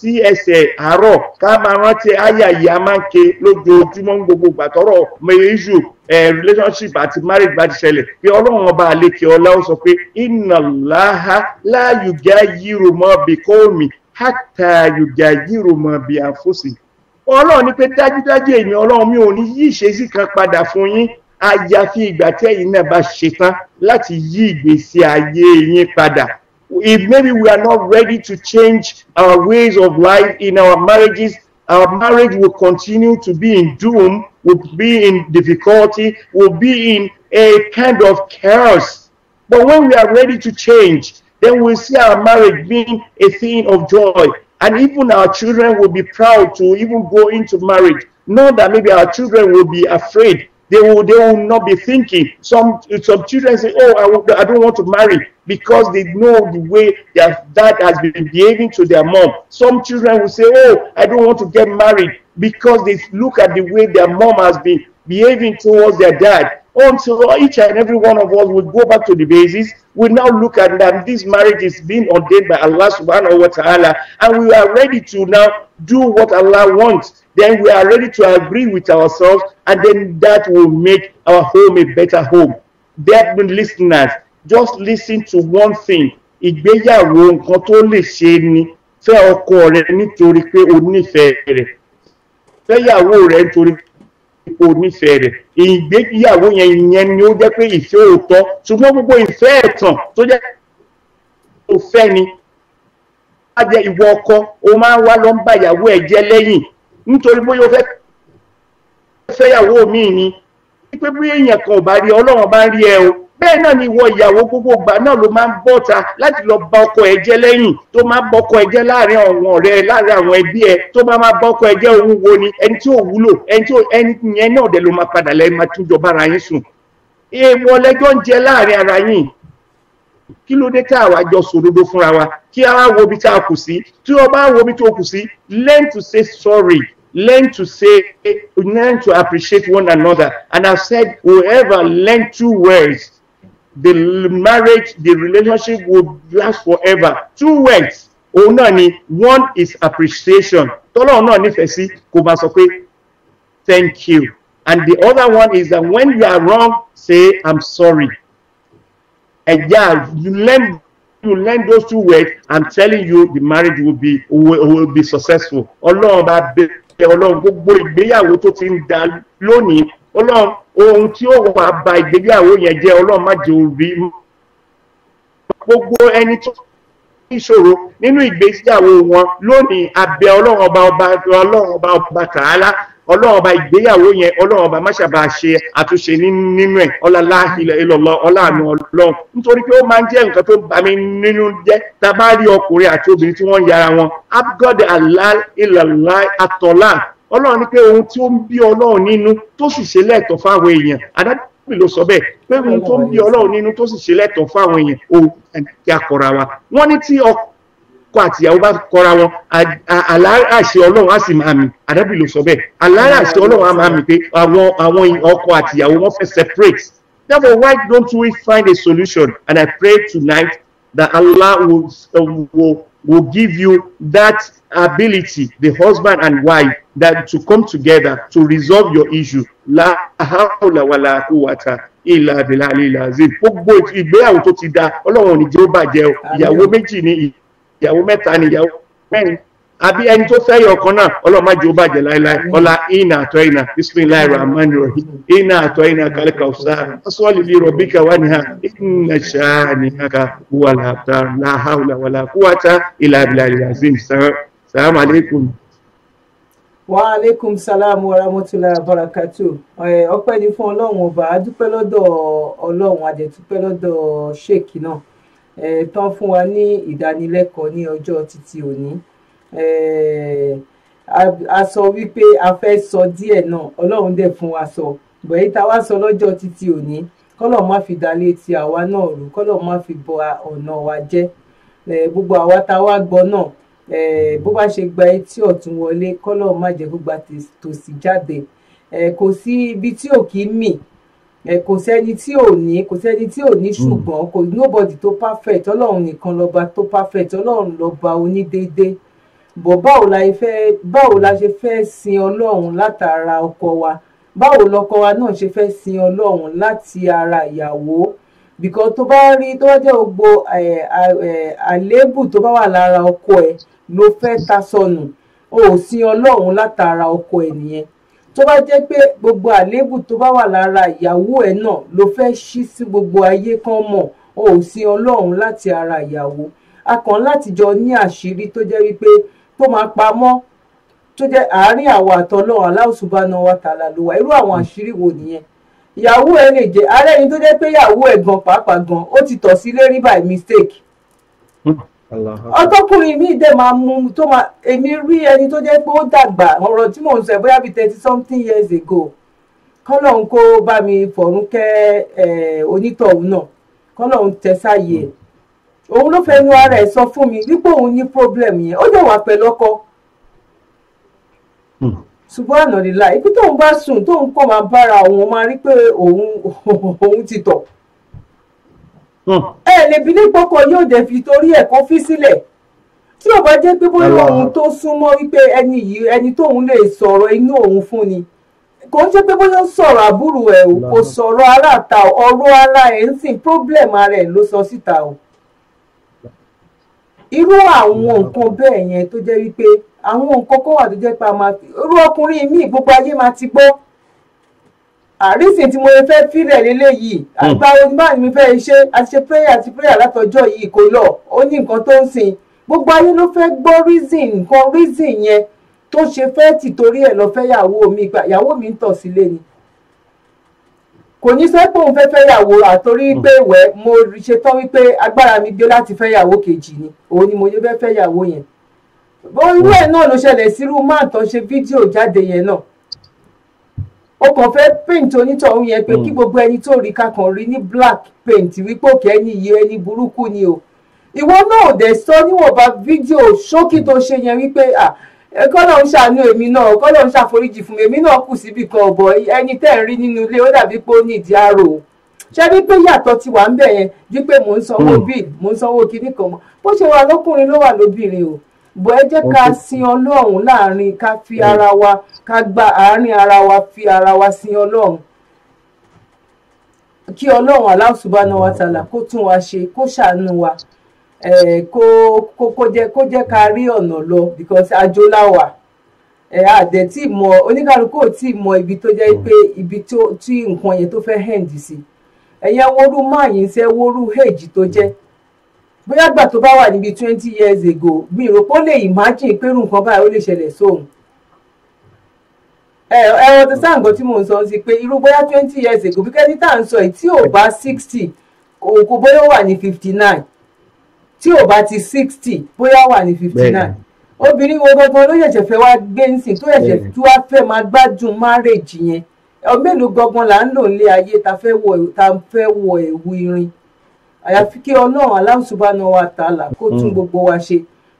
sí ẹsẹ̀ àárọ̀ ká máa rántí àyà yìí a máa ń ke lójoojúmọ́ ń gbogbo gbàtọ́rọ̀ mẹ́yẹ́sù relationship àti marriage bá ti ṣẹlẹ̀ pé ọlọ́run ọba àlekè ọlá ó sọ pé ìnàláha láàyùgá yírò mọ́ bí kóòmì hátà yùgá yírò mọ́ bí àfọ́sì ọlọ́run ní pé dájúdájú èmi ọlọ́run mi ò ní yí ìṣesí kan padà fún yín àyàfi ìgbà tí ẹ̀yin náà bá ṣetán láti yí ìgbésí ayé yín padà if maybe we are not ready to change our ways of life in our marriages, our marriage will continue to be in doom, will be in difficulty, will be in a kind of chaos. But when we are ready to change, then we'll see our marriage being a thing of joy. And even our children will be proud to even go into marriage. Not that maybe our children will be afraid they will, they will not be thinking. Some, some children say, oh, I, I don't want to marry because they know the way their dad has been behaving to their mom. Some children will say, oh, I don't want to get married because they look at the way their mom has been behaving towards their dad. Until each and every one of us would go back to the basis, we now look at that this marriage is being ordained by Allah subhanahu wa ta'ala, and we are ready to now do what Allah wants. then we are ready to agree with ourselves, and then that will make our home a better home. That means listeners, just listen to one thing. Ìgbéyàwó nǹkan tó lè ṣe ni fẹ́ ọkọ rẹ nítorí pé o nífẹ̀ẹ́ rẹ̀. Fẹ́yàwó rẹ nítorí pé o nífẹ̀ẹ́ rẹ̀. Ìgbéyàwó yẹn ìyẹn ni ó jẹ́ pé ìfẹ́ òótọ́. Ṣùgbọ́n gbogbo ìfẹ́ ẹ̀tàn tó jẹ́ òfẹ́ ni. Wọ́n á jẹ ìwọ ọkọ, o máa ń wá lọ ń bá ìyàwó ẹ̀ jẹ́ lẹ́yìn nítorí bóyá o fẹ́ fẹ́yàwó mi ni wípé bí èèyàn kan ò bá rí ọlọ́run bá rí ẹ o bẹ́ẹ̀ náà ni ìwọ ìyàwó gbogbo ìgbà náà ló máa ń bọ́ta láti lọ ba ọkọ ẹ jẹ́ lẹ́yìn tó máa ba ọkọ ẹ jẹ́ láàrin àwọn ọ̀rẹ́ láàrin àwọn ẹbí ẹ tó máa máa ba ọkọ ẹ jẹ́ òun wo ni ẹni tí ò wúlò ẹni tí ẹni yẹn náà dẹ̀ ló máa padà lẹ́yìn máa tún jọba ara yín sùn èèwọ̀ lẹ́jọ́ ń jẹ láàrin ara yín kí ló dé tá àwa jọ sòdodo fúnra wa kí a wá wo ibi tá a kù sí tí o bá wo ibi tó kù sí learn to say sorry learn to say, learn to appreciate one another. And I said, whoever learn two words, the marriage, the relationship will last forever. Two words. Òun náà one is appreciation. Tọ́lọ́run náà nífẹ̀ẹ́ sí thank you. And the other one is that when you are wrong, say I'm sorry. Ẹ̀já you learn you learn those two words, I'm telling you the marriage will be will, will be successful. Ọlọ́run bá ọlọ́run gbogbo ìgbéyàwó tó ti ń da lónìí ọlọ́run ohun tí ó wà ba ìgbéyàwó yẹn jẹ́ ọlọ́run má jẹ́ orí gbogbo ẹni tó ìṣòro nínú ìgbéyàwó wọn lónìí abẹ ọlọ́run ọba ọba ọlọ́run ọba ọba tààlà ọlọ́run ọba ìgbéyàwó yẹn ọlọ́run ọba máṣàbà ṣe àtúnṣe nínú ẹ̀ ọlọ́lá ìlọ̀lọ́ ọláàánú ọlọ́run nítorí pé ó máa ń jẹ́ nǹkan tó bá mi nínú jẹ́ tá a bá rí ọkùnrin àti obìnrin tí wọ́n ń yára wọn abgọ́dẹ àlá ìlọ̀lá àtọ̀lá ọlọ́run ní pé ohun tí ó ń bí ọlọ́run nínú tó sì ṣe lẹ́ẹ̀tọ́ fáwọn èèyàn adájọ́ ló sọ bẹ́ẹ̀ pé ohun tó ń bí ọlọ́run nínú tó sì ṣe lẹ́ẹ̀tọ́ fáwọn èèyàn òun kí a kọra wa wọ́n ní tí ọkùnrin ọkọ àti ìyàwó bá kọra wọn aláràṣẹ ọlọ́run á sì máa mi àdábì ló sọ bẹ́ẹ̀ aláràṣẹ ọlọ́run á máa mi pé àwọn àwọn ọkọ àti ìyàwó wọn fẹ́ separate therefore why don't we find a solution and I pray tonight that Allah will, uh, will, will give you that ability the husband and wife that to come together to resolve your issue la hawla la quwwata ìlà àbílà àlè ìlà àzìm gbogbo ìgbéyàwó tó ti da ọlọ́run ò ní jẹ́ ó bàjẹ́ ìyàwó méjì ní ìyàwó ìyàwó mẹ́ta ni ìyàwó mẹ́rin àbí ẹni tó fẹ́ yọ ọ̀kan náà ọlọ́mọdé ó bàjẹ́ láéláé ọlá iná àtọ́ iná bisimilahi rahman rahim iná àtọ́ iná kálíkà ọ̀sá asọ́ọ̀lì bíi rọ̀bíkà wà níhà iná ṣáà níhà ká wà láta láhàúlà wà lákúwàtà ilà abilà yazim sàrám aleikum. wa aleykum salaam wa rahmatulah barakatu ọpẹ́ ni fún Ọlọ́run ọba adúpẹ́ lọ́dọ̀ Ọlọ́run adẹtúpẹ́ lọ́dọ̀ sheik náà tán fún wa ní ìdánilẹ́kọ̀ọ́ ní ọjọ́ títí òní a sọ wípé a fẹ́ sọ díẹ̀ náà ọlọ́run dẹ̀ fún wa sọ bẹ̀yì tá a wá sọ lọ́jọ́ títí òní kọ́lọ̀ má fi dalé ti àwa náà rú kọ́lọ̀ má fi bọ ọ̀nà wa jẹ́ gbogbo àwa tá wá gbọ́ náà bó bá ṣe gba etí ọ̀tún wọlé kọ́lọ̀ má jẹ́ gbogbo tòsí jáde kò sí ibi tí ò kí ń mì kò sẹ́ni tí ò ní kò sẹ́ni tí ò ní hmm. ṣùgbọ́n kò nobody tó perfect ọlọ́run nìkan lọ́ba tó perfect ọlọ́run lọ́ba onídéédé bọ̀ báwo la fẹ́ báwo la ṣe fẹ́ sin ọlọ́run látara ọkọ wa báwo lọkọ wa náà ṣe fẹ́ sin ọlọ́run láti ara ìyàwó because tó bá rí tó bá jẹ́ gbogbo àléébù tó bá wà lára ọkọ ẹ ló fẹ́ ta sọnù o ò sin ọlọ́run látara ọkọ ẹ nìyẹn tó bá jẹ́ pé gbogbo àléébù tó bá wà lára ìyàwó ẹ̀ náà ló fẹ́ ṣí sí gbogbo ayé kan mọ̀ o ò sí ọlọ́run láti ara ìyàwó a kàn láti jọ ní àṣírí tó jẹ́ wípé tó máa pamọ́ tó jẹ́ àárín àwọn àtọ́lọ́run Allahu subhanahu wa ta'ala ló wà irú àwọn àṣírí wo nìyẹn ìyàwó ẹ lè jẹ ààrẹ ni tó jẹ́ pé ìyàwó ẹ̀ gan pàápàá gan ó ti tọ̀ sí lérí by mistake ọtọkùnrin mi dẹ̀ máa mú tó máa èmi rí ẹni tó jẹ́ pé ó dàgbà ọ̀rọ̀ tí mò ń sọ bóyá bíi thirty something years ago kọ́lọ́hún kó bá mi fọ̀rún kẹ́ onítọ̀hún náà kọ́lọ́hún tẹ sáyé ẹ̀ òun ló fẹnu ara ẹ̀ sọ fún mi wípé òun ní problem yẹn ó dẹ̀ wà pẹ̀lú ọkọ hmm. ṣùgbọ́n ànàlélà ibi tóun bá sùn tóun kọ́ máa bára òun máa rí pé òun òun ti tọ̀ ẹ lè bí nípòkò yóò dẹ̀ fi torí ẹ̀ kó fi sílẹ̀ tí ò bá jẹ́ pé bóyá ohun tó súnmọ́ wípé ẹni yìí ẹni tóun lè sọ̀rọ̀ inú òun fún ni kò ń jẹ́ pé bóyá ó sọ̀rọ̀ àbúrò ẹ̀ o kò sọ̀rọ̀ aláta ọ̀rọ̀ ara ẹ̀ ń sìn problem ara ẹ̀ ló sọ síta o irú àwọn nǹkan bẹ́ẹ̀ yẹn tó jẹ́ wípé àwọn nǹkan kan wà tó jẹ́ pé a máa irú ọkùnrin míì gbogbo ayé máa ti gbọ́ àrísè tí mo fẹ́ fílẹ̀ lélẹ́yìí hmm. àgbà onígbà mi fẹ́ ṣe àti ṣe prayer àti prayer látọjọ́ yìí kò lọ ó ní nǹkan tó ń sìn gbogbo ayé ló fẹ́ gbọ́ reason nǹkan reason yẹn tó ṣe fẹ́ tìtorí ẹ̀ lọ fẹ́ yàwó mi gbà yàwó mi ń tọ̀ sílé ni kò ní sọ pé òun fẹ́ fẹ́ yàwó àtorí hmm. pé ìwẹ́ mo ṣe tán wípé agbára mi gbé láti fẹ́ yàwó kejì ni òun ni mo ṣe fẹ́ fẹ́ yàwó yẹn bó irú ẹ̀ náà ló ṣẹlẹ̀ sírú máa tán ṣe fídíò jáde yẹn náà o kàn fẹ́ paint onítọ̀hún yẹn pé hmm. kí gbogbo ẹni tó rí kakàn rí ní black paint wípé òkè ẹni yìí ẹni burúkú ni o ìwọ náà ò dẹ̀ sọ níwọ̀nba fídíò ṣókí tó ṣe yẹn wípé kọ́nà ń ṣàánú èmi náà kọ́nà ń ṣàforíjì fún mi èmi náà kù síbi kan ọ̀bọ̀ ẹni tẹ́ ń rí nínú ilé ó dàbí pé ó ní ìdí àrò ṣé bí pé yàtọ̀ ti wà ń bẹ̀ yẹn wípé mò ń sanwó hmm. bíìlì mò ń sanwó kinní kan mọ́ bó ṣe wà lọ́kùnrin ló wà lóbìnrin o bọ́ ẹ jẹ́ ká sin ọlọ́run láàrin ká fi ara wa ká gba àárín ara wa fi ara wa sin ọlọ́run kí ọlọ́run Allah subhanahu wa ta'ala kó tún wa ṣe kó ṣàánú wa kó kó kó jẹ́ kó jẹ́ ká rí ọ̀nà lọ because àjò la wà àdẹ̀ tí mọ oníkàlùkù tí mọ ibi tó jẹ́ pé ibi tí nǹkan yẹn tó fẹ́ hẹ̀ǹdì sí ẹ̀yẹ wóoru máa yín sẹ́ wóoru tó jẹ́. bóyá gbà tó bá wà níbi twenty years ago mi rò pé ó lè imagine pé irú nǹkan báyìí ó lè ṣẹlẹ̀ sóun ẹ ẹ ọtí sáǹgọ tí mò ń sọ ń sí pé irú bóyá twenty years ago bí kẹ́ni tá à ń sọ yìí tí ò bá sixty òkú bóyá wà ní fifty nine tí ò bá ti sixty bóyá wà ní fifty nine obìnrin wo gangan ló ṣẹ̀ṣẹ̀ fẹ́ wá gbé nsìn tó ṣẹ̀ṣẹ̀ tó wá fẹ́ máa gbádùn márèjì yẹn mélòó gangan là ń lò nílé ayé ta fẹ́ wọ ewu irin àyàfi kí ọlọ́run Allah subhanahu wa ta'ala kó tún hmm. gbogbo wa ṣe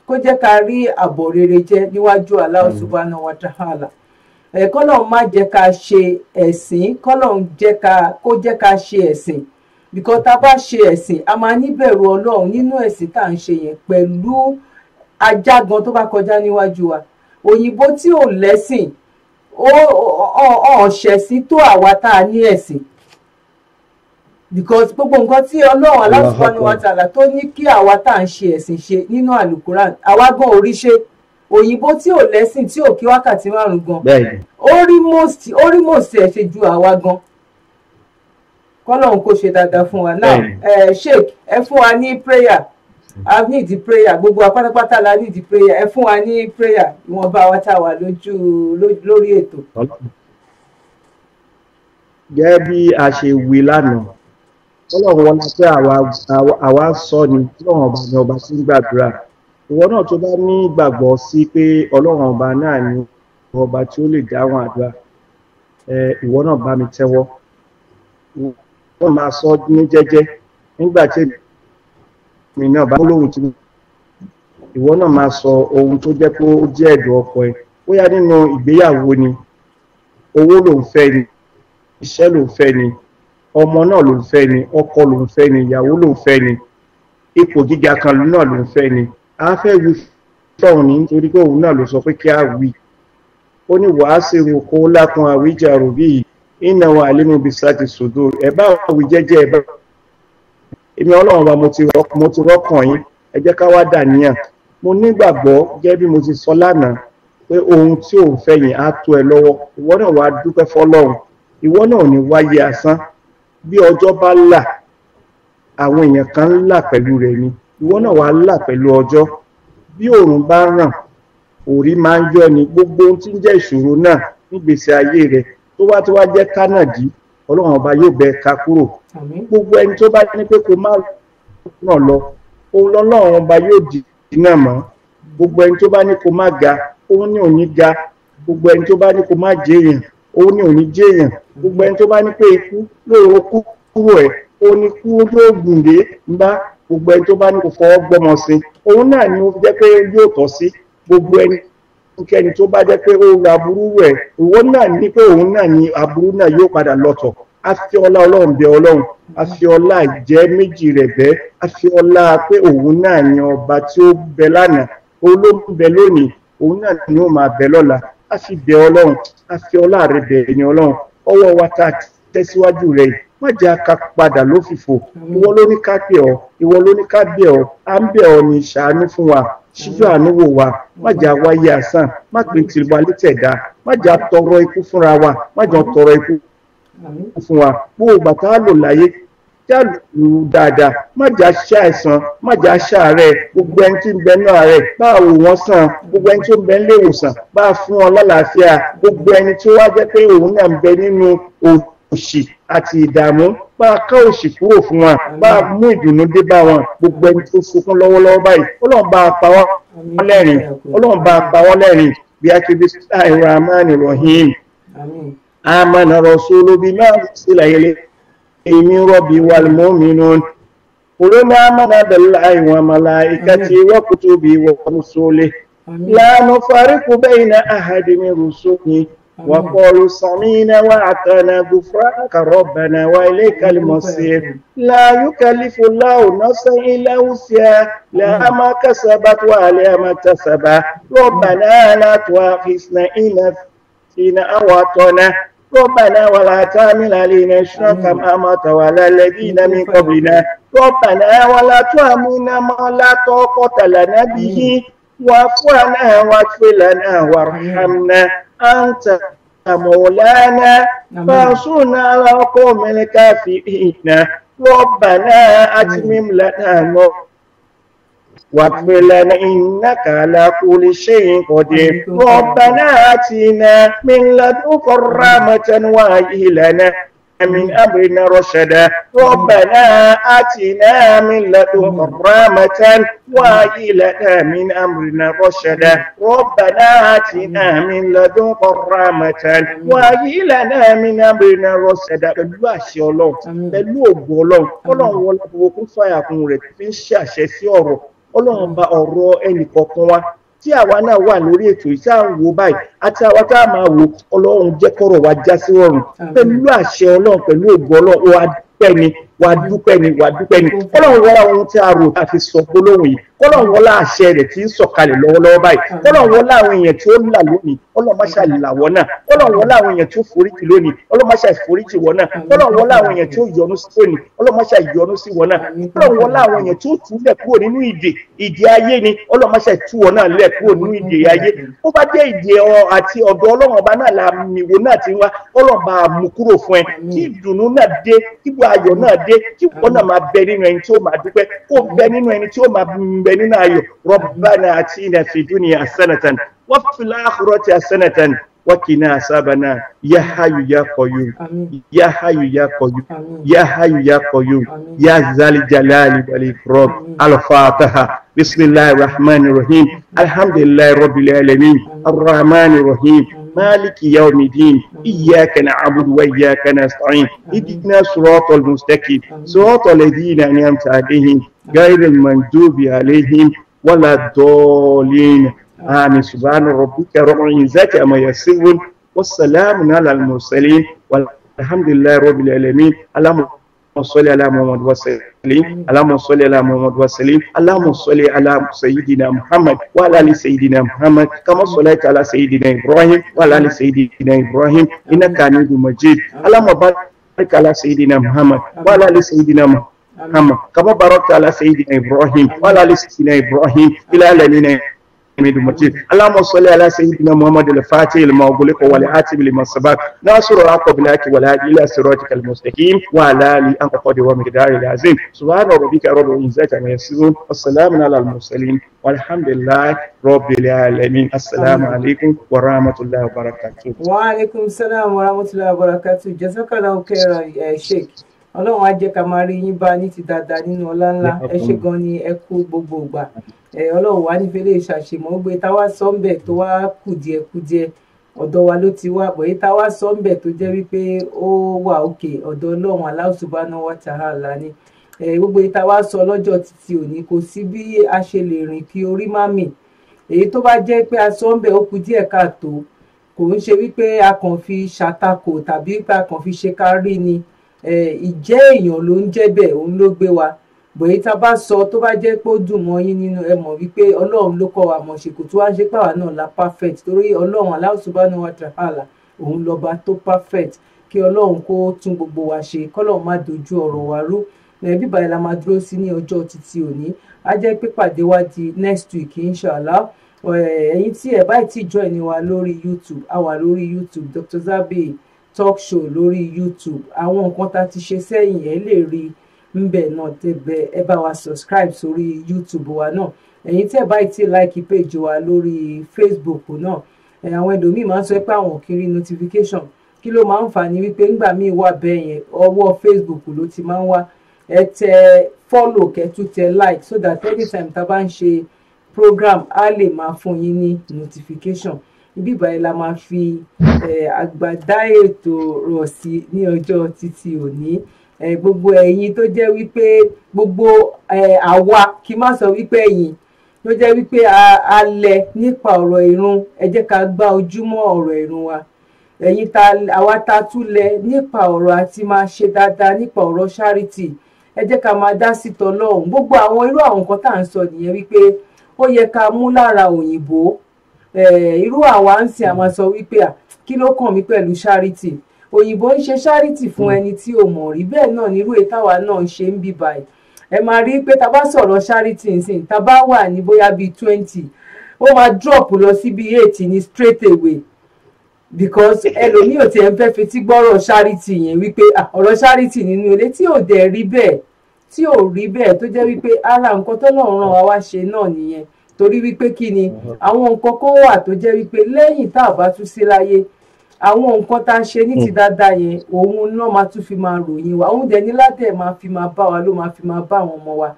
kó jẹ́ ká rí àbọ̀ rere jẹ́ níwájú Allah hmm. subhanahu wa ta'ala kọ́lọ́run má jẹ́ ká ṣe ẹ̀sìn kọ́lọ́run kó jẹ́ ká ṣe ẹ̀sìn because tá bá ṣe ẹ̀sìn a máa níbẹ̀rù ọlọ́run nínú ẹ̀sìn tá à ń ṣe yẹn pẹ̀lú ajá tó bá kọjá níwájú wa òyìnbó tí ò lẹ́sìn ó ọ̀ṣẹ̀sìn tó àwa tá a ní ẹ̀sìn because gbogbo nǹkan tí ọlọ́run aláṣùpánu wa tààlà tó ní kí àwa tá à ń ṣe ẹ̀sìn ṣe nínú àlùkùrán àwa gan orí ṣe òyìnbó tí ò lẹ́sìn tí ò kí wákàtí márùn gan ó rí most ó rí most ẹ̀ ṣe ju àwa gan kọ́lọ́run kó ṣe dáadáa fún wa now sheik ẹ fún wa ní prayer i need the prayer gbogbo apátápátá la need the prayer ẹ fún wa ní prayer ìwọ̀nba wa tá a wà lójú lórí ètò. gẹ́gẹ́ bí a ṣe wí lánàá ọlọ́run wọn láti àwa sọ ni ọlọ́run ọba ni ọba tí ń gbàdúrà ìwọ náà tó bá ní ìgbàgbọ́ sí pé ọlọ́run ọba náà ni ọba tí ó lè dáhùn àdúrà ìwọ náà bá mi tẹ́wọ́ wọ́n máa sọ ní jẹ́jẹ́ nígbà tí èmi náà bá lóhùn tí ìwọ náà máa sọ ohun tó jẹ́ pé ó jẹ́ ẹ̀dùn ọkọ ẹ bóyá nínú ìgbéyàwó ni owó ló ń fẹ́ ni iṣẹ́ ló ń fẹ́ ni ọmọ náà ló ń fẹ́ ni ọkọ ló ń fẹ́ ni ìyàwó ló ń fẹ́ ni ipò gíga kan náà ló ń fẹ́ ni a fẹ́ wí fọ́ọ̀n ní nítorí pé òun náà ló sọ pé kí a wí ó ní wàá ṣe wò kó lákun àwíjàrò bíi iná wa sáàtì sòdò ẹ bá wí jẹ́jẹ́ ẹ mo ti rọ́kàn yín ẹ ká wá dà níyàn mo nígbàgbọ́ bí mo ti sọ lánàá pé bí ọjọ́ bá là àwọn èèyàn kan ń là pẹ̀lú rẹ̀ ni ìwọ náà wàá là pẹ̀lú ọjọ́ bí òòrùn bá ràn òrí máa ń yọ ni gbogbo ohun tí ń jẹ́ ìṣòro náà nígbèsè ayé rẹ̀ tó wá tó wá jẹ́ kánàdí ọlọ́run ọba yóò bẹ ká kúrò gbogbo ẹni tó bá ní pé kó má ràn lọ òun lọ́lọ́run ọba yóò dì náà mọ́ gbogbo ẹni tó bá ní kó má ga òun ní ga gbogbo ẹni tó bá ní kó má jẹ́ èèyàn òun ni ò ní jẹ́ èèyàn gbogbo ẹni tó bá ní pé ikú lóòrò kú kúrò ẹ. ó ní kú yóò gùn dé ńbá gbogbo ẹni tó bá ní kó fọwọ́ gbọ́mọ sí òun náà ni ó jẹ́ pé yóò tọ́ sí gbogbo ẹni kẹni tó bá jẹ́ pé ó ra aburú rẹ̀ òun náà ní pé òun náà ni aburú náà yóò padà lọ́tọ̀ a fi bẹ ọlọ́run a fi méjì rẹ̀ bẹ́ a fi ọlá pé òun náà ni ọba tí ó bẹ lánàá olóńgbẹ lónìí òun náà ni ó máa bẹ lọ́la a sì bẹ ọlọ́run a fi ọlá rẹ bẹ ẹ̀yìn ọlọ́run ọwọ wa tá a rẹ yìí má jẹ́ ká padà lófìfo ìwọ ló ní ká bẹ̀ ọ́ ìwọ ló ní ká bẹ̀ ọ́ à ń bẹ̀ ọ́ ní ṣàánú fún wa ṣíjú àánú wò wá má jẹ́ wáyé àsán má pín tìrìbà létẹ̀dá má jẹ́ tọrọ ikú fúnra wa má jẹ́ tọrọ ikú fún wa gbogbo bàtà lò láyé jálù dáadáa má jà ṣàìsàn má jà ṣàárẹ̀ gbogbo ẹni tí ń bẹ náà rẹ̀ bá wò wọ́n sàn gbogbo ẹni tí ó ń bẹ nílé ìwòsàn bá fún wọn lálàáfíà gbogbo ẹni tí ó wá jẹ́ pé òun náà ń bẹ nínú òṣì àti ìdààmú bá a ká òṣì kúrò fún wa bá a mú ìdùnnú dé bá wọn gbogbo ẹni tó sunkún lọ́wọ́lọ́wọ́ báyìí ọlọ́run bá a pa wọ́n lẹ́rìn ọlọ́run bá a pa wọ́n lẹ́rìn bí a ti bí sáà ìrọ̀ àmọ́ ànìrọ̀ hìn. amana rasulu bima sila من ربي والمؤمنون كلنا من بالله وملائكته وكتبه ورسله لا نفرق بين أحد من رسله وقالوا سمينا واعتنا غفرانك ربنا واليك المصير لا يكلف الله نفسا الا وسعها لا ما كسبت ولا ما اكتسبت ربنا لا تؤاخذنا ان نسينا او اعطانا ربنا ولا تعمل علينا شرا كما عملت على الذين من قبلنا ربنا ولا تهمنا ما لا طاقة لنا به واعف عنا واغفر لنا وارحمنا أنت مولانا فانصرنا على القوم الكافرين ربنا أتمم لنا نور واقبل إِنَّكَ على كل شيء قدير ربنا آتنا من لدنك رحمة وهي لنا من أمرنا رشدا ربنا آتنا من لدنك رحمة وهي لنا من أمرنا رشدا ربنا آتنا من لدنك رحمة وهي لنا من أمرنا رشدا pẹ̀lú àṣẹ ọlọ́run pẹ̀lú ògùn ọlọ́run ọlọ́run wọlé owó kún fàyà kún rẹ̀ fi ń ṣàṣẹ sí ọ̀rọ̀ ọlọ́run bá ọ̀rọ̀ ẹnì kọ̀ọ̀kan wa tí àwa náà wà lórí ètò yìí tá à ń wo báyìí àti àwa tá a máa wo ọlọ́run jẹ́ kọ́rọ̀ wa já sí ọ̀run pẹ̀lú àṣẹ ọlọ́run pẹ̀lú ògbọ́ ọlọ́run wa bẹ́ẹ̀ ni wà dúpẹ́ ni wà dúpẹ́ ni kọ́lọ́run wọlá ohun tí a rò tá a fi sọ gbólóhùn yìí kọ́lọ́run wọlá àṣẹ rẹ̀ tí ń sọ̀kalẹ̀ lọ́wọ́lọ́wọ́ báyìí kọ́lọ́run wọlá àwọn èèyàn tí ó ń là lónìí ọlọ́run máṣá làwọ́ náà kọ́lọ́run wọlá àwọn èèyàn tí ó foríjì lónìí ọlọ́run máṣá foríjì wọ́n náà kọ́lọ́run wọlá àwọn èèyàn tí ó yọ́nú sí lónìí ọlọ́run máṣá yọ́nú sí wọ́n náà kọ́lọ́run wọlá àwọn èèyàn tí ó tù ú lẹ̀ kúrò nínú ìdè ìdè ayé ni ọlọ́run tú wọn náà lẹ̀ kúrò nínú ìdè ayé bó bá jẹ́ ìdè ọ àti ọ̀dọ̀ ọlọ́run ọba náà la mìwò náà ti wá ọlọ́run bá mú kúrò fún ẹ kí ìdùnnú náà dé kí ayọ̀ náà d dé kí wọn náà máa bẹ nínú ẹni tí ó máa dúpẹ́ kó bẹ nínú ẹni tí ó máa bẹ nínú ayọ̀ Rabbana atina fi dunya hasanatan wa fil akhirati hasanatan wa qina asabana ya hayyu ya qayyum ya hayyu ya qayyum ya hayyu ya qayyum ya zal jalali wal ikram al-fatiha bismillahir rahmanir rahim alhamdulillahi rabbil alamin arrahmanir rahim. مالك يوم الدين إياك نعبد وإياك نستعين اهدنا الصراط المستقيم صراط الذين أنعمت عليهم غير المندوب عليهم ولا الضالين آمين سبحان ربك رب العزة أما يصفون والسلام على المرسلين والحمد لله رب العالمين اللهم صل على محمد وسلم وسلم اللهم صل على محمد وسلم اللهم صل على سيدنا محمد وعلى ال سيدنا محمد كما صليت على سيدنا ابراهيم وعلى ال سيدنا ابراهيم انك حميد مجيد اللهم بارك على سيدنا محمد وعلى ال سيدنا محمد كما باركت على سيدنا ابراهيم وعلى ال سيدنا ابراهيم الى الذين حميد مجيد اللهم صل على سيدنا محمد الفاتح المغلق والعاتب لما سبق ناصر الحق بالحق والهادي الى صراطك المستقيم وعلى اله انت قدر ومقدار العظيم سبحان ربك رب العزه عما يصفون والسلام على المرسلين والحمد لله رب العالمين السلام عليكم ورحمه الله وبركاته وعليكم السلام ورحمه الله وبركاته جزاك الله خير يا شيخ ọlọ́run á jẹ́ ká máa rí yín bá ní ti dáadáa nínú ọlá ńlá ẹ ṣé gan ni ẹ kú gbogbo ìgbà ọlọ́run wá nífẹ̀ẹ́ lè ṣàṣemọ́gbé táwa sọ́ńbẹ̀ tó wá kùdìẹ̀kudiẹ ọ̀dọ̀ wa ló ti wá bọ̀yé táwa sọ́ńbẹ̀ tó jẹ́ wípé ó wà òkè ọ̀dọ̀ ọlọ́run Allah subhanahu wa ta'ala ni gbogbo ìta wa sọ lọ́jọ́ títí òní kò sí bí a ṣe lè rìn kí orí má mì èyí tó bá jẹ́ pé a sọ́ńbẹ̀ ó kù díẹ̀ káàtó kò ń ṣe wípé a kàn fi ṣàtakò tàbí pé a kàn fi ṣe kárí ni ìjẹ́ èèyàn ló ń jẹ́ bẹ́ẹ̀ òun ló gbé wa bòye tá a bá sọ tó bá jẹ́ pé ó dùn mọ́ yín nínú ẹ mọ̀ wípé ọlọ́run ló kọ́ wa mọ̀ ṣèkò tó wá ṣe pàwọ́ náà la perfect torí ọlọ́run aláwùsùnbánu wa tàfàlà òun lọ́ba tó perfect kí ọlọ́run kó tún gbogbo wa ṣe kọ́lọ́run má dojú ọ̀rọ̀ wa rú ẹbí báyìí la máa dúró sí ní ọjọ́ títí òní á jẹ́ pé wa di next week inshallah ẹ̀yin tí ẹ̀ báyìí ti join wa lórí youtube a wà lórí youtube Dr. Zabby talk show lórí youtube àwọn nǹkan tá a ti ṣe sẹ́yìn ẹ̀ lè rí i ńbẹ̀ náà tẹ́bẹ̀ ẹ bá wa subscribe sórí YouTube wa náà ẹ̀yin tẹ́ bá ti like page wa lórí Facebook náà àwọn ẹlòmíì máa ń sọ pé àwọn kiri notification kí ló máa ń fà ní wípé ńgbà míì wà bẹ́ẹ̀ yẹn ọwọ́ Facebook ló ti máa ń wá ẹ tẹ follow kẹtù tẹ like so that every time tá bá ń ṣe program a lè máa fún yín ní notification ibi ìbàyẹ̀ la máa fi àgbàdá ètò rọ̀ sí ní ọjọ́ títí òní gbogbo ẹ̀yin tó jẹ́ wípé gbogbo àwa kí má sọ wípé ẹ̀yin tó jẹ́ wípé alẹ̀ nípa ọ̀rọ̀ ìrun ẹ jẹ́ ká gbá ojúmọ́ ọ̀rọ̀ ìrun wa ẹ̀yin ta àwa ta túlẹ̀ nípa ọ̀rọ̀ àti máa ṣe dáadáa nípa ọ̀rọ̀ ṣáríìtì ẹ jẹ́ ká máa dá sí tọlọ́hún gbogbo àwọn irú àwọn nǹkan tá à ń sọ nìyẹn wípé ó yẹ ká mú lára òyìnbó irú àwa ń sìn àmọ́ sọ wípé kí ló kàn mí pẹ̀lú ṣáríìtì òyìnbó ń ṣe ṣáríìtì fún hmm. ẹni tí ò mọ̀ rí bẹ́ẹ̀ náà nírú ìtawà náà ṣe ń bí báyìí ẹ máa rí pé tá a bá sọ̀rọ̀ ṣáríìtì nsìn tá a bá wà ní bóyá bíi twenty ó máa drop lọ sí bíi eight ní straight away because ẹlòmíì ò tiẹ̀ ń fẹ́ fetí gbọ́rọ̀ ṣáríìtì yẹn wípé ọ̀rọ̀ ṣáríìtì nínú ilé tí ò dẹ̀ rí bẹ́ẹ̀ tí ò rí bẹ́ẹ̀ tó jẹ́ wípé ara nǹkan tọ́lọ́run rán wa wá ṣe náà nìyẹn torí wípé kí ni àwọn nǹkan kan wà tó jẹ́ wípé lẹ́yìn tá a bá tún sí láyé àwọn nǹkan tá a ṣe ní ti hmm. dáadáa yẹn òun náà máa tún fi máa ròyìn wa òun dẹ̀ ní ládẹ̀ máa fi máa bá wa ló máa fi máa bá àwọn ọmọ wa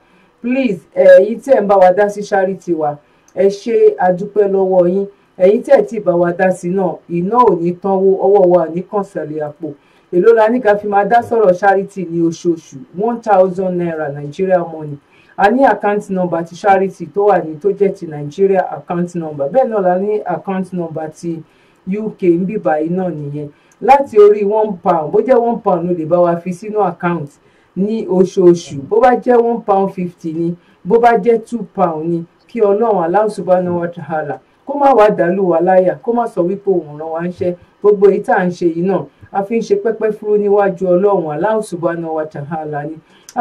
please ẹ̀yin tẹ̀ ń bá wa dá sí charity wa ẹ ṣe àdúpẹ́ lọ́wọ́ yín ẹ̀yin tẹ̀ tí bá wa dá sí náà iná ò ní tánwó ọwọ́ wa ní kànsẹ̀lẹ̀ àpò èló la ní ká fi máa dá sọ̀rọ̀ charity ní oṣooṣù one thousand naira Nigeria money a ní account number ti charity tó wà ní tó Nigeria account number bẹ́ẹ̀ náà la ní account number ti. UK ń bìbà yìí náà nìyẹn láti orí one pound bó jẹ́ one pound ló lè bá wa fi sínú account ní oṣooṣù bó bá jẹ́ one pound fifty ni bó bá jẹ́ two pound ni kí ọlọ́run Allah subhanahu wa ta'ala kó má wàá dàlú wa láyà kó má sọ wípé òun ràn wá ń ṣe gbogbo èyí tá à ń ṣe yìí náà a fi ń ṣe pẹ́pẹ́ fúró níwájú ọlọ́run Allah wa ta'ala ni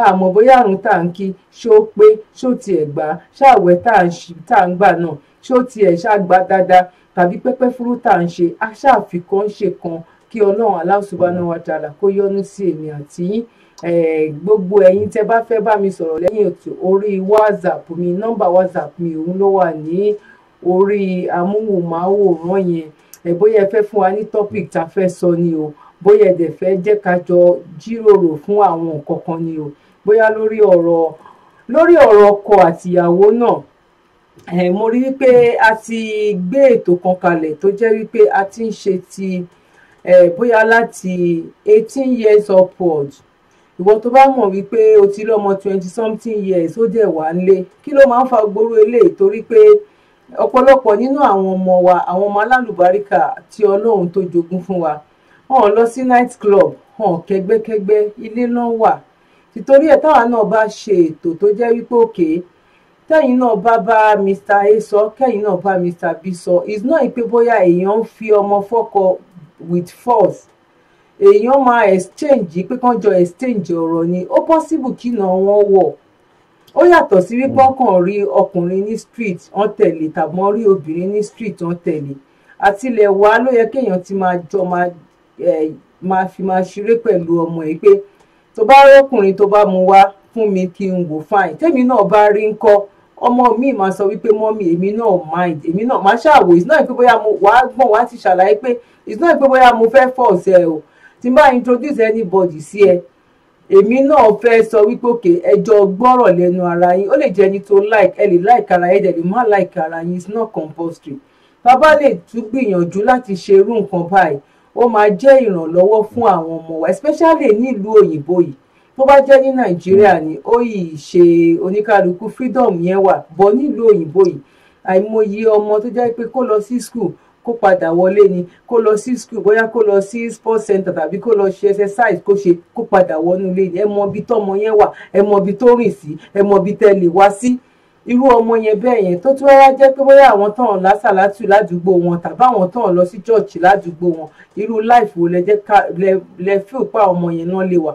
àmọ́ bóyá àrùn tá à ń kí ṣó pé ṣó tiẹ̀ gbà ṣáàwẹ̀ tá à ń gbà náà ṣó tiẹ̀ ṣáà gbà dáadáa tàbí pẹ́pẹ́ fúrú tá à ń ṣe aṣáàfikàn ṣe kan kí ọlọ́run Allah subhanahu wa ta'ala kó yọ́nú sí èmi àti yín gbogbo ẹ̀yin tẹ́ bá fẹ́ bá mi sọ̀rọ̀ lẹ́yìn ètò orí whatsapp mi nọ́mbà whatsapp mi òun ló wà ní orí amóhùnmáwòrán yẹn bóyá ẹ fẹ́ fún wa ní topic tá a fẹ́ sọ ni o bóyá ẹ dẹ̀ fẹ́ jẹ́ ká jọ jíròrò fún àwọn nǹkan ni o bóyá lórí ọ̀rọ̀ lórí ọ̀rọ̀ ọkọ àtìyàwó náà mo rí wípé a ti gbé ètò kan kalẹ̀ tó jẹ́ wípé a ti ń ṣe ti bóyá láti eighteen years upward ìwọ tó bá mọ̀ wípé o ti lọ́mọ twenty something years ó dẹ̀ wá nílé kí ló máa ń fa gbóró eléyìí torí pé ọ̀pọ̀lọpọ̀ nínú àwọn ọmọ wa àwọn ọmọ alálùbáríkà tí ọlọ́run tó jogún fún wa hàn lọ sí night club hàn kẹgbẹ́kẹgbẹ́ ilé náà wà tìtorí ẹ̀ táwa náà bá ṣe ètò tó jẹ́ wípé òkè okay, kẹ́yìn náà bá bá mr a sọ kẹ́yìn náà bá mr b sọ it's not pé bóyá èèyàn ń fi ọmọ fọ́kọ with force èèyàn máa exchange pé kán jọ exchange ọ̀rọ̀ ni ó possible kí náà wọ́n wọ̀ ó yàtọ̀ sí wípé ọkàn rí ọkùnrin ní street wọ́n tẹ̀lé tàbọn rí obìnrin ní street wọ́n tẹ̀lé àtilẹ̀ wá ló yẹ kéèyàn ti máa jọ máa máa fi máa ṣeré pẹ̀lú ọmọ yìí pé tó bá rọ́kùnrin tó bá mu wá fún mi kí n wò fáìn tèmi náà bá rí ń kọ́ ọmọ mi máa sọ wípé mọ́mí èmi náà mind èmi náà máa ṣàwò it's not pé bóyá mo wàá gbọ̀n wá ti ṣàlàyé pé it's not pé bóyá mo fẹ́ fọ́ ọ̀sẹ̀ o tí n bá introduce anybody sí ẹ èmi náà fẹ́ sọ wípé òkè ẹjọ́ gbọ́rọ̀ lẹ́nu ara yín ó lè jẹ́ ẹni tó like ẹ lè like ara yín ẹ lè má like ara yín it's not compulsory bàbá lè tún gbìyànjú láti ṣe irú nǹkan báyìí ó máa jẹ́ ìrànlọ́wọ́ fún àwọn ọmọ wa especially nílùú òyìnbó yìí tó bá jẹ́ ní nàìjíríà ni ó yìí ṣe oníkálukú freedom yẹn wà bọ́ nílùú òyìnbó yìí àìmọye ọmọ tó jẹ́ pé kó lọ sí school kó padà wọlé ni kó lọ sí school bóyá kó lọ sí sports center tàbí kó lọ ṣe exercise kó ṣe kó padà wọnú ilé ni ẹ mọ ibi tọmọ yẹn wà ẹ mọ ibi tó rìn sí ẹ mọ ibi tẹ́ lè wá sí irú ọmọ yẹn bẹ́ẹ̀ yẹn tó tún wáyá jẹ́ pé bóyá àwọn tán lásàlátù ládùúgbò wọn tàbí àwọn tán lọ sí church ládùúgbò wọn irú life wo lẹ jẹ́ ká lẹ pa ọmọ yẹn náà lè wà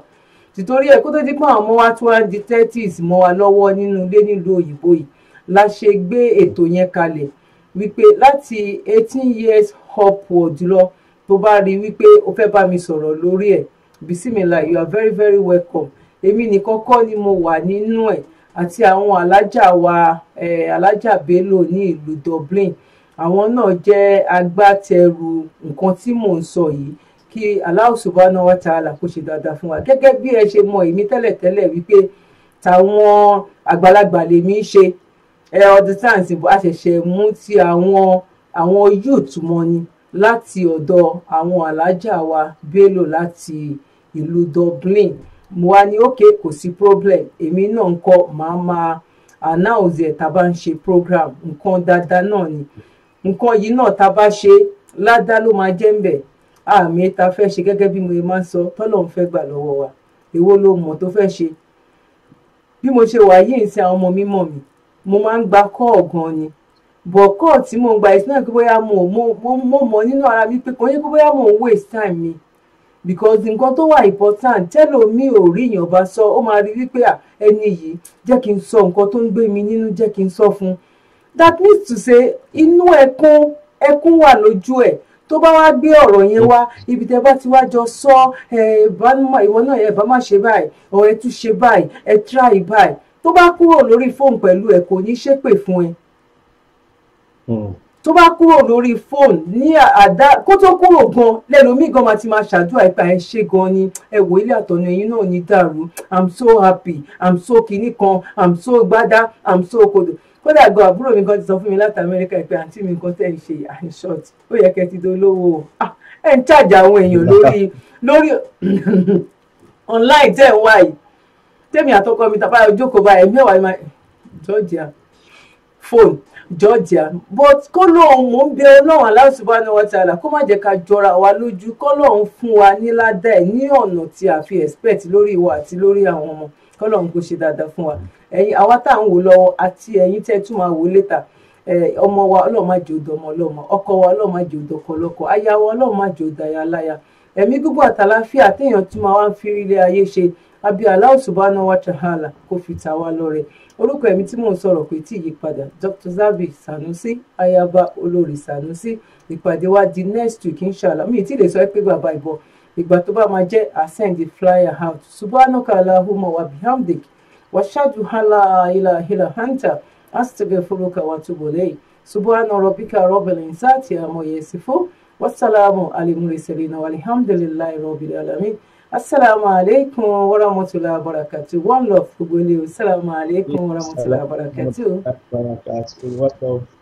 tìtorí ẹ̀ kó tó di pé àwọn ọmọ wa tí wọ́n di thirties mọ́ wa lọ́wọ́ nínú ilé nílùú òyìnbó yìí la ṣe gbé ètò yẹn kalẹ̀ wípé láti eighteen years upward lọ tó bá rí wípé o fẹ́ bá mi sọ̀rọ̀ lórí ẹ̀ bisimila you are very very welcome èmi nìkan kọ́ ni mo wà nínú ẹ̀ àti àwọn alájà wa alájà bello ní ìlú Dublin àwọn náà jẹ́ agbátẹrù nǹkan tí mò ń sọ yìí kí Allah subhanahu wa ta'ala kó ṣe dáadáa fún wa gẹ́gẹ́ bí ẹ ṣe mọ èmi tẹ́lẹ̀tẹ́lẹ̀ wípé tàwọn àgbàlagbà lèmi ń ṣe ẹ ọdún táǹtì a ṣẹ̀ṣẹ̀ mú ti àwọn àwọn youth mọ ni láti ọ̀dọ̀ àwọn alájà wa Bello láti ìlú Dublin mo wá ní òkè kò sí problem èmi náà ń kọ màá máa announce ẹ̀ tá a bá ń ṣe program nǹkan dáadáa náà ni nǹkan yìí náà tá a bá ṣe ládàá ló máa jẹ́ ń bẹ̀ àmì ta fẹ́ ṣe gẹ́gẹ́ bí mo ṣe máa ń sọ tọ́lọ́run fẹ́ gbà lọ́wọ́ wa èwo ló mọ̀ tó fẹ́ ṣe bí mo ṣe wà yìí sí àwọn ọmọ mímọ̀ mi mo máa ń gba kọ́ọ̀ gan ni bọ̀ kọ́ọ̀ tí mo ń gba ìsinmi pé bóyá mo mo mọ̀ nínú ara mi pé kò ń yẹ pé bóyá mo waste time mi because nǹkan tó wà important tẹ́lòmíì ò rí èèyàn bá sọ ó máa rí wípé ẹni yìí jẹ́ kí n sọ nǹkan tó ń gbé mi nínú jẹ́ kí n sọ fún that means to say inú ẹkún ẹkún wà lójú ẹ̀ tó bá wá gbé ọ̀rọ̀ yẹn wá ibi tẹ́ bá ti wá jọ sọ ìwọ náà ẹ̀ bá má ṣe báyìí ọ̀ ẹ̀ tún ṣe báyìí ẹ̀ tíráì báyìí tó bá kúrò lórí fóònù pẹ̀lú ẹ̀ kò ní ṣépè fún ẹ hmm. tó bá kúrò lórí fóònù ní àdá kó tó kúrò gan lẹ́lòmíì gan máa ti máa ṣàdúrà ipa ẹ̀ ṣe gan ni ẹ wò ilé àtọ̀nà ẹ̀yìn náà ní dàrú i'm so happy i'm so kinní kan i'm so gbádá i'm so kodo kódà gan àbúrò mi gan ti sọ fún mi láti amẹ́ríkà pé àǹtí mi kan tẹ̀ ń ṣe àní ah, short ó yẹ kẹ́ ti dolówó ah, ẹ̀ ń ṣàjà àwọn èèyàn lórí lórí online tẹ̀ ń wá yìí tẹ̀mí àtọkọ mi tàbá ojókòó bá ẹ̀mí ẹ̀wà ẹ̀ma georgia phone georgia but kó lóun mò ń bẹ ọlọ́run aláṣubánu wọ́tàlá kó má jẹ́ ká jọra wa lójú kó lóun fún wa ní ládà ẹ̀ ní ọ̀nà tí a fi expect lórí ìwà àti lórí àwọn ọmọ kó lóun kó ṣe dáadáa fún wa. ẹ̀yin àwa tá à ń wò lọ́wọ́ àti ẹ̀yin tẹ́ tún máa wò létà ọmọ wa ọlọ́run má jòdò ọmọ ọlọ́mọ ọkọ wa ọlọ́run má jòdò ọkọ aya wa ọlọ́run má jòdò aya láya ẹ̀mí gígùn àtàláfíà téèyàn tún máa wá ń fi ilé ayé ṣe àbí Allahu subhanahu wa ta'ala kó fi ta wá lọ́rẹ orúkọ ẹ̀mí tí mò ń sọ̀rọ̀ kò tí ì Dr. Zabby Sanusi ayaba olórí Sanusi ìpàdé wa di next week inshallah mi ì lè sọ pé bàbá ìbọn ìgbà tó bá máa jẹ́ ascend the flyer out subhanaka Allahumma wa bihamdik واشهد ان لا اله الا انت استغفرك واتوب اليك سبحان ربك رب العزه عما يصفون والسلام على المرسلين والحمد لله رب العالمين asalaamu aleykum warahmatulahi wabarakatu one love gbogbo ilé o asalaamu aleykum warahmatulahi wabarakatu.